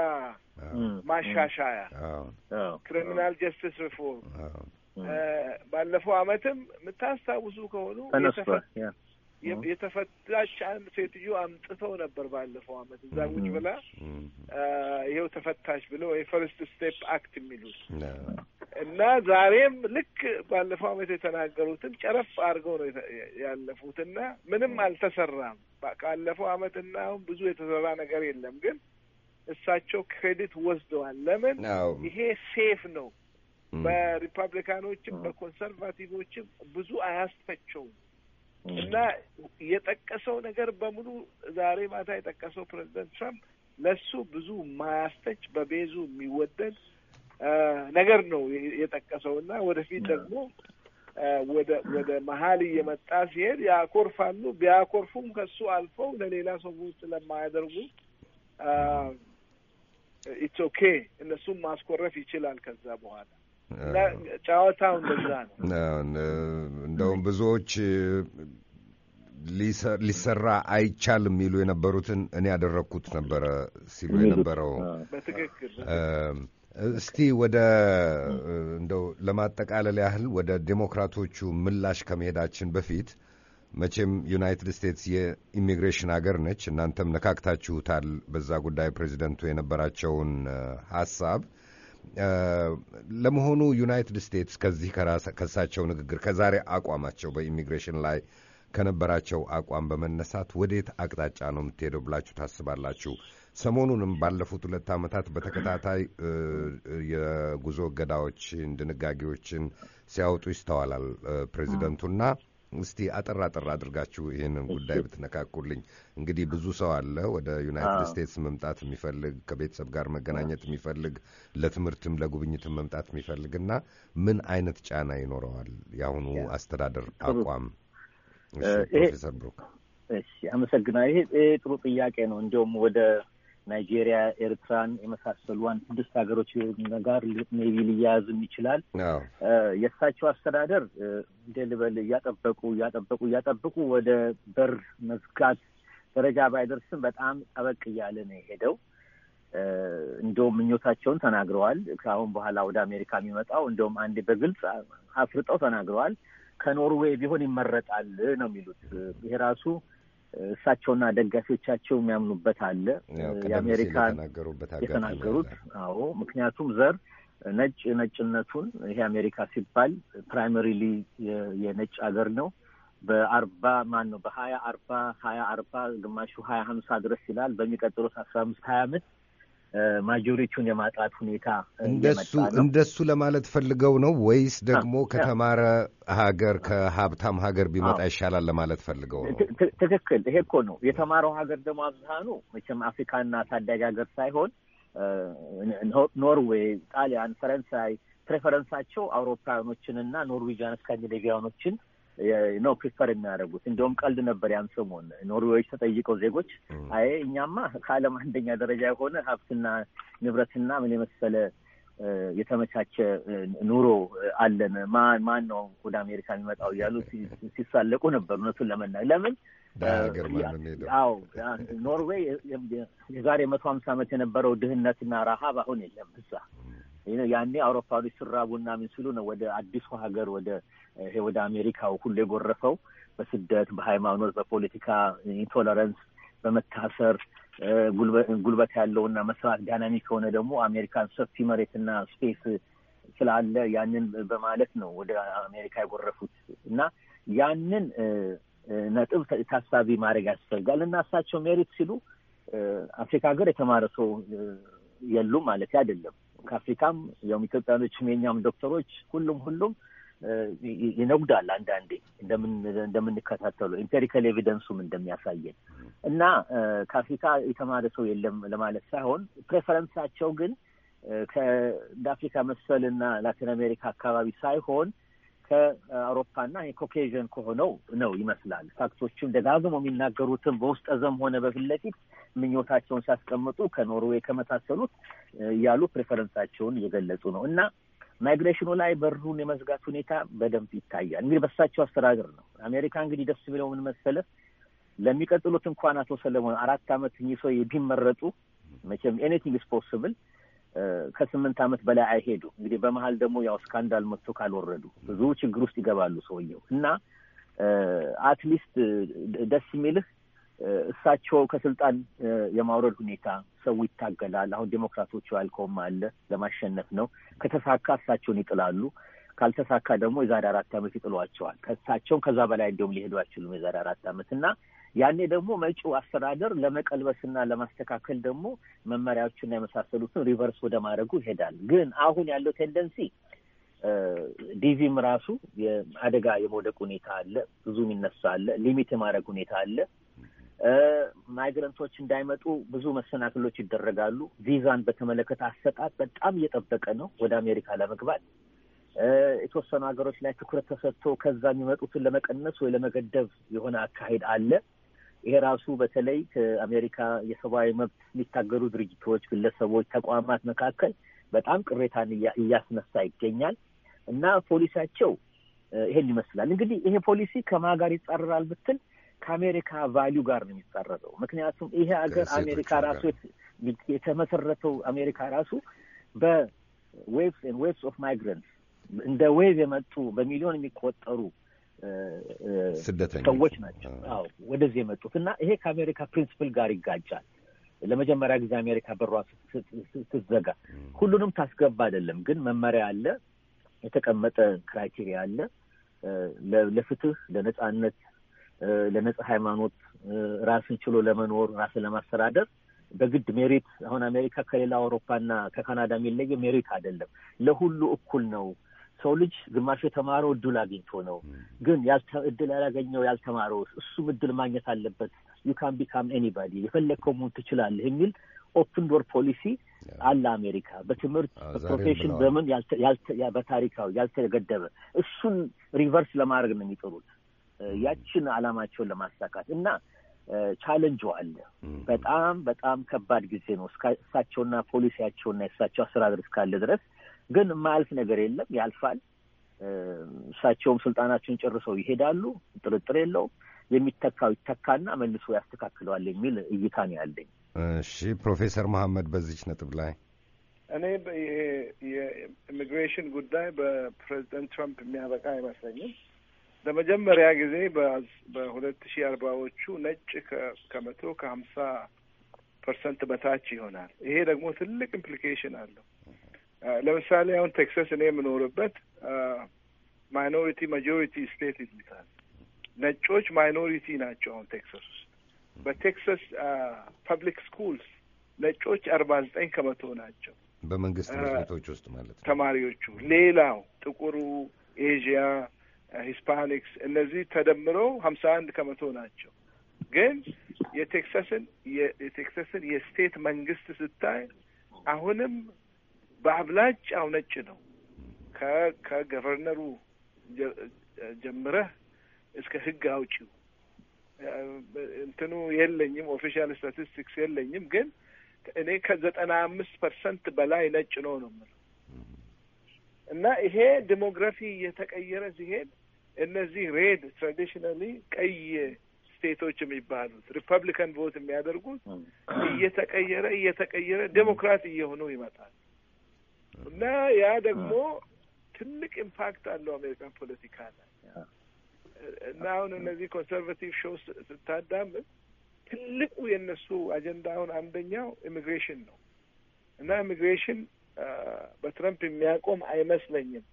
ማሻሻያ ክሪሚናል ጀስቲስ ሪፎርም ባለፈው አመትም የምታስታውሱ ከሆኑ የተፈታች አንድ ሴትዮ አምጥተው ነበር። ባለፈው አመት እዛ ውጭ ብላ ይኸው ተፈታች ብለው የፈርስት ስቴፕ አክት የሚሉት እና ዛሬም ልክ ባለፈው አመት የተናገሩትን ጨረፍ አድርገው ነው ያለፉት እና ምንም አልተሰራም። ካለፈው አመት እና አሁን ብዙ የተሰራ ነገር የለም፣ ግን እሳቸው ክሬዲት ወስደዋል። ለምን ይሄ ሴፍ ነው በሪፐብሊካኖችም በኮንሰርቫቲቮችም ብዙ አያስተቸውም እና የጠቀሰው ነገር በሙሉ ዛሬ ማታ የጠቀሰው ፕሬዚደንት ትራምፕ ለሱ ብዙ ማያስተች በቤዙ የሚወደድ ነገር ነው የጠቀሰው እና ወደፊት ደግሞ ወደ ወደ መሀል እየመጣ ሲሄድ ያኮርፋሉ። ቢያኮርፉም ከሱ አልፈው ለሌላ ሰዎች ስለማያደርጉ ኢትስ ኦኬ፣ እነሱም ማስኮረፍ ይችላል ከዛ በኋላ ጨዋታው እንደዛ ነው። እንደውም ብዙዎች ሊሰራ አይቻልም ይሉ የነበሩትን እኔ ያደረግኩት ነበረ ሲሉ የነበረው በትክክል እስቲ ወደ እንደው ለማጠቃለል ያህል ወደ ዴሞክራቶቹ ምላሽ ከመሄዳችን በፊት መቼም ዩናይትድ ስቴትስ የኢሚግሬሽን ሀገር ነች። እናንተም ነካክታችሁታል በዛ ጉዳይ ፕሬዚደንቱ የነበራቸውን ሀሳብ ለመሆኑ ዩናይትድ ስቴትስ ከዚህ ከሳቸው ንግግር ከዛሬ አቋማቸው በኢሚግሬሽን ላይ ከነበራቸው አቋም በመነሳት ወዴት አቅጣጫ ነው የምትሄደው ብላችሁ ታስባላችሁ? ሰሞኑንም ባለፉት ሁለት ዓመታት በተከታታይ የጉዞ እገዳዎችን ድንጋጌዎችን ሲያወጡ ይስተዋላል ፕሬዚደንቱና እስቲ አጠር አጠር አድርጋችሁ ይህንን ጉዳይ ብትነካኩልኝ። እንግዲህ ብዙ ሰው አለ ወደ ዩናይትድ ስቴትስ መምጣት የሚፈልግ ከቤተሰብ ጋር መገናኘት የሚፈልግ ለትምህርትም ለጉብኝትም መምጣት የሚፈልግ እና ምን አይነት ጫና ይኖረዋል የአሁኑ አስተዳደር አቋም? ፕሮፌሰር ብሩክ አመሰግና። ይሄ ጥሩ ጥያቄ ነው። እንዲሁም ወደ ናይጄሪያ፣ ኤርትራን የመሳሰሉ አንድ ስድስት ሀገሮች ጋር ሜቢ ሊያያዝም ይችላል። የእሳቸው አስተዳደር እንደ ልበል እያጠበቁ እያጠበቁ እያጠበቁ ወደ በር መዝጋት ደረጃ ባይደርስም በጣም ጠበቅ እያለ ነው የሄደው። እንደውም ምኞታቸውን ተናግረዋል። ከአሁን በኋላ ወደ አሜሪካ የሚመጣው እንደውም አንዴ በግልጽ አፍርጠው ተናግረዋል። ከኖርዌይ ቢሆን ይመረጣል ነው የሚሉት። ይሄ ራሱ እሳቸውና ደጋፊዎቻቸው የሚያምኑበት አለ። የአሜሪካን የተናገሩት አዎ፣ ምክንያቱም ዘር ነጭ ነጭነቱን ይሄ አሜሪካ ሲባል ፕራይመሪሊ የነጭ አገር ነው። በአርባ ማን ነው በሀያ አርባ ሀያ አርባ ግማሹ ሀያ ሀምሳ ድረስ ይላል። በሚቀጥሉት አስራ አምስት ሀያ አመት ማጆሪቲውን የማጣት ሁኔታ እንደሱ እንደሱ ለማለት ፈልገው ነው ወይስ ደግሞ ከተማረ ሀገር ከሀብታም ሀገር ቢመጣ ይሻላል ለማለት ፈልገው ነው? ትክክል። ይሄ እኮ ነው የተማረው ሀገር ደግሞ አብዛኑ መቼም አፍሪካና ታዳጊ ሀገር ሳይሆን ኖርዌይ፣ ጣሊያን፣ ፈረንሳይ ፕሬፈረንሳቸው አውሮፓውያኖችንና ኖርዌጂያን ስካንዲኔቪያኖችን ነው ፕሪፈር የሚያደርጉት። እንደውም ቀልድ ነበር ያን ሰሞን ኖርዌዎች ተጠይቀው ዜጎች አይ እኛማ ከዓለም አንደኛ ደረጃ የሆነ ሀብትና ንብረትና ምን የመሰለ የተመቻቸ ኑሮ አለን፣ ማን ነው ወደ አሜሪካ የሚመጣው እያሉ ሲሳለቁ ነበር። እውነቱን ለመናገር ለምን አዎ ኖርዌይ የዛሬ መቶ ሀምሳ ዓመት የነበረው ድህነትና ረሀብ አሁን የለም እዛ ያኔ አውሮፓዊ ስራቡና ምን ስሉ ነው ወደ አዲሱ ሀገር ወደ ይሄ ወደ አሜሪካው ሁሉ የጎረፈው በስደት፣ በሃይማኖት፣ በፖለቲካ ኢንቶለረንስ፣ በመታሰር ጉልበት ያለውና መስራት ዳይናሚክ ከሆነ ደግሞ አሜሪካን ሰፊ መሬትና ስፔስ ስላለ ያንን በማለት ነው ወደ አሜሪካ የጎረፉት እና ያንን ነጥብ ታሳቢ ማድረግ ያስፈልጋል እና እሳቸው ሜሪት ሲሉ አፍሪካ ሀገር የተማረ ሰው የሉም ማለት አይደለም። ከአፍሪካም ያውም ኢትዮጵያኖችም የኛም ዶክተሮች ሁሉም ሁሉም ይነጉዳል አንዳንዴ እንደምንከታተሉ ኢምፔሪካል ኤቪደንሱም እንደሚያሳየን እና ከአፍሪካ የተማረ ሰው የለም ለማለት ሳይሆን ፕሬፈረንሳቸው ግን ከእንደ አፍሪካ መሰል እና ላቲን አሜሪካ አካባቢ ሳይሆን ከአውሮፓና ኮኬዥን ከሆነው ነው ይመስላል። ፋክቶችም ደጋግሞ የሚናገሩትም በውስጥ ዘም ሆነ በፊት ለፊት ምኞታቸውን ሲያስቀምጡ ከኖርዌይ ከመሳሰሉት እያሉ ፕሬፈረንሳቸውን እየገለጹ ነው እና ማይግሬሽኑ ላይ በሩን የመዝጋት ሁኔታ በደንብ ይታያል። እንግዲህ በሳቸው አስተዳደር ነው። አሜሪካ እንግዲህ ደስ ብለው ምን መሰለህ፣ ለሚቀጥሉት እንኳን አቶ ሰለሞን አራት ዓመት እኚህ ቢመረጡ መቼም ኤኒቲንግ ኢስ ፖስብል ከስምንት ዓመት በላይ አይሄዱ። እንግዲህ በመሀል ደግሞ ያው ስካንዳል መጥቶ ካልወረዱ ብዙ ችግር ውስጥ ይገባሉ ሰውየው እና አትሊስት ደስ የሚልህ እሳቸው ከስልጣን የማውረድ ሁኔታ ሰው ይታገላል። አሁን ዴሞክራቶቹ ያልከውም አለ ለማሸነፍ ነው። ከተሳካ እሳቸውን ይጥላሉ፣ ካልተሳካ ደግሞ የዛሬ አራት ዓመት ይጥሏቸዋል። ከእሳቸውን ከዛ በላይ እንዲሁም ሊሄዱ አይችሉም የዛሬ አራት ዓመት እና ያኔ ደግሞ መጪው አስተዳደር ለመቀልበስና ለማስተካከል ደግሞ መመሪያዎችና የመሳሰሉትን ሪቨርስ ወደ ማድረጉ ይሄዳል። ግን አሁን ያለው ቴንደንሲ ዲቪም ራሱ የአደጋ የመውደቅ ሁኔታ አለ፣ ብዙ ይነሳ አለ፣ ሊሚት የማድረግ ሁኔታ አለ። ማይግረንቶች እንዳይመጡ ብዙ መሰናክሎች ይደረጋሉ። ቪዛን በተመለከተ አሰጣጥ በጣም እየጠበቀ ነው ወደ አሜሪካ ለመግባት የተወሰኑ ሀገሮች ላይ ትኩረት ተሰጥቶ ከዛ የሚመጡትን ለመቀነስ ወይ ለመገደብ የሆነ አካሄድ አለ። ይሄ ራሱ በተለይ ከአሜሪካ የሰብአዊ መብት የሚታገሉ ድርጅቶች፣ ግለሰቦች፣ ተቋማት መካከል በጣም ቅሬታን እያስነሳ ይገኛል እና ፖሊሲያቸው ይሄን ይመስላል። እንግዲህ ይሄ ፖሊሲ ከማ ጋር ይጻረራል ብትል ከአሜሪካ ቫሊዩ ጋር ነው የሚጻረረው። ምክንያቱም ይሄ ሀገር አሜሪካ ራሱ የተመሰረተው አሜሪካ ራሱ በዌቭስ ዌቭስ ኦፍ ማይግራንትስ እንደ ዌቭ የመጡ በሚሊዮን የሚቆጠሩ ሰዎች ናቸው ወደዚህ የመጡት እና ይሄ ከአሜሪካ ፕሪንስፕል ጋር ይጋጫል። ለመጀመሪያ ጊዜ አሜሪካ በሯ ስትዘጋ ሁሉንም ታስገባ አይደለም፣ ግን መመሪያ አለ፣ የተቀመጠ ክራይቴሪያ አለ ለፍትህ፣ ለነጻነት፣ ለነጻ ሃይማኖት፣ ራስን ችሎ ለመኖር፣ ራስን ለማስተዳደር በግድ ሜሪት አሁን አሜሪካ ከሌላ አውሮፓና ከካናዳ የሚለየ ሜሪት አይደለም። ለሁሉ እኩል ነው ሰው ልጅ ግማሹ የተማረው እድል አግኝቶ ነው። ግን እድል ያላገኘው ያልተማረው እሱም እድል ማግኘት አለበት። ዩ ካን ቢካም ኤኒባዲ የፈለግከው መሆን ትችላለህ የሚል ኦፕን ዶር ፖሊሲ አለ አሜሪካ። በትምህርት በፕሮፌሽን በምን በታሪካዊ ያልተገደበ እሱን ሪቨርስ ለማድረግ ነው የሚጥሩት ያችን አላማቸውን ለማሳካት እና ቻለንጅ አለ። በጣም በጣም ከባድ ጊዜ ነው። እሳቸውና ፖሊሲያቸውና የእሳቸው አስተዳደር እስካለ ድረስ ግን የማያልፍ ነገር የለም፣ ያልፋል። እሳቸውም ስልጣናቸውን ጨርሰው ይሄዳሉ፣ ጥርጥር የለውም። የሚተካው ይተካና መልሶ ያስተካክለዋል የሚል እይታ ነው ያለኝ። እሺ ፕሮፌሰር መሀመድ በዚች ነጥብ ላይ እኔ የኢሚግሬሽን ጉዳይ በፕሬዚደንት ትራምፕ የሚያበቃ አይመስለኝም። ለመጀመሪያ ጊዜ በሁለት ሺህ አርባዎቹ ነጭ ከመቶ ከሀምሳ ፐርሰንት በታች ይሆናል። ይሄ ደግሞ ትልቅ ኢምፕሊኬሽን አለው። ለምሳሌ አሁን ቴክሳስ እኔ የምኖርበት ማይኖሪቲ ማጆሪቲ ስቴት ይሉታል። ነጮች ማይኖሪቲ ናቸው አሁን ቴክሳስ ውስጥ። በቴክሳስ ፐብሊክ ስኩልስ ነጮች አርባ ዘጠኝ ከመቶ ናቸው በመንግስት ቤቶች ውስጥ ማለት ነው ተማሪዎቹ። ሌላው ጥቁሩ፣ ኤዥያ፣ ሂስፓኒክስ እነዚህ ተደምረው ሀምሳ አንድ ከመቶ ናቸው። ግን የቴክሳስን የቴክሳስን የስቴት መንግስት ስታይ አሁንም በአብላጫው ነጭ ነው። ከገቨርነሩ ጀምረህ እስከ ህግ አውጪው እንትኑ የለኝም፣ ኦፊሻል ስታቲስቲክስ የለኝም፣ ግን እኔ ከዘጠና አምስት ፐርሰንት በላይ ነጭ ነው ነው የምልህ እና ይሄ ዲሞግራፊ እየተቀየረ ሲሄድ እነዚህ ሬድ ትራዲሽናሊ ቀይ ስቴቶች የሚባሉት ሪፐብሊካን ቮት የሚያደርጉት እየተቀየረ እየተቀየረ ዴሞክራት እየሆኑ ይመጣል። እና ያ ደግሞ ትልቅ ኢምፓክት አለው አሜሪካን ፖለቲካ ላይ እና አሁን እነዚህ ኮንሰርቫቲቭ ሾው ስታዳምጥ ትልቁ የእነሱ አጀንዳ አሁን አንደኛው ኢሚግሬሽን ነው እና ኢሚግሬሽን በትረምፕ የሚያቆም አይመስለኝም።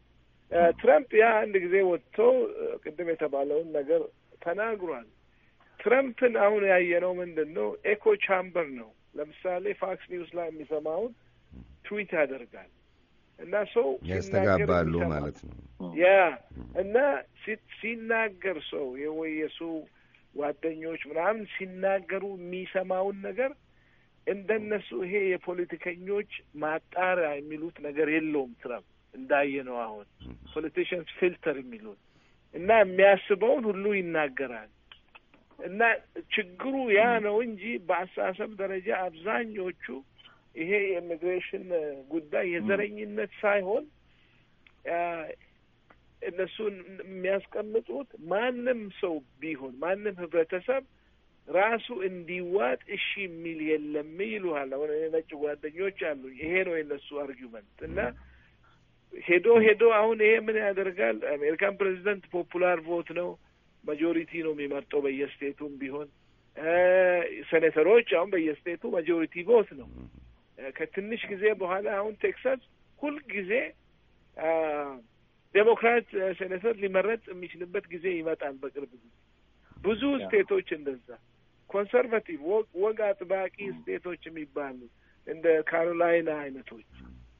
ትረምፕ ያ አንድ ጊዜ ወጥቶ ቅድም የተባለውን ነገር ተናግሯል። ትረምፕን አሁን ያየነው ምንድን ነው? ኤኮ ቻምበር ነው። ለምሳሌ ፋክስ ኒውስ ላይ የሚሰማውን ትዊት ያደርጋል። እና ሰው ያስተጋባሉ ማለት ነው። ያ እና ሲናገር ሰው የሱ ጓደኞች ምናምን ሲናገሩ የሚሰማውን ነገር እንደነሱ ይሄ የፖለቲከኞች ማጣሪያ የሚሉት ነገር የለውም። ትራምፕ እንዳየ ነው አሁን ፖለቲሽንስ ፊልተር የሚሉት እና የሚያስበውን ሁሉ ይናገራል እና ችግሩ ያ ነው እንጂ በአስተሳሰብ ደረጃ አብዛኞቹ ይሄ የኢሚግሬሽን ጉዳይ የዘረኝነት ሳይሆን እነሱን የሚያስቀምጡት ማንም ሰው ቢሆን ማንም ህብረተሰብ ራሱ እንዲዋጥ እሺ የሚል የለም ይሉሃል። አሁን እኔ ነጭ ጓደኞች አሉ። ይሄ ነው የነሱ አርጊመንት እና ሄዶ ሄዶ አሁን ይሄ ምን ያደርጋል? አሜሪካን ፕሬዚደንት ፖፑላር ቮት ነው ማጆሪቲ ነው የሚመርጠው በየስቴቱም ቢሆን ሴኔተሮች አሁን በየስቴቱ ማጆሪቲ ቮት ነው ከትንሽ ጊዜ በኋላ አሁን ቴክሳስ ሁልጊዜ ዴሞክራት ሴኔተር ሊመረጥ የሚችልበት ጊዜ ይመጣል። በቅርብ ጊዜ ብዙ ስቴቶች እንደዛ ኮንሰርቫቲቭ ወግ አጥባቂ ስቴቶች የሚባሉ እንደ ካሮላይና አይነቶች፣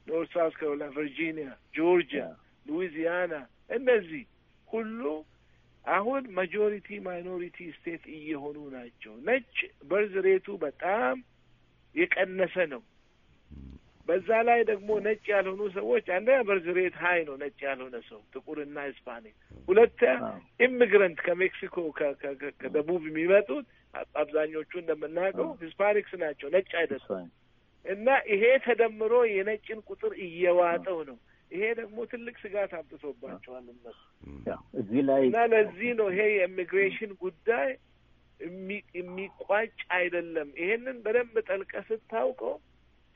ኖርት ሳውት ካሮላይና፣ ቨርጂኒያ፣ ጆርጂያ፣ ሉዊዚያና እነዚህ ሁሉ አሁን ማጆሪቲ ማይኖሪቲ ስቴት እየሆኑ ናቸው። ነጭ በርዝ ሬቱ በጣም የቀነሰ ነው። በዛ ላይ ደግሞ ነጭ ያልሆኑ ሰዎች አንደኛ በርዝሬት ሬት ሀይ ነው። ነጭ ያልሆነ ሰው ጥቁርና ሂስፓኒክ። ሁለተ ኢሚግረንት ከሜክሲኮ ከደቡብ የሚመጡት አብዛኞቹ እንደምናውቀው ሂስፓኒክስ ናቸው፣ ነጭ አይደለም። እና ይሄ ተደምሮ የነጭን ቁጥር እየዋጠው ነው። ይሄ ደግሞ ትልቅ ስጋት አምጥቶባቸዋል እነሱ እዚህ ላይ እና ለዚህ ነው ይሄ የኢሚግሬሽን ጉዳይ የሚቋጭ አይደለም። ይሄንን በደንብ ጠልቀ ስታውቀው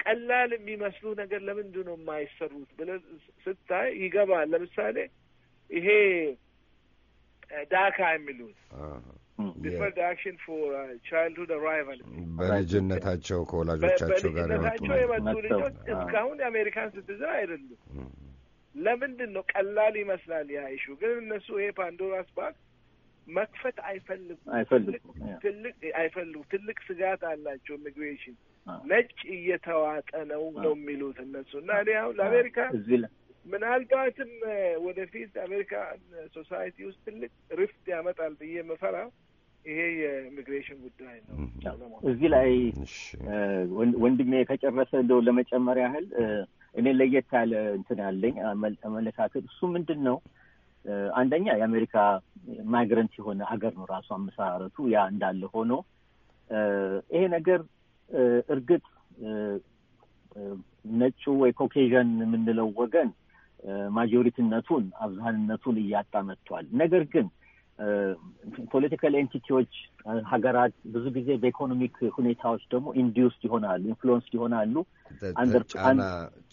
ቀላል የሚመስሉ ነገር ለምንድን ነው የማይሰሩት ብለህ ስታይ ይገባል። ለምሳሌ ይሄ ዳካ የሚሉት ዲፈርድ አክሽን ፎር ቻይልድሁድ አራይቫል በልጅነታቸው ከወላጆቻቸው ጋር በልጅነታቸው የመጡ ልጆች እስካሁን የአሜሪካን ሲቲዝን አይደሉም። ለምንድን ነው ቀላል ይመስላል ያ ይሹ ግን እነሱ ይሄ ፓንዶራስ ባክስ መክፈት አይፈልጉ ትልቅ አይፈልጉ ትልቅ ስጋት አላቸው። ኢሚግሬሽን ነጭ እየተዋጠ ነው ነው የሚሉት እነሱ እና እኔ አሁን ለአሜሪካ ምናልባትም ወደፊት አሜሪካ ሶሳይቲ ውስጥ ትልቅ ሪፍት ያመጣል ብዬ መፈራ ይሄ የኢሚግሬሽን ጉዳይ ነው። እዚህ ላይ ወንድሜ ከጨረሰ እንደው ለመጨመር ያህል እኔ ለየት ያለ እንትን ያለኝ አመለካከት እሱ ምንድን ነው አንደኛ የአሜሪካ ማይግረንት የሆነ ሀገር ነው ራሱ አመሰራረቱ። ያ እንዳለ ሆኖ ይሄ ነገር እርግጥ ነጩ ወይ ኮኬዥን የምንለው ወገን ማጆሪቲነቱን አብዛንነቱን እያጣ መጥቷል። ነገር ግን ፖለቲካል ኤንቲቲዎች ሀገራት ብዙ ጊዜ በኢኮኖሚክ ሁኔታዎች ደግሞ ኢንዲውስድ ይሆናሉ፣ ኢንፍሉወንስድ ይሆናሉ፣ ጫና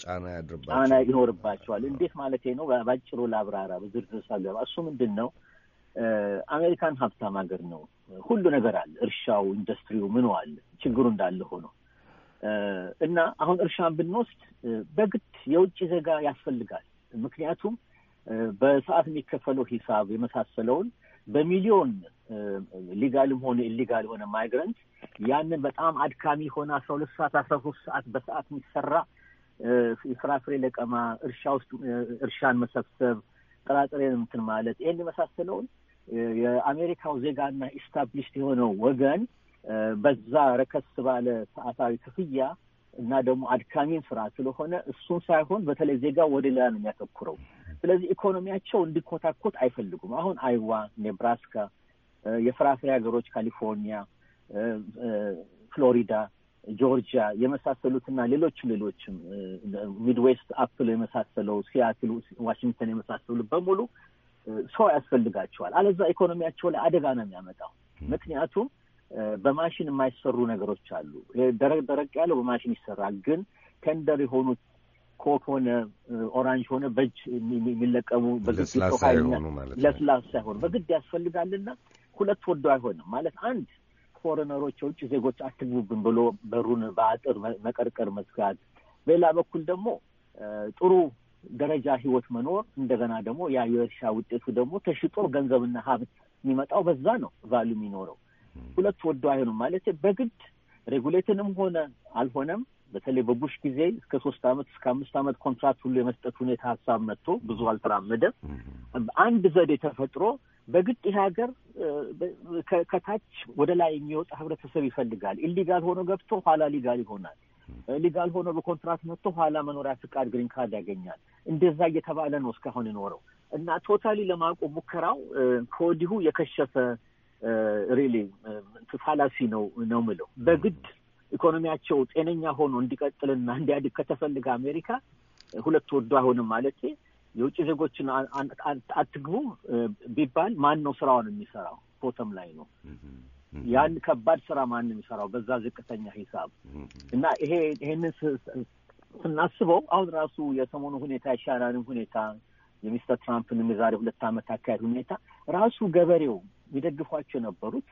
ጫና ይኖርባቸዋል። እንዴት ማለት ነው? በአጭሩ ላብራራ፣ በዝርዝር ሳልገባ እሱ ምንድን ነው? አሜሪካን ሀብታም ሀገር ነው፣ ሁሉ ነገር አለ፣ እርሻው፣ ኢንዱስትሪው፣ ምኑ አለ። ችግሩ እንዳለ ሆኖ እና አሁን እርሻን ብንወስድ በግድ የውጭ ዜጋ ያስፈልጋል። ምክንያቱም በሰዓት የሚከፈለው ሂሳብ የመሳሰለውን በሚሊዮን ሊጋልም ሆነ ኢሊጋል ሆነ ማይግራንት ያንን በጣም አድካሚ ሆነ አስራ ሁለት ሰዓት አስራ ሶስት ሰዓት በሰዓት የሚሰራ የፍራፍሬ ለቀማ፣ እርሻ ውስጥ እርሻን መሰብሰብ፣ ጥራጥሬ እንትን ማለት ይህን የመሳሰለውን የአሜሪካው ዜጋና ኢስታብሊሽድ የሆነው ወገን በዛ ረከስ ባለ ሰዓታዊ ክፍያ እና ደግሞ አድካሚን ስራ ስለሆነ እሱን ሳይሆን በተለይ ዜጋ ወደ ሌላ ነው የሚያተኩረው። ስለዚህ ኢኮኖሚያቸው እንዲኮታኮት አይፈልጉም። አሁን አይዋ፣ ኔብራስካ፣ የፍራፍሬ ሀገሮች ካሊፎርኒያ፣ ፍሎሪዳ፣ ጆርጂያ የመሳሰሉትና ሌሎችም ሌሎችም ሚድዌስት አፕል የመሳሰለው ሲያትል፣ ዋሽንግተን የመሳሰሉ በሙሉ ሰው ያስፈልጋቸዋል። አለዛ ኢኮኖሚያቸው ላይ አደጋ ነው የሚያመጣው። ምክንያቱም በማሽን የማይሰሩ ነገሮች አሉ። ደረቅ ደረቅ ያለው በማሽን ይሰራል፣ ግን ቴንደር የሆኑት ኮክ ሆነ ኦራንጅ ሆነ በእጅ የሚለቀሙ ለስላሳ ይሆኑ በግድ ያስፈልጋልና ሁለት ወዶ አይሆንም ማለት አንድ ፎረነሮች የውጭ ዜጎች አትግቡብን ብሎ በሩን በአጥር መቀርቀር መዝጋት፣ በሌላ በኩል ደግሞ ጥሩ ደረጃ ህይወት መኖር እንደገና ደግሞ ያ የእርሻ ውጤቱ ደግሞ ተሽጦ ገንዘብና ሀብት የሚመጣው በዛ ነው ቫሉ የሚኖረው። ሁለት ወዶ አይሆንም ማለት በግድ ሬጉሌትንም ሆነ አልሆነም በተለይ በቡሽ ጊዜ እስከ ሶስት ዓመት እስከ አምስት ዓመት ኮንትራክት ሁሉ የመስጠት ሁኔታ ሀሳብ መጥቶ ብዙ አልተራመደም። አንድ ዘዴ ተፈጥሮ በግድ ይህ ሀገር ከታች ወደ ላይ የሚወጣ ህብረተሰብ ይፈልጋል። ኢሊጋል ሆኖ ገብቶ ኋላ ሊጋል ይሆናል። ሊጋል ሆኖ በኮንትራት መጥቶ ኋላ መኖሪያ ፍቃድ ግሪን ካርድ ያገኛል። እንደዛ እየተባለ ነው እስካሁን የኖረው እና ቶታሊ ለማቆም ሙከራው ከወዲሁ የከሸፈ ሪሊ ፋላሲ ነው ነው ምለው በግድ ኢኮኖሚያቸው ጤነኛ ሆኖ እንዲቀጥልና እንዲያድግ ከተፈልገ አሜሪካ ሁለት ወዶ አይሆንም ማለት የውጭ ዜጎችን አትግቡ ቢባል ማን ነው ስራውን የሚሰራው? ፖተም ላይ ነው ያን ከባድ ስራ ማን ነው የሚሰራው? በዛ ዝቅተኛ ሂሳብ እና ይሄ ይሄንን ስናስበው አሁን ራሱ የሰሞኑ ሁኔታ የሻራንም ሁኔታ የሚስተር ትራምፕንም የዛሬ ሁለት ዓመት አካሄድ ሁኔታ ራሱ ገበሬው የሚደግፏቸው የነበሩት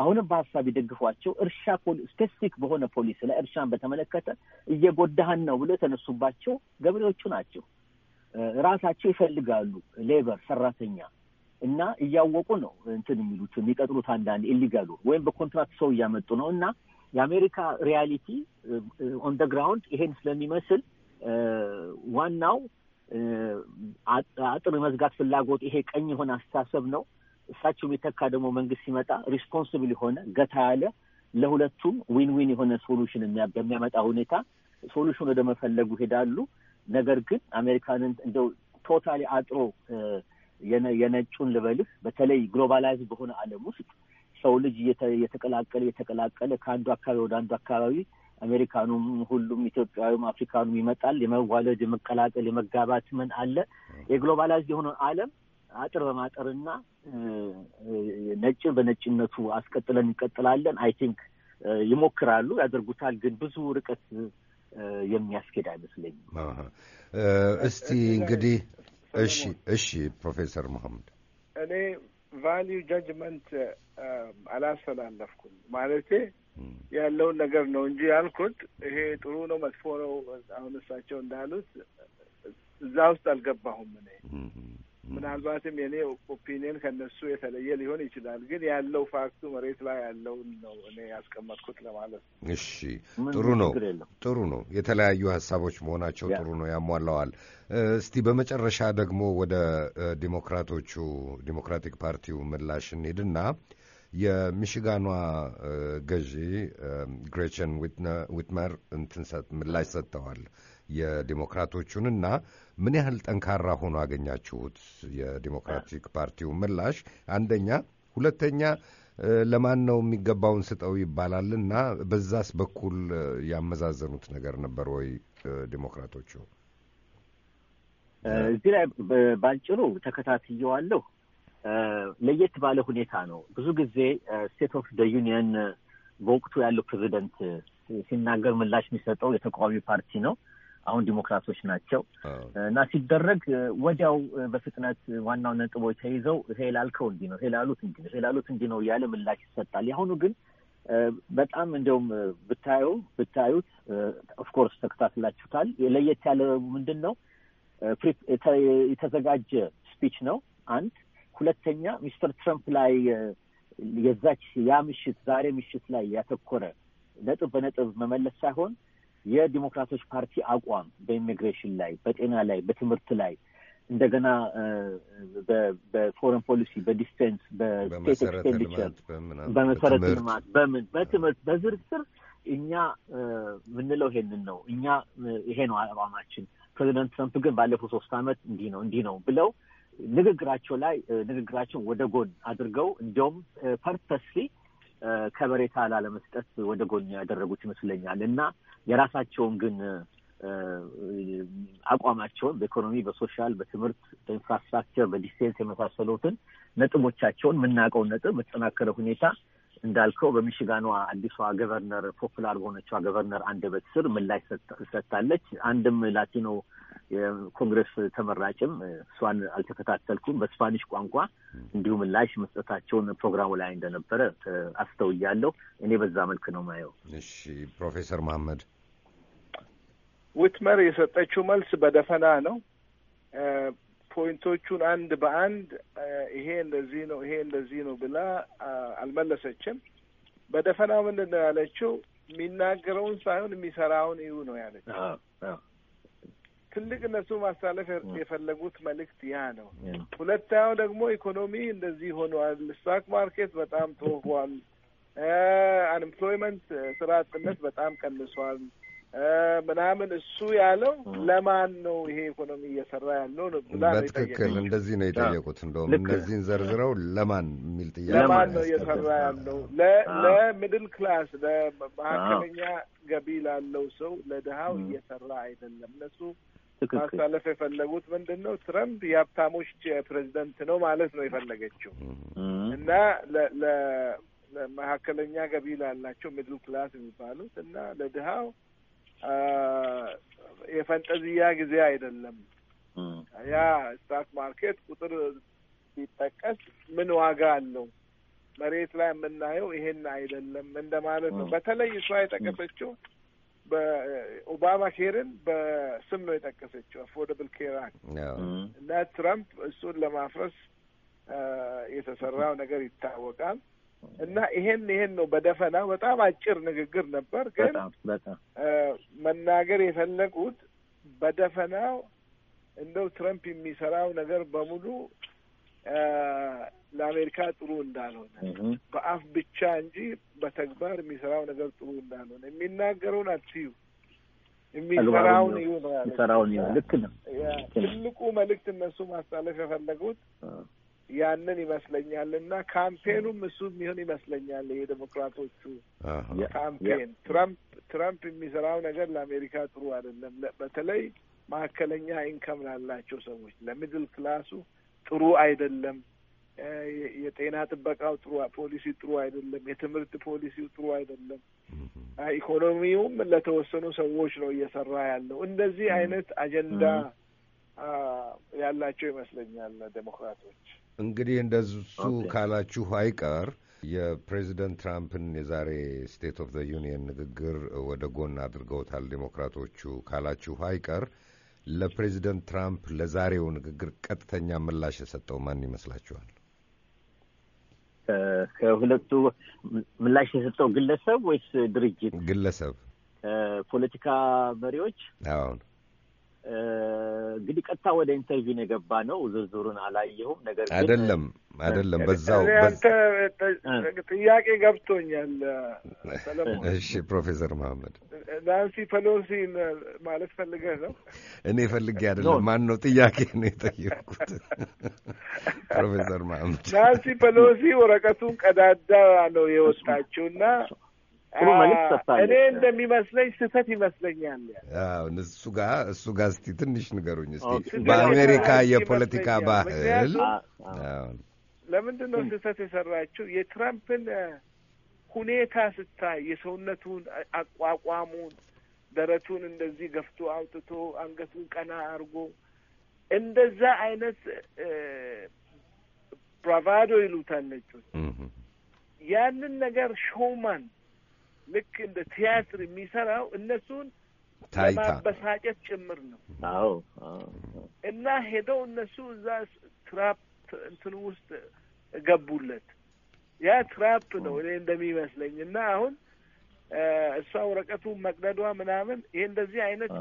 አሁንም በሀሳብ ይደግፏቸው እርሻ ስፔሲፊክ በሆነ ፖሊስ ላይ እርሻን በተመለከተ እየጎዳህን ነው ብሎ የተነሱባቸው ገበሬዎቹ ናቸው። ራሳቸው ይፈልጋሉ ሌበር ሰራተኛ እና እያወቁ ነው እንትን የሚሉት የሚቀጥሩት አንዳንድ ኢሊጋሉ ወይም በኮንትራክት ሰው እያመጡ ነው እና የአሜሪካ ሪያሊቲ ኦን ደ ግራውንድ ይሄን ስለሚመስል ዋናው አጥር መዝጋት ፍላጎት ይሄ ቀኝ የሆነ አስተሳሰብ ነው። እሳቸው የሚተካ ደግሞ መንግስት ሲመጣ ሪስፖንስብል የሆነ ገታ ያለ ለሁለቱም ዊን ዊን የሆነ ሶሉሽን በሚያመጣ ሁኔታ ሶሉሽን ወደ መፈለጉ ይሄዳሉ። ነገር ግን አሜሪካንን እንደው ቶታሊ አጥሮ የነጩን ልበልህ በተለይ ግሎባላይዝ በሆነ ዓለም ውስጥ ሰው ልጅ እየተቀላቀለ እየተቀላቀለ ከአንዱ አካባቢ ወደ አንዱ አካባቢ አሜሪካኑም፣ ሁሉም ኢትዮጵያዊም፣ አፍሪካኑም ይመጣል። የመዋለድ የመቀላቀል የመጋባት ምን አለ የግሎባላይዝ የሆነ ዓለም አጥር በማጠርና ነጭን በነጭነቱ አስቀጥለን እንቀጥላለን። አይ ቲንክ ይሞክራሉ፣ ያደርጉታል። ግን ብዙ ርቀት የሚያስኬድ አይመስለኝም። እስቲ እንግዲህ እሺ፣ እሺ ፕሮፌሰር መሐመድ እኔ ቫሊዩ ጃጅመንት አላስተላለፍኩም ማለቴ ያለውን ነገር ነው እንጂ ያልኩት ይሄ ጥሩ ነው መጥፎ ነው። አሁን እሳቸው እንዳሉት እዛ ውስጥ አልገባሁም እኔ ምናልባትም የኔ ኦፒኒየን ከነሱ የተለየ ሊሆን ይችላል። ግን ያለው ፋክቱ መሬት ላይ ያለውን ነው እኔ ያስቀመጥኩት ለማለት ነው። እሺ፣ ጥሩ ነው፣ ጥሩ ነው። የተለያዩ ሀሳቦች መሆናቸው ጥሩ ነው፣ ያሟላዋል። እስቲ በመጨረሻ ደግሞ ወደ ዲሞክራቶቹ ዲሞክራቲክ ፓርቲው ምላሽ እንሄድና የሚሽጋኗ ገዢ ግሬቸን ዊትመር እንትን ምላሽ ሰጥተዋል። የዴሞክራቶቹንና ምን ያህል ጠንካራ ሆኖ አገኛችሁት? የዲሞክራቲክ ፓርቲው ምላሽ አንደኛ፣ ሁለተኛ ለማን ነው የሚገባውን ስጠው ይባላል እና በዛስ በኩል ያመዛዘኑት ነገር ነበር ወይ ዴሞክራቶቹ? እዚህ ላይ ባጭሩ ተከታትየዋለሁ። ለየት ባለ ሁኔታ ነው። ብዙ ጊዜ ስቴት ኦፍ ደ ዩኒየን በወቅቱ ያለው ፕሬዚደንት ሲናገር ምላሽ የሚሰጠው የተቃዋሚ ፓርቲ ነው። አሁን ዲሞክራቶች ናቸው እና ሲደረግ ወዲያው በፍጥነት ዋናው ነጥቦች ተይዘው ይሄ ላልከው እንዲህ ነው፣ ይሄ ላሉት እንዲህ ነው፣ ይሄ ላሉት እንዲህ ነው እያለ ምላሽ ይሰጣል። የአሁኑ ግን በጣም እንደውም ብታየው ብታዩት ኦፍኮርስ ተከታትላችሁታል። ለየት ያለ ምንድን ነው የተዘጋጀ ስፒች ነው አንድ ሁለተኛ ሚስተር ትረምፕ ላይ የዛች ያ ምሽት ዛሬ ምሽት ላይ ያተኮረ ነጥብ በነጥብ መመለስ ሳይሆን የዲሞክራቶች ፓርቲ አቋም በኢሚግሬሽን ላይ፣ በጤና ላይ፣ በትምህርት ላይ እንደገና በፎረን ፖሊሲ፣ በዲፌንስ፣ በስቴት ኤክስፔንዲቸር፣ በመሰረተ ልማት፣ በምን በትምህርት በዝርዝር እኛ የምንለው ይሄንን ነው። እኛ ይሄ ነው አቋማችን። ፕሬዚደንት ትረምፕ ግን ባለፈው ሶስት ዓመት እንዲህ ነው እንዲህ ነው ብለው ንግግራቸው ላይ ንግግራቸውን ወደ ጎን አድርገው እንዲያውም ፐርፐስሊ ከበሬታ ላለመስጠት ወደ ጎን ያደረጉት ይመስለኛል እና የራሳቸውን ግን አቋማቸውን በኢኮኖሚ፣ በሶሻል፣ በትምህርት፣ በኢንፍራስትራክቸር፣ በዲስቴንስ የመሳሰሉትን ነጥቦቻቸውን የምናውቀውን ነጥብ በተጠናከረ ሁኔታ እንዳልከው በሚሽጋኗ አዲሷ ገቨርነር ፖፑላር በሆነችዋ ገቨርነር አንደበት ስር ምላሽ ሰጥታለች። አንድም ላቲኖ የኮንግረስ ተመራጭም እሷን አልተከታተልኩም በስፓኒሽ ቋንቋ እንዲሁ ምላሽ መስጠታቸውን ፕሮግራሙ ላይ እንደነበረ አስተውያለሁ። እኔ በዛ መልክ ነው ማየው። እሺ ፕሮፌሰር መሀመድ ዊትመር የሰጠችው መልስ በደፈና ነው። ፖይንቶቹን አንድ በአንድ ይሄ እንደዚህ ነው፣ ይሄ እንደዚህ ነው ብላ አልመለሰችም። በደፈና ምንድን ነው ያለችው? የሚናገረውን ሳይሆን የሚሰራውን እዩ ነው ያለችው። ትልቅ እነሱ ማስተላለፍ የፈለጉት መልእክት ያ ነው። ሁለተኛው ደግሞ ኢኮኖሚ እንደዚህ ሆኗል። ስታክ ማርኬት በጣም ተወፏል። አንኤምፕሎይመንት ስራ አጥነት በጣም ቀንሷል ምናምን እሱ ያለው ለማን ነው ይሄ ኢኮኖሚ እየሰራ ያለው ነው ብላ በትክክል እንደዚህ ነው የጠየቁት። እንደውም እነዚህን ዘርዝረው ለማን የሚል ጥያቄ ለማን ነው እየሰራ ያለው? ለሚድል ክላስ ለመካከለኛ ገቢ ላለው ሰው ለድሃው እየሰራ አይደለም። እነሱ ማሳለፍ የፈለጉት ምንድን ነው? ትረምፕ የሀብታሞች ፕሬዚደንት ነው ማለት ነው የፈለገችው እና ለመካከለኛ ገቢ ላላቸው ሚድል ክላስ የሚባሉት እና ለድሃው የፈንጠዝያ ጊዜ አይደለም። ያ ስታክ ማርኬት ቁጥር ሲጠቀስ ምን ዋጋ አለው? መሬት ላይ የምናየው ይሄን አይደለም እንደማለት ነው። በተለይ እሷ የጠቀሰችው በኦባማ ኬርን በስም ነው የጠቀሰችው አፎርደብል ኬር አክት እና ትራምፕ እሱን ለማፍረስ የተሰራው ነገር ይታወቃል። እና ይሄን ይሄን ነው በደፈና በጣም አጭር ንግግር ነበር፣ ግን መናገር የፈለጉት በደፈናው እንደው ትረምፕ የሚሰራው ነገር በሙሉ ለአሜሪካ ጥሩ እንዳልሆነ በአፍ ብቻ እንጂ በተግባር የሚሰራው ነገር ጥሩ እንዳልሆነ የሚናገረውን አትዩ፣ የሚሰራውን ይዩ ነው ልክ ነው። ትልቁ መልእክት እነሱ ማስተላለፍ የፈለጉት ያንን ይመስለኛል። እና ካምፔኑም እሱ የሚሆን ይመስለኛል። የዴሞክራቶቹ ካምፔን ትራምፕ ትራምፕ የሚሰራው ነገር ለአሜሪካ ጥሩ አይደለም። በተለይ መካከለኛ ኢንከም ላላቸው ሰዎች ለሚድል ክላሱ ጥሩ አይደለም። የጤና ጥበቃው ጥሩ ፖሊሲ ጥሩ አይደለም። የትምህርት ፖሊሲው ጥሩ አይደለም። ኢኮኖሚውም ለተወሰኑ ሰዎች ነው እየሰራ ያለው። እንደዚህ አይነት አጀንዳ ያላቸው ይመስለኛል ዴሞክራቶች። እንግዲህ እንደሱ ካላችሁ አይቀር የፕሬዚደንት ትራምፕን የዛሬ ስቴት ኦፍ ዘ ዩኒየን ንግግር ወደ ጎን አድርገውታል ዴሞክራቶቹ ካላችሁ አይቀር ለፕሬዚደንት ትራምፕ ለዛሬው ንግግር ቀጥተኛ ምላሽ የሰጠው ማን ይመስላችኋል? ከሁለቱ ምላሽ የሰጠው ግለሰብ ወይስ ድርጅት? ግለሰብ ፖለቲካ መሪዎች? አዎን እንግዲህ ቀጥታ ወደ ኢንተርቪው ነው የገባ ነው። ዝርዝሩን አላየሁም። ነገር ግን አይደለም አይደለም በዛው ጥያቄ ገብቶኛል። እሺ ፕሮፌሰር መሐመድ ናንሲ ፐሎሲ ማለት ፈልገህ ነው? እኔ ፈልጌ አይደለም። ማን ነው ጥያቄ ነው የጠየቅኩት። ፕሮፌሰር መሐመድ ናንሲ ፐሎሲ ወረቀቱን ቀዳዳ ነው የወጣችው የወጣችውና ጥሩ መልዕክት ሰጥታለች። እኔ እንደሚመስለኝ ስህተት ይመስለኛል። እሱ ጋር እሱ ጋር እስቲ ትንሽ ንገሩኝ እስቲ በአሜሪካ የፖለቲካ ባህል ለምንድን ነው ስህተት የሰራችው? የትራምፕን ሁኔታ ስታይ የሰውነቱን አቋቋሙን ደረቱን እንደዚህ ገፍቶ አውጥቶ አንገቱን ቀና አድርጎ እንደዛ አይነት ብራቫዶ ይሉታል ነጮች። ያንን ነገር ሾውማን ልክ እንደ ቲያትር የሚሰራው እነሱን ለማበሳጨት ጭምር ነው። አዎ እና ሄደው እነሱ እዛ ትራፕ እንትን ውስጥ ገቡለት። ያ ትራፕ ነው እኔ እንደሚመስለኝ። እና አሁን እሷ ወረቀቱ መቅደዷ ምናምን ይሄ እንደዚህ አይነት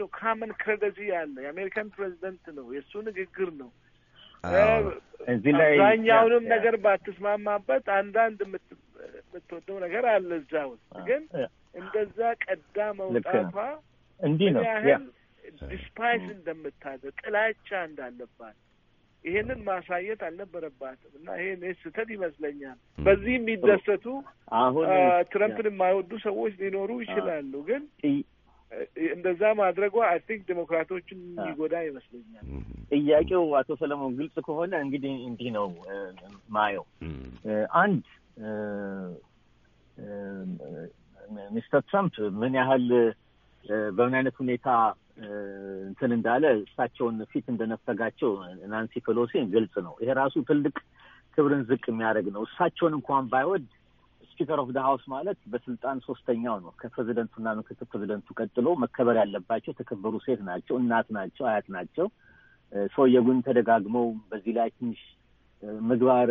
ነው። ካመን ክሬደዚ ያለ የአሜሪካን ፕሬዚደንት ነው፣ የእሱ ንግግር ነው። አብዛኛውንም ነገር ባትስማማበት አንዳንድ የምትወደው ነገር አለ እዛ ውስጥ ግን እንደዛ ቀዳ መውጣቷ እንዲህ ነው ያህል ዲስፓይስ እንደምታደር ጥላቻ እንዳለባት ይሄንን ማሳየት አልነበረባትም እና ይሄ እኔ ስህተት ይመስለኛል። በዚህ የሚደሰቱ አሁን ትረምፕን የማይወዱ ሰዎች ሊኖሩ ይችላሉ ግን እንደዛ ማድረጓ አይ ቲንክ ዴሞክራቶችን የሚጎዳ ይመስለኛል። ጥያቄው አቶ ሰለሞን ግልጽ ከሆነ እንግዲህ እንዲህ ነው ማየው። አንድ ሚስተር ትራምፕ ምን ያህል በምን አይነት ሁኔታ እንትን እንዳለ እሳቸውን ፊት እንደነፈጋቸው ናንሲ ፔሎሲን ግልጽ ነው። ይሄ ራሱ ትልቅ ክብርን ዝቅ የሚያደርግ ነው። እሳቸውን እንኳን ባይወድ ስፒከር ኦፍ ደ ሀውስ ማለት በስልጣን ሶስተኛው ነው። ከፕሬዚደንቱና ምክትል ፕሬዚደንቱ ቀጥሎ መከበር ያለባቸው የተከበሩ ሴት ናቸው፣ እናት ናቸው፣ አያት ናቸው። ሰውየው ግን ተደጋግመው በዚህ ላይ ትንሽ ምግባረ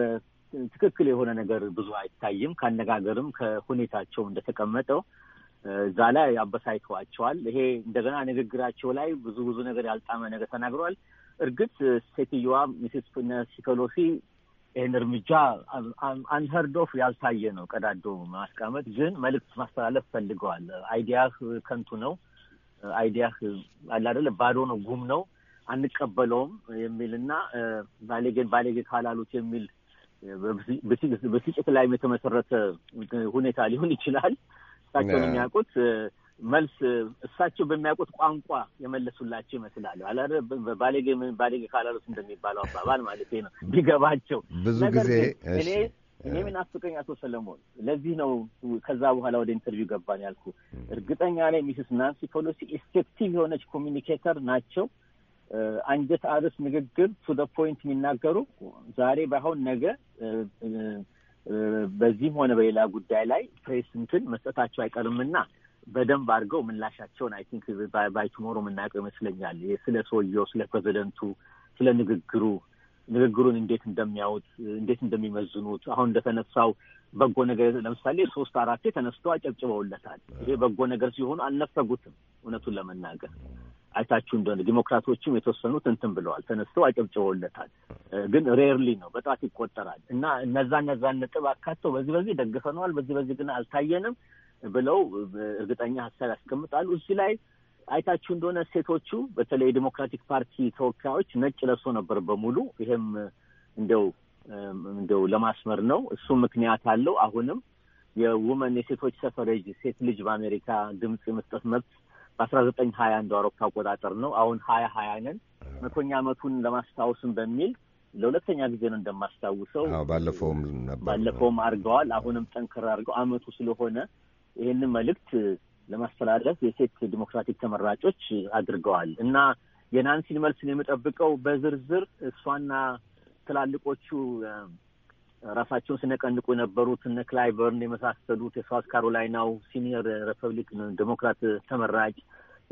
ትክክል የሆነ ነገር ብዙ አይታይም። ከአነጋገርም ከሁኔታቸው እንደተቀመጠው እዛ ላይ አበሳይተዋቸዋል። ይሄ እንደገና ንግግራቸው ላይ ብዙ ብዙ ነገር ያልጣመ ነገር ተናግረዋል። እርግጥ ሴትዮዋ ሚስስ ፔሎሲ ፔሎሲ ይህን እርምጃ አንሀርዶፍ ያልታየ ነው ቀዳዶ ማስቀመጥ፣ ግን መልእክት ማስተላለፍ ፈልገዋል። አይዲያህ ከንቱ ነው፣ አይዲያህ አላደለ ባዶ ነው፣ ጉም ነው፣ አንቀበለውም የሚል እና ባሌጌን ባሌጌ ካላሉት የሚል በስጭት ላይ የተመሰረተ ሁኔታ ሊሆን ይችላል። እሳቸውን የሚያውቁት መልስ እሳቸው በሚያውቁት ቋንቋ የመለሱላቸው ይመስላል። ባለጌ ባለጌ ካላሉት እንደሚባለው አባባል ማለት ነው። ቢገባቸው ብዙ ጊዜ እኔ እኔ ምን አስቀኝ አቶ ሰለሞን፣ ለዚህ ነው ከዛ በኋላ ወደ ኢንተርቪው ገባን ያልኩ። እርግጠኛ ላይ ሚስስ ናንሲ ፖሎሲ ኢፌክቲቭ የሆነች ኮሚኒኬተር ናቸው። አንጀት አርስ ንግግር ቱ ደ ፖይንት የሚናገሩ ዛሬ ባይሆን ነገ በዚህም ሆነ በሌላ ጉዳይ ላይ ፕሬስ እንትን መስጠታቸው አይቀርምና በደንብ አድርገው ምላሻቸውን አይ ቲንክ ባይ ቱሞሮ የምናውቀው ይመስለኛል። ስለ ሰውየው፣ ስለ ፕሬዚደንቱ፣ ስለ ንግግሩ ንግግሩን እንዴት እንደሚያዩት እንዴት እንደሚመዝኑት አሁን እንደተነሳው በጎ ነገር ለምሳሌ ሶስት አራቴ ተነስተው አጨብጭበውለታል። ይሄ በጎ ነገር ሲሆኑ አልነፈጉትም። እውነቱን ለመናገር አይታችሁ እንደሆነ ዲሞክራቶችም የተወሰኑት እንትን ብለዋል፣ ተነስተው አጨብጭበውለታል። ግን ሬርሊ ነው፣ በጣት ይቆጠራል። እና እነዛ እነዛን ነጥብ አካተው በዚህ በዚህ ደግፈነዋል፣ በዚህ በዚህ ግን አልታየንም ብለው እርግጠኛ ሀሳብ ያስቀምጣሉ። እዚህ ላይ አይታችሁ እንደሆነ ሴቶቹ በተለይ የዲሞክራቲክ ፓርቲ ተወካዮች ነጭ ለብሶ ነበር በሙሉ ይሄም እንደው እንደው ለማስመር ነው። እሱ ምክንያት አለው። አሁንም የውመን የሴቶች ሰፈሬጅ ሴት ልጅ በአሜሪካ ድምፅ የመስጠት መብት በአስራ ዘጠኝ ሀያ እንደ አውሮፓ አቆጣጠር ነው። አሁን ሀያ ሀያ ነን መቶኛ ዓመቱን ለማስታወስም በሚል ለሁለተኛ ጊዜ ነው እንደማስታውሰው። ባለፈውም ነበር ባለፈውም አድርገዋል። አሁንም ጠንክር አድርገው አመቱ ስለሆነ ይህንን መልእክት ለማስተላለፍ የሴት ዲሞክራቲክ ተመራጮች አድርገዋል እና የናንሲን መልስን የምጠብቀው በዝርዝር እሷና ትላልቆቹ ራሳቸውን ሲነቀንቁ የነበሩት እነ ክላይቨርን የመሳሰሉት የሳውት ካሮላይናው ሲኒየር ሪፐብሊክ ዴሞክራት ተመራጭ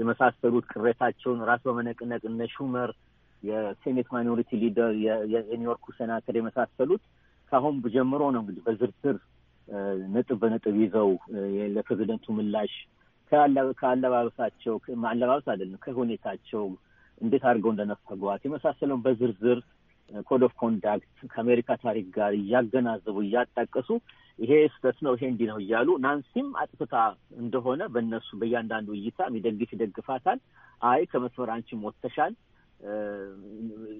የመሳሰሉት ቅሬታቸውን ራስ በመነቅነቅ እነ ሹመር የሴኔት ማይኖሪቲ ሊደር የኒውዮርኩ ሴናተር የመሳሰሉት ከአሁን ጀምሮ ነው እንግዲህ በዝርዝር ነጥብ በነጥብ ይዘው ለፕሬዚደንቱ ምላሽ ከአለባበሳቸው አለባበስ አይደለም ከሁኔታቸው እንዴት አድርገው እንደነፈጓት የመሳሰለውን በዝርዝር ኮድ ኦፍ ኮንዳክት ከአሜሪካ ታሪክ ጋር እያገናዘቡ እያጣቀሱ ይሄ ስህተት ነው፣ ይሄ እንዲህ ነው እያሉ ናንሲም አጥፍታ እንደሆነ በእነሱ በእያንዳንዱ እይታ የሚደግፍ ይደግፋታል። አይ ከመስመር አንቺ ሞተሻል፣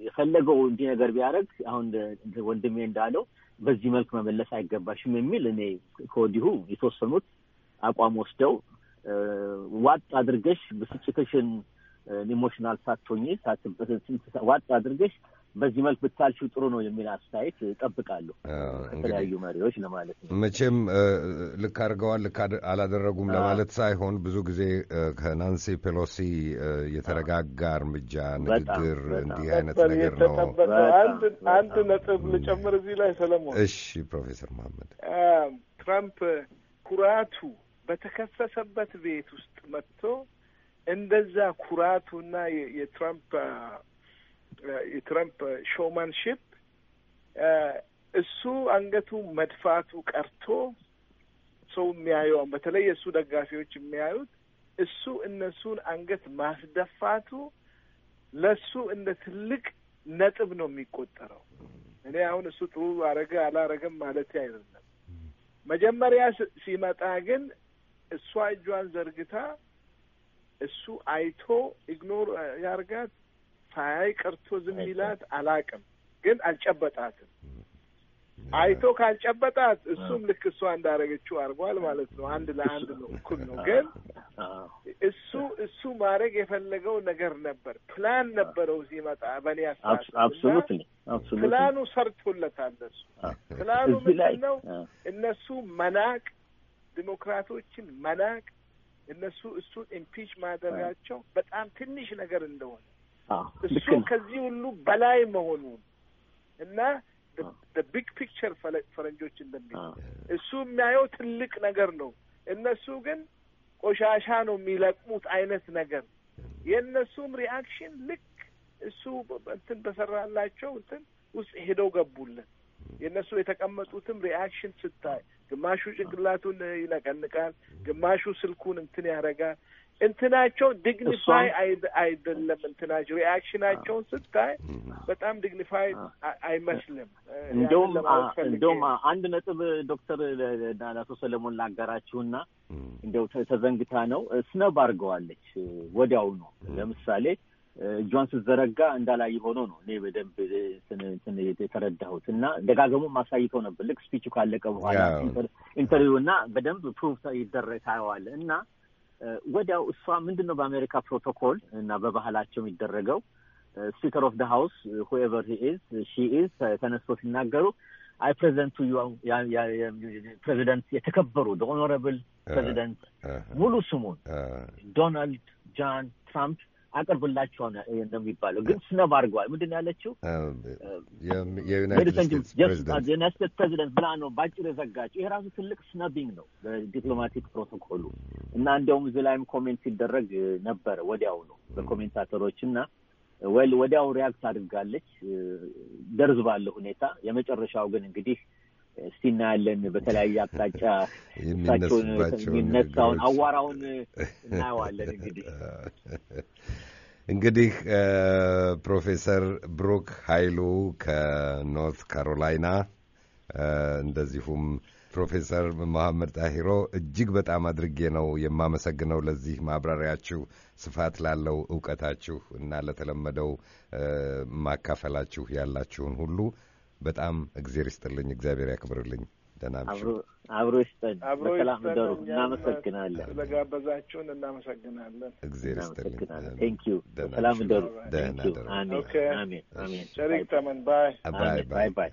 የፈለገው እንዲህ ነገር ቢያደርግ አሁን ወንድሜ እንዳለው በዚህ መልክ መመለስ አይገባሽም የሚል እኔ ከወዲሁ የተወሰኑት አቋም ወስደው ዋጥ አድርገሽ ብስጭትሽን ኢሞሽናል ሳትሆኚ ዋጥ አድርገሽ በዚህ መልክ ብታልሹ ጥሩ ነው የሚል አስተያየት እጠብቃለሁ ከተለያዩ መሪዎች ለማለት ነው። መቼም ልክ አድርገዋል ልክ አላደረጉም ለማለት ሳይሆን ብዙ ጊዜ ከናንሲ ፔሎሲ የተረጋጋ እርምጃ፣ ንግግር እንዲህ አይነት ነገር ነው። አንድ ነጥብ ልጨምር እዚህ ላይ ሰለሞን። እሺ ፕሮፌሰር መሐመድ ትራምፕ ኩራቱ በተከሰሰበት ቤት ውስጥ መጥቶ እንደዛ ኩራቱና የትራምፕ የትረምፕ ሾውማንሽፕ እሱ አንገቱ መድፋቱ ቀርቶ ሰው የሚያየውን በተለይ የእሱ ደጋፊዎች የሚያዩት እሱ እነሱን አንገት ማስደፋቱ ለሱ እንደ ትልቅ ነጥብ ነው የሚቆጠረው። እኔ አሁን እሱ ጥሩ አረገ አላረገም ማለት አይደለም። መጀመሪያ ሲመጣ ግን እሷ እጇን ዘርግታ እሱ አይቶ ኢግኖር ያርጋት ሳያይ ቀርቶ ዝም ይላት አላቅም፣ ግን አልጨበጣትም። አይቶ ካልጨበጣት እሱም ልክ እሷ እንዳረገችው አድርጓል ማለት ነው። አንድ ለአንድ ነው፣ እኩል ነው። ግን እሱ እሱ ማድረግ የፈለገው ነገር ነበር፣ ፕላን ነበረው። ሲመጣ በእኔ አስታስብና ፕላኑ ሰርቶለታል። እሱ ፕላኑ ምንድን ነው? እነሱ መናቅ፣ ዲሞክራቶችን መናቅ፣ እነሱ እሱን ኢምፒች ማድረጋቸው በጣም ትንሽ ነገር እንደሆነ እሱ ከዚህ ሁሉ በላይ መሆኑን እና ቢግ ፒክቸር ፈረንጆች እንደሚ እሱ የሚያየው ትልቅ ነገር ነው። እነሱ ግን ቆሻሻ ነው የሚለቅሙት አይነት ነገር የእነሱም ሪአክሽን ልክ እሱ እንትን በሰራላቸው እንትን ውስጥ ሄደው ገቡልን። የእነሱ የተቀመጡትም ሪአክሽን ስታይ ግማሹ ጭንቅላቱን ይነቀንቃል፣ ግማሹ ስልኩን እንትን ያደርጋል፣ እንትናቸው ዲግኒፋይ አይደለም። እንትናቸው ሪአክሽናቸውን ስታይ በጣም ዲግኒፋይ አይመስልም። እንደውም እንደውም አንድ ነጥብ ዶክተር አቶ ሰለሞን ላጋራችሁና እንደው ተዘንግታ ነው ስነብ አድርገዋለች ወዲያው ነው። ለምሳሌ እጇን ስዘረጋ እንዳላይ ሆኖ ነው እኔ በደንብ የተረዳሁት እና ደጋገሙ አሳይተው ነበር ልክ ስፒቹ ካለቀ በኋላ ኢንተርቪው እና በደንብ ፕሩፍ ይደረግ ታየዋለ እና ወዲያው እሷ ምንድን ነው በአሜሪካ ፕሮቶኮል እና በባህላቸው የሚደረገው ስፒከር ኦፍ ደ ሀውስ ሁኤቨር ሂኢዝ ሺኢዝ ተነስቶ ሲናገሩ አይ ፕሬዚደንቱ ፕሬዚደንት የተከበሩ ኦኖረብል ፕሬዚደንት uh-huh. uh-huh. ሙሉ ስሙን ዶናልድ ጃን ትራምፕ አቅርብላቸው ነው የሚባለው። ግን ስነብ አድርገዋል። ምንድን ያለችው ሜዲሰን ዩናይትድ ፕሬዚደንት ብላ ነው ባጭር የዘጋቸው። ይሄ ራሱ ትልቅ ስነቢንግ ነው በዲፕሎማቲክ ፕሮቶኮሉ እና እንዲያውም እዚህ ላይም ኮሜንት ሲደረግ ነበረ ወዲያው ነው በኮሜንታተሮች እና ወል ወዲያው ሪያክት አድርጋለች ደርዝ ባለ ሁኔታ። የመጨረሻው ግን እንግዲህ እስቲ እናያለን። በተለያየ አቅጣጫ እሳቸውን የሚነሳውን አዋራውን እናየዋለን። እንግዲህ እንግዲህ ፕሮፌሰር ብሩክ ኃይሉ ከኖርት ካሮላይና እንደዚሁም ፕሮፌሰር መሐመድ ጣሂሮ እጅግ በጣም አድርጌ ነው የማመሰግነው ለዚህ ማብራሪያችሁ፣ ስፋት ላለው እውቀታችሁ እና ለተለመደው ማካፈላችሁ ያላችሁን ሁሉ በጣም እግዜር ይስጥልኝ፣ እግዚአብሔር ያክብርልኝ። ደህና አብሮ ይስጠን። በሰላም ደሩ። እናመሰግናለን። ስለጋበዛችሁን እናመሰግናለን። እግዜር ይስጥልኝ። ቴንኪዩ። በሰላም ደሩ። ደህና ደሩ። አሜን። ሸሪክ ተመን ባይ ባይ uh, ባይ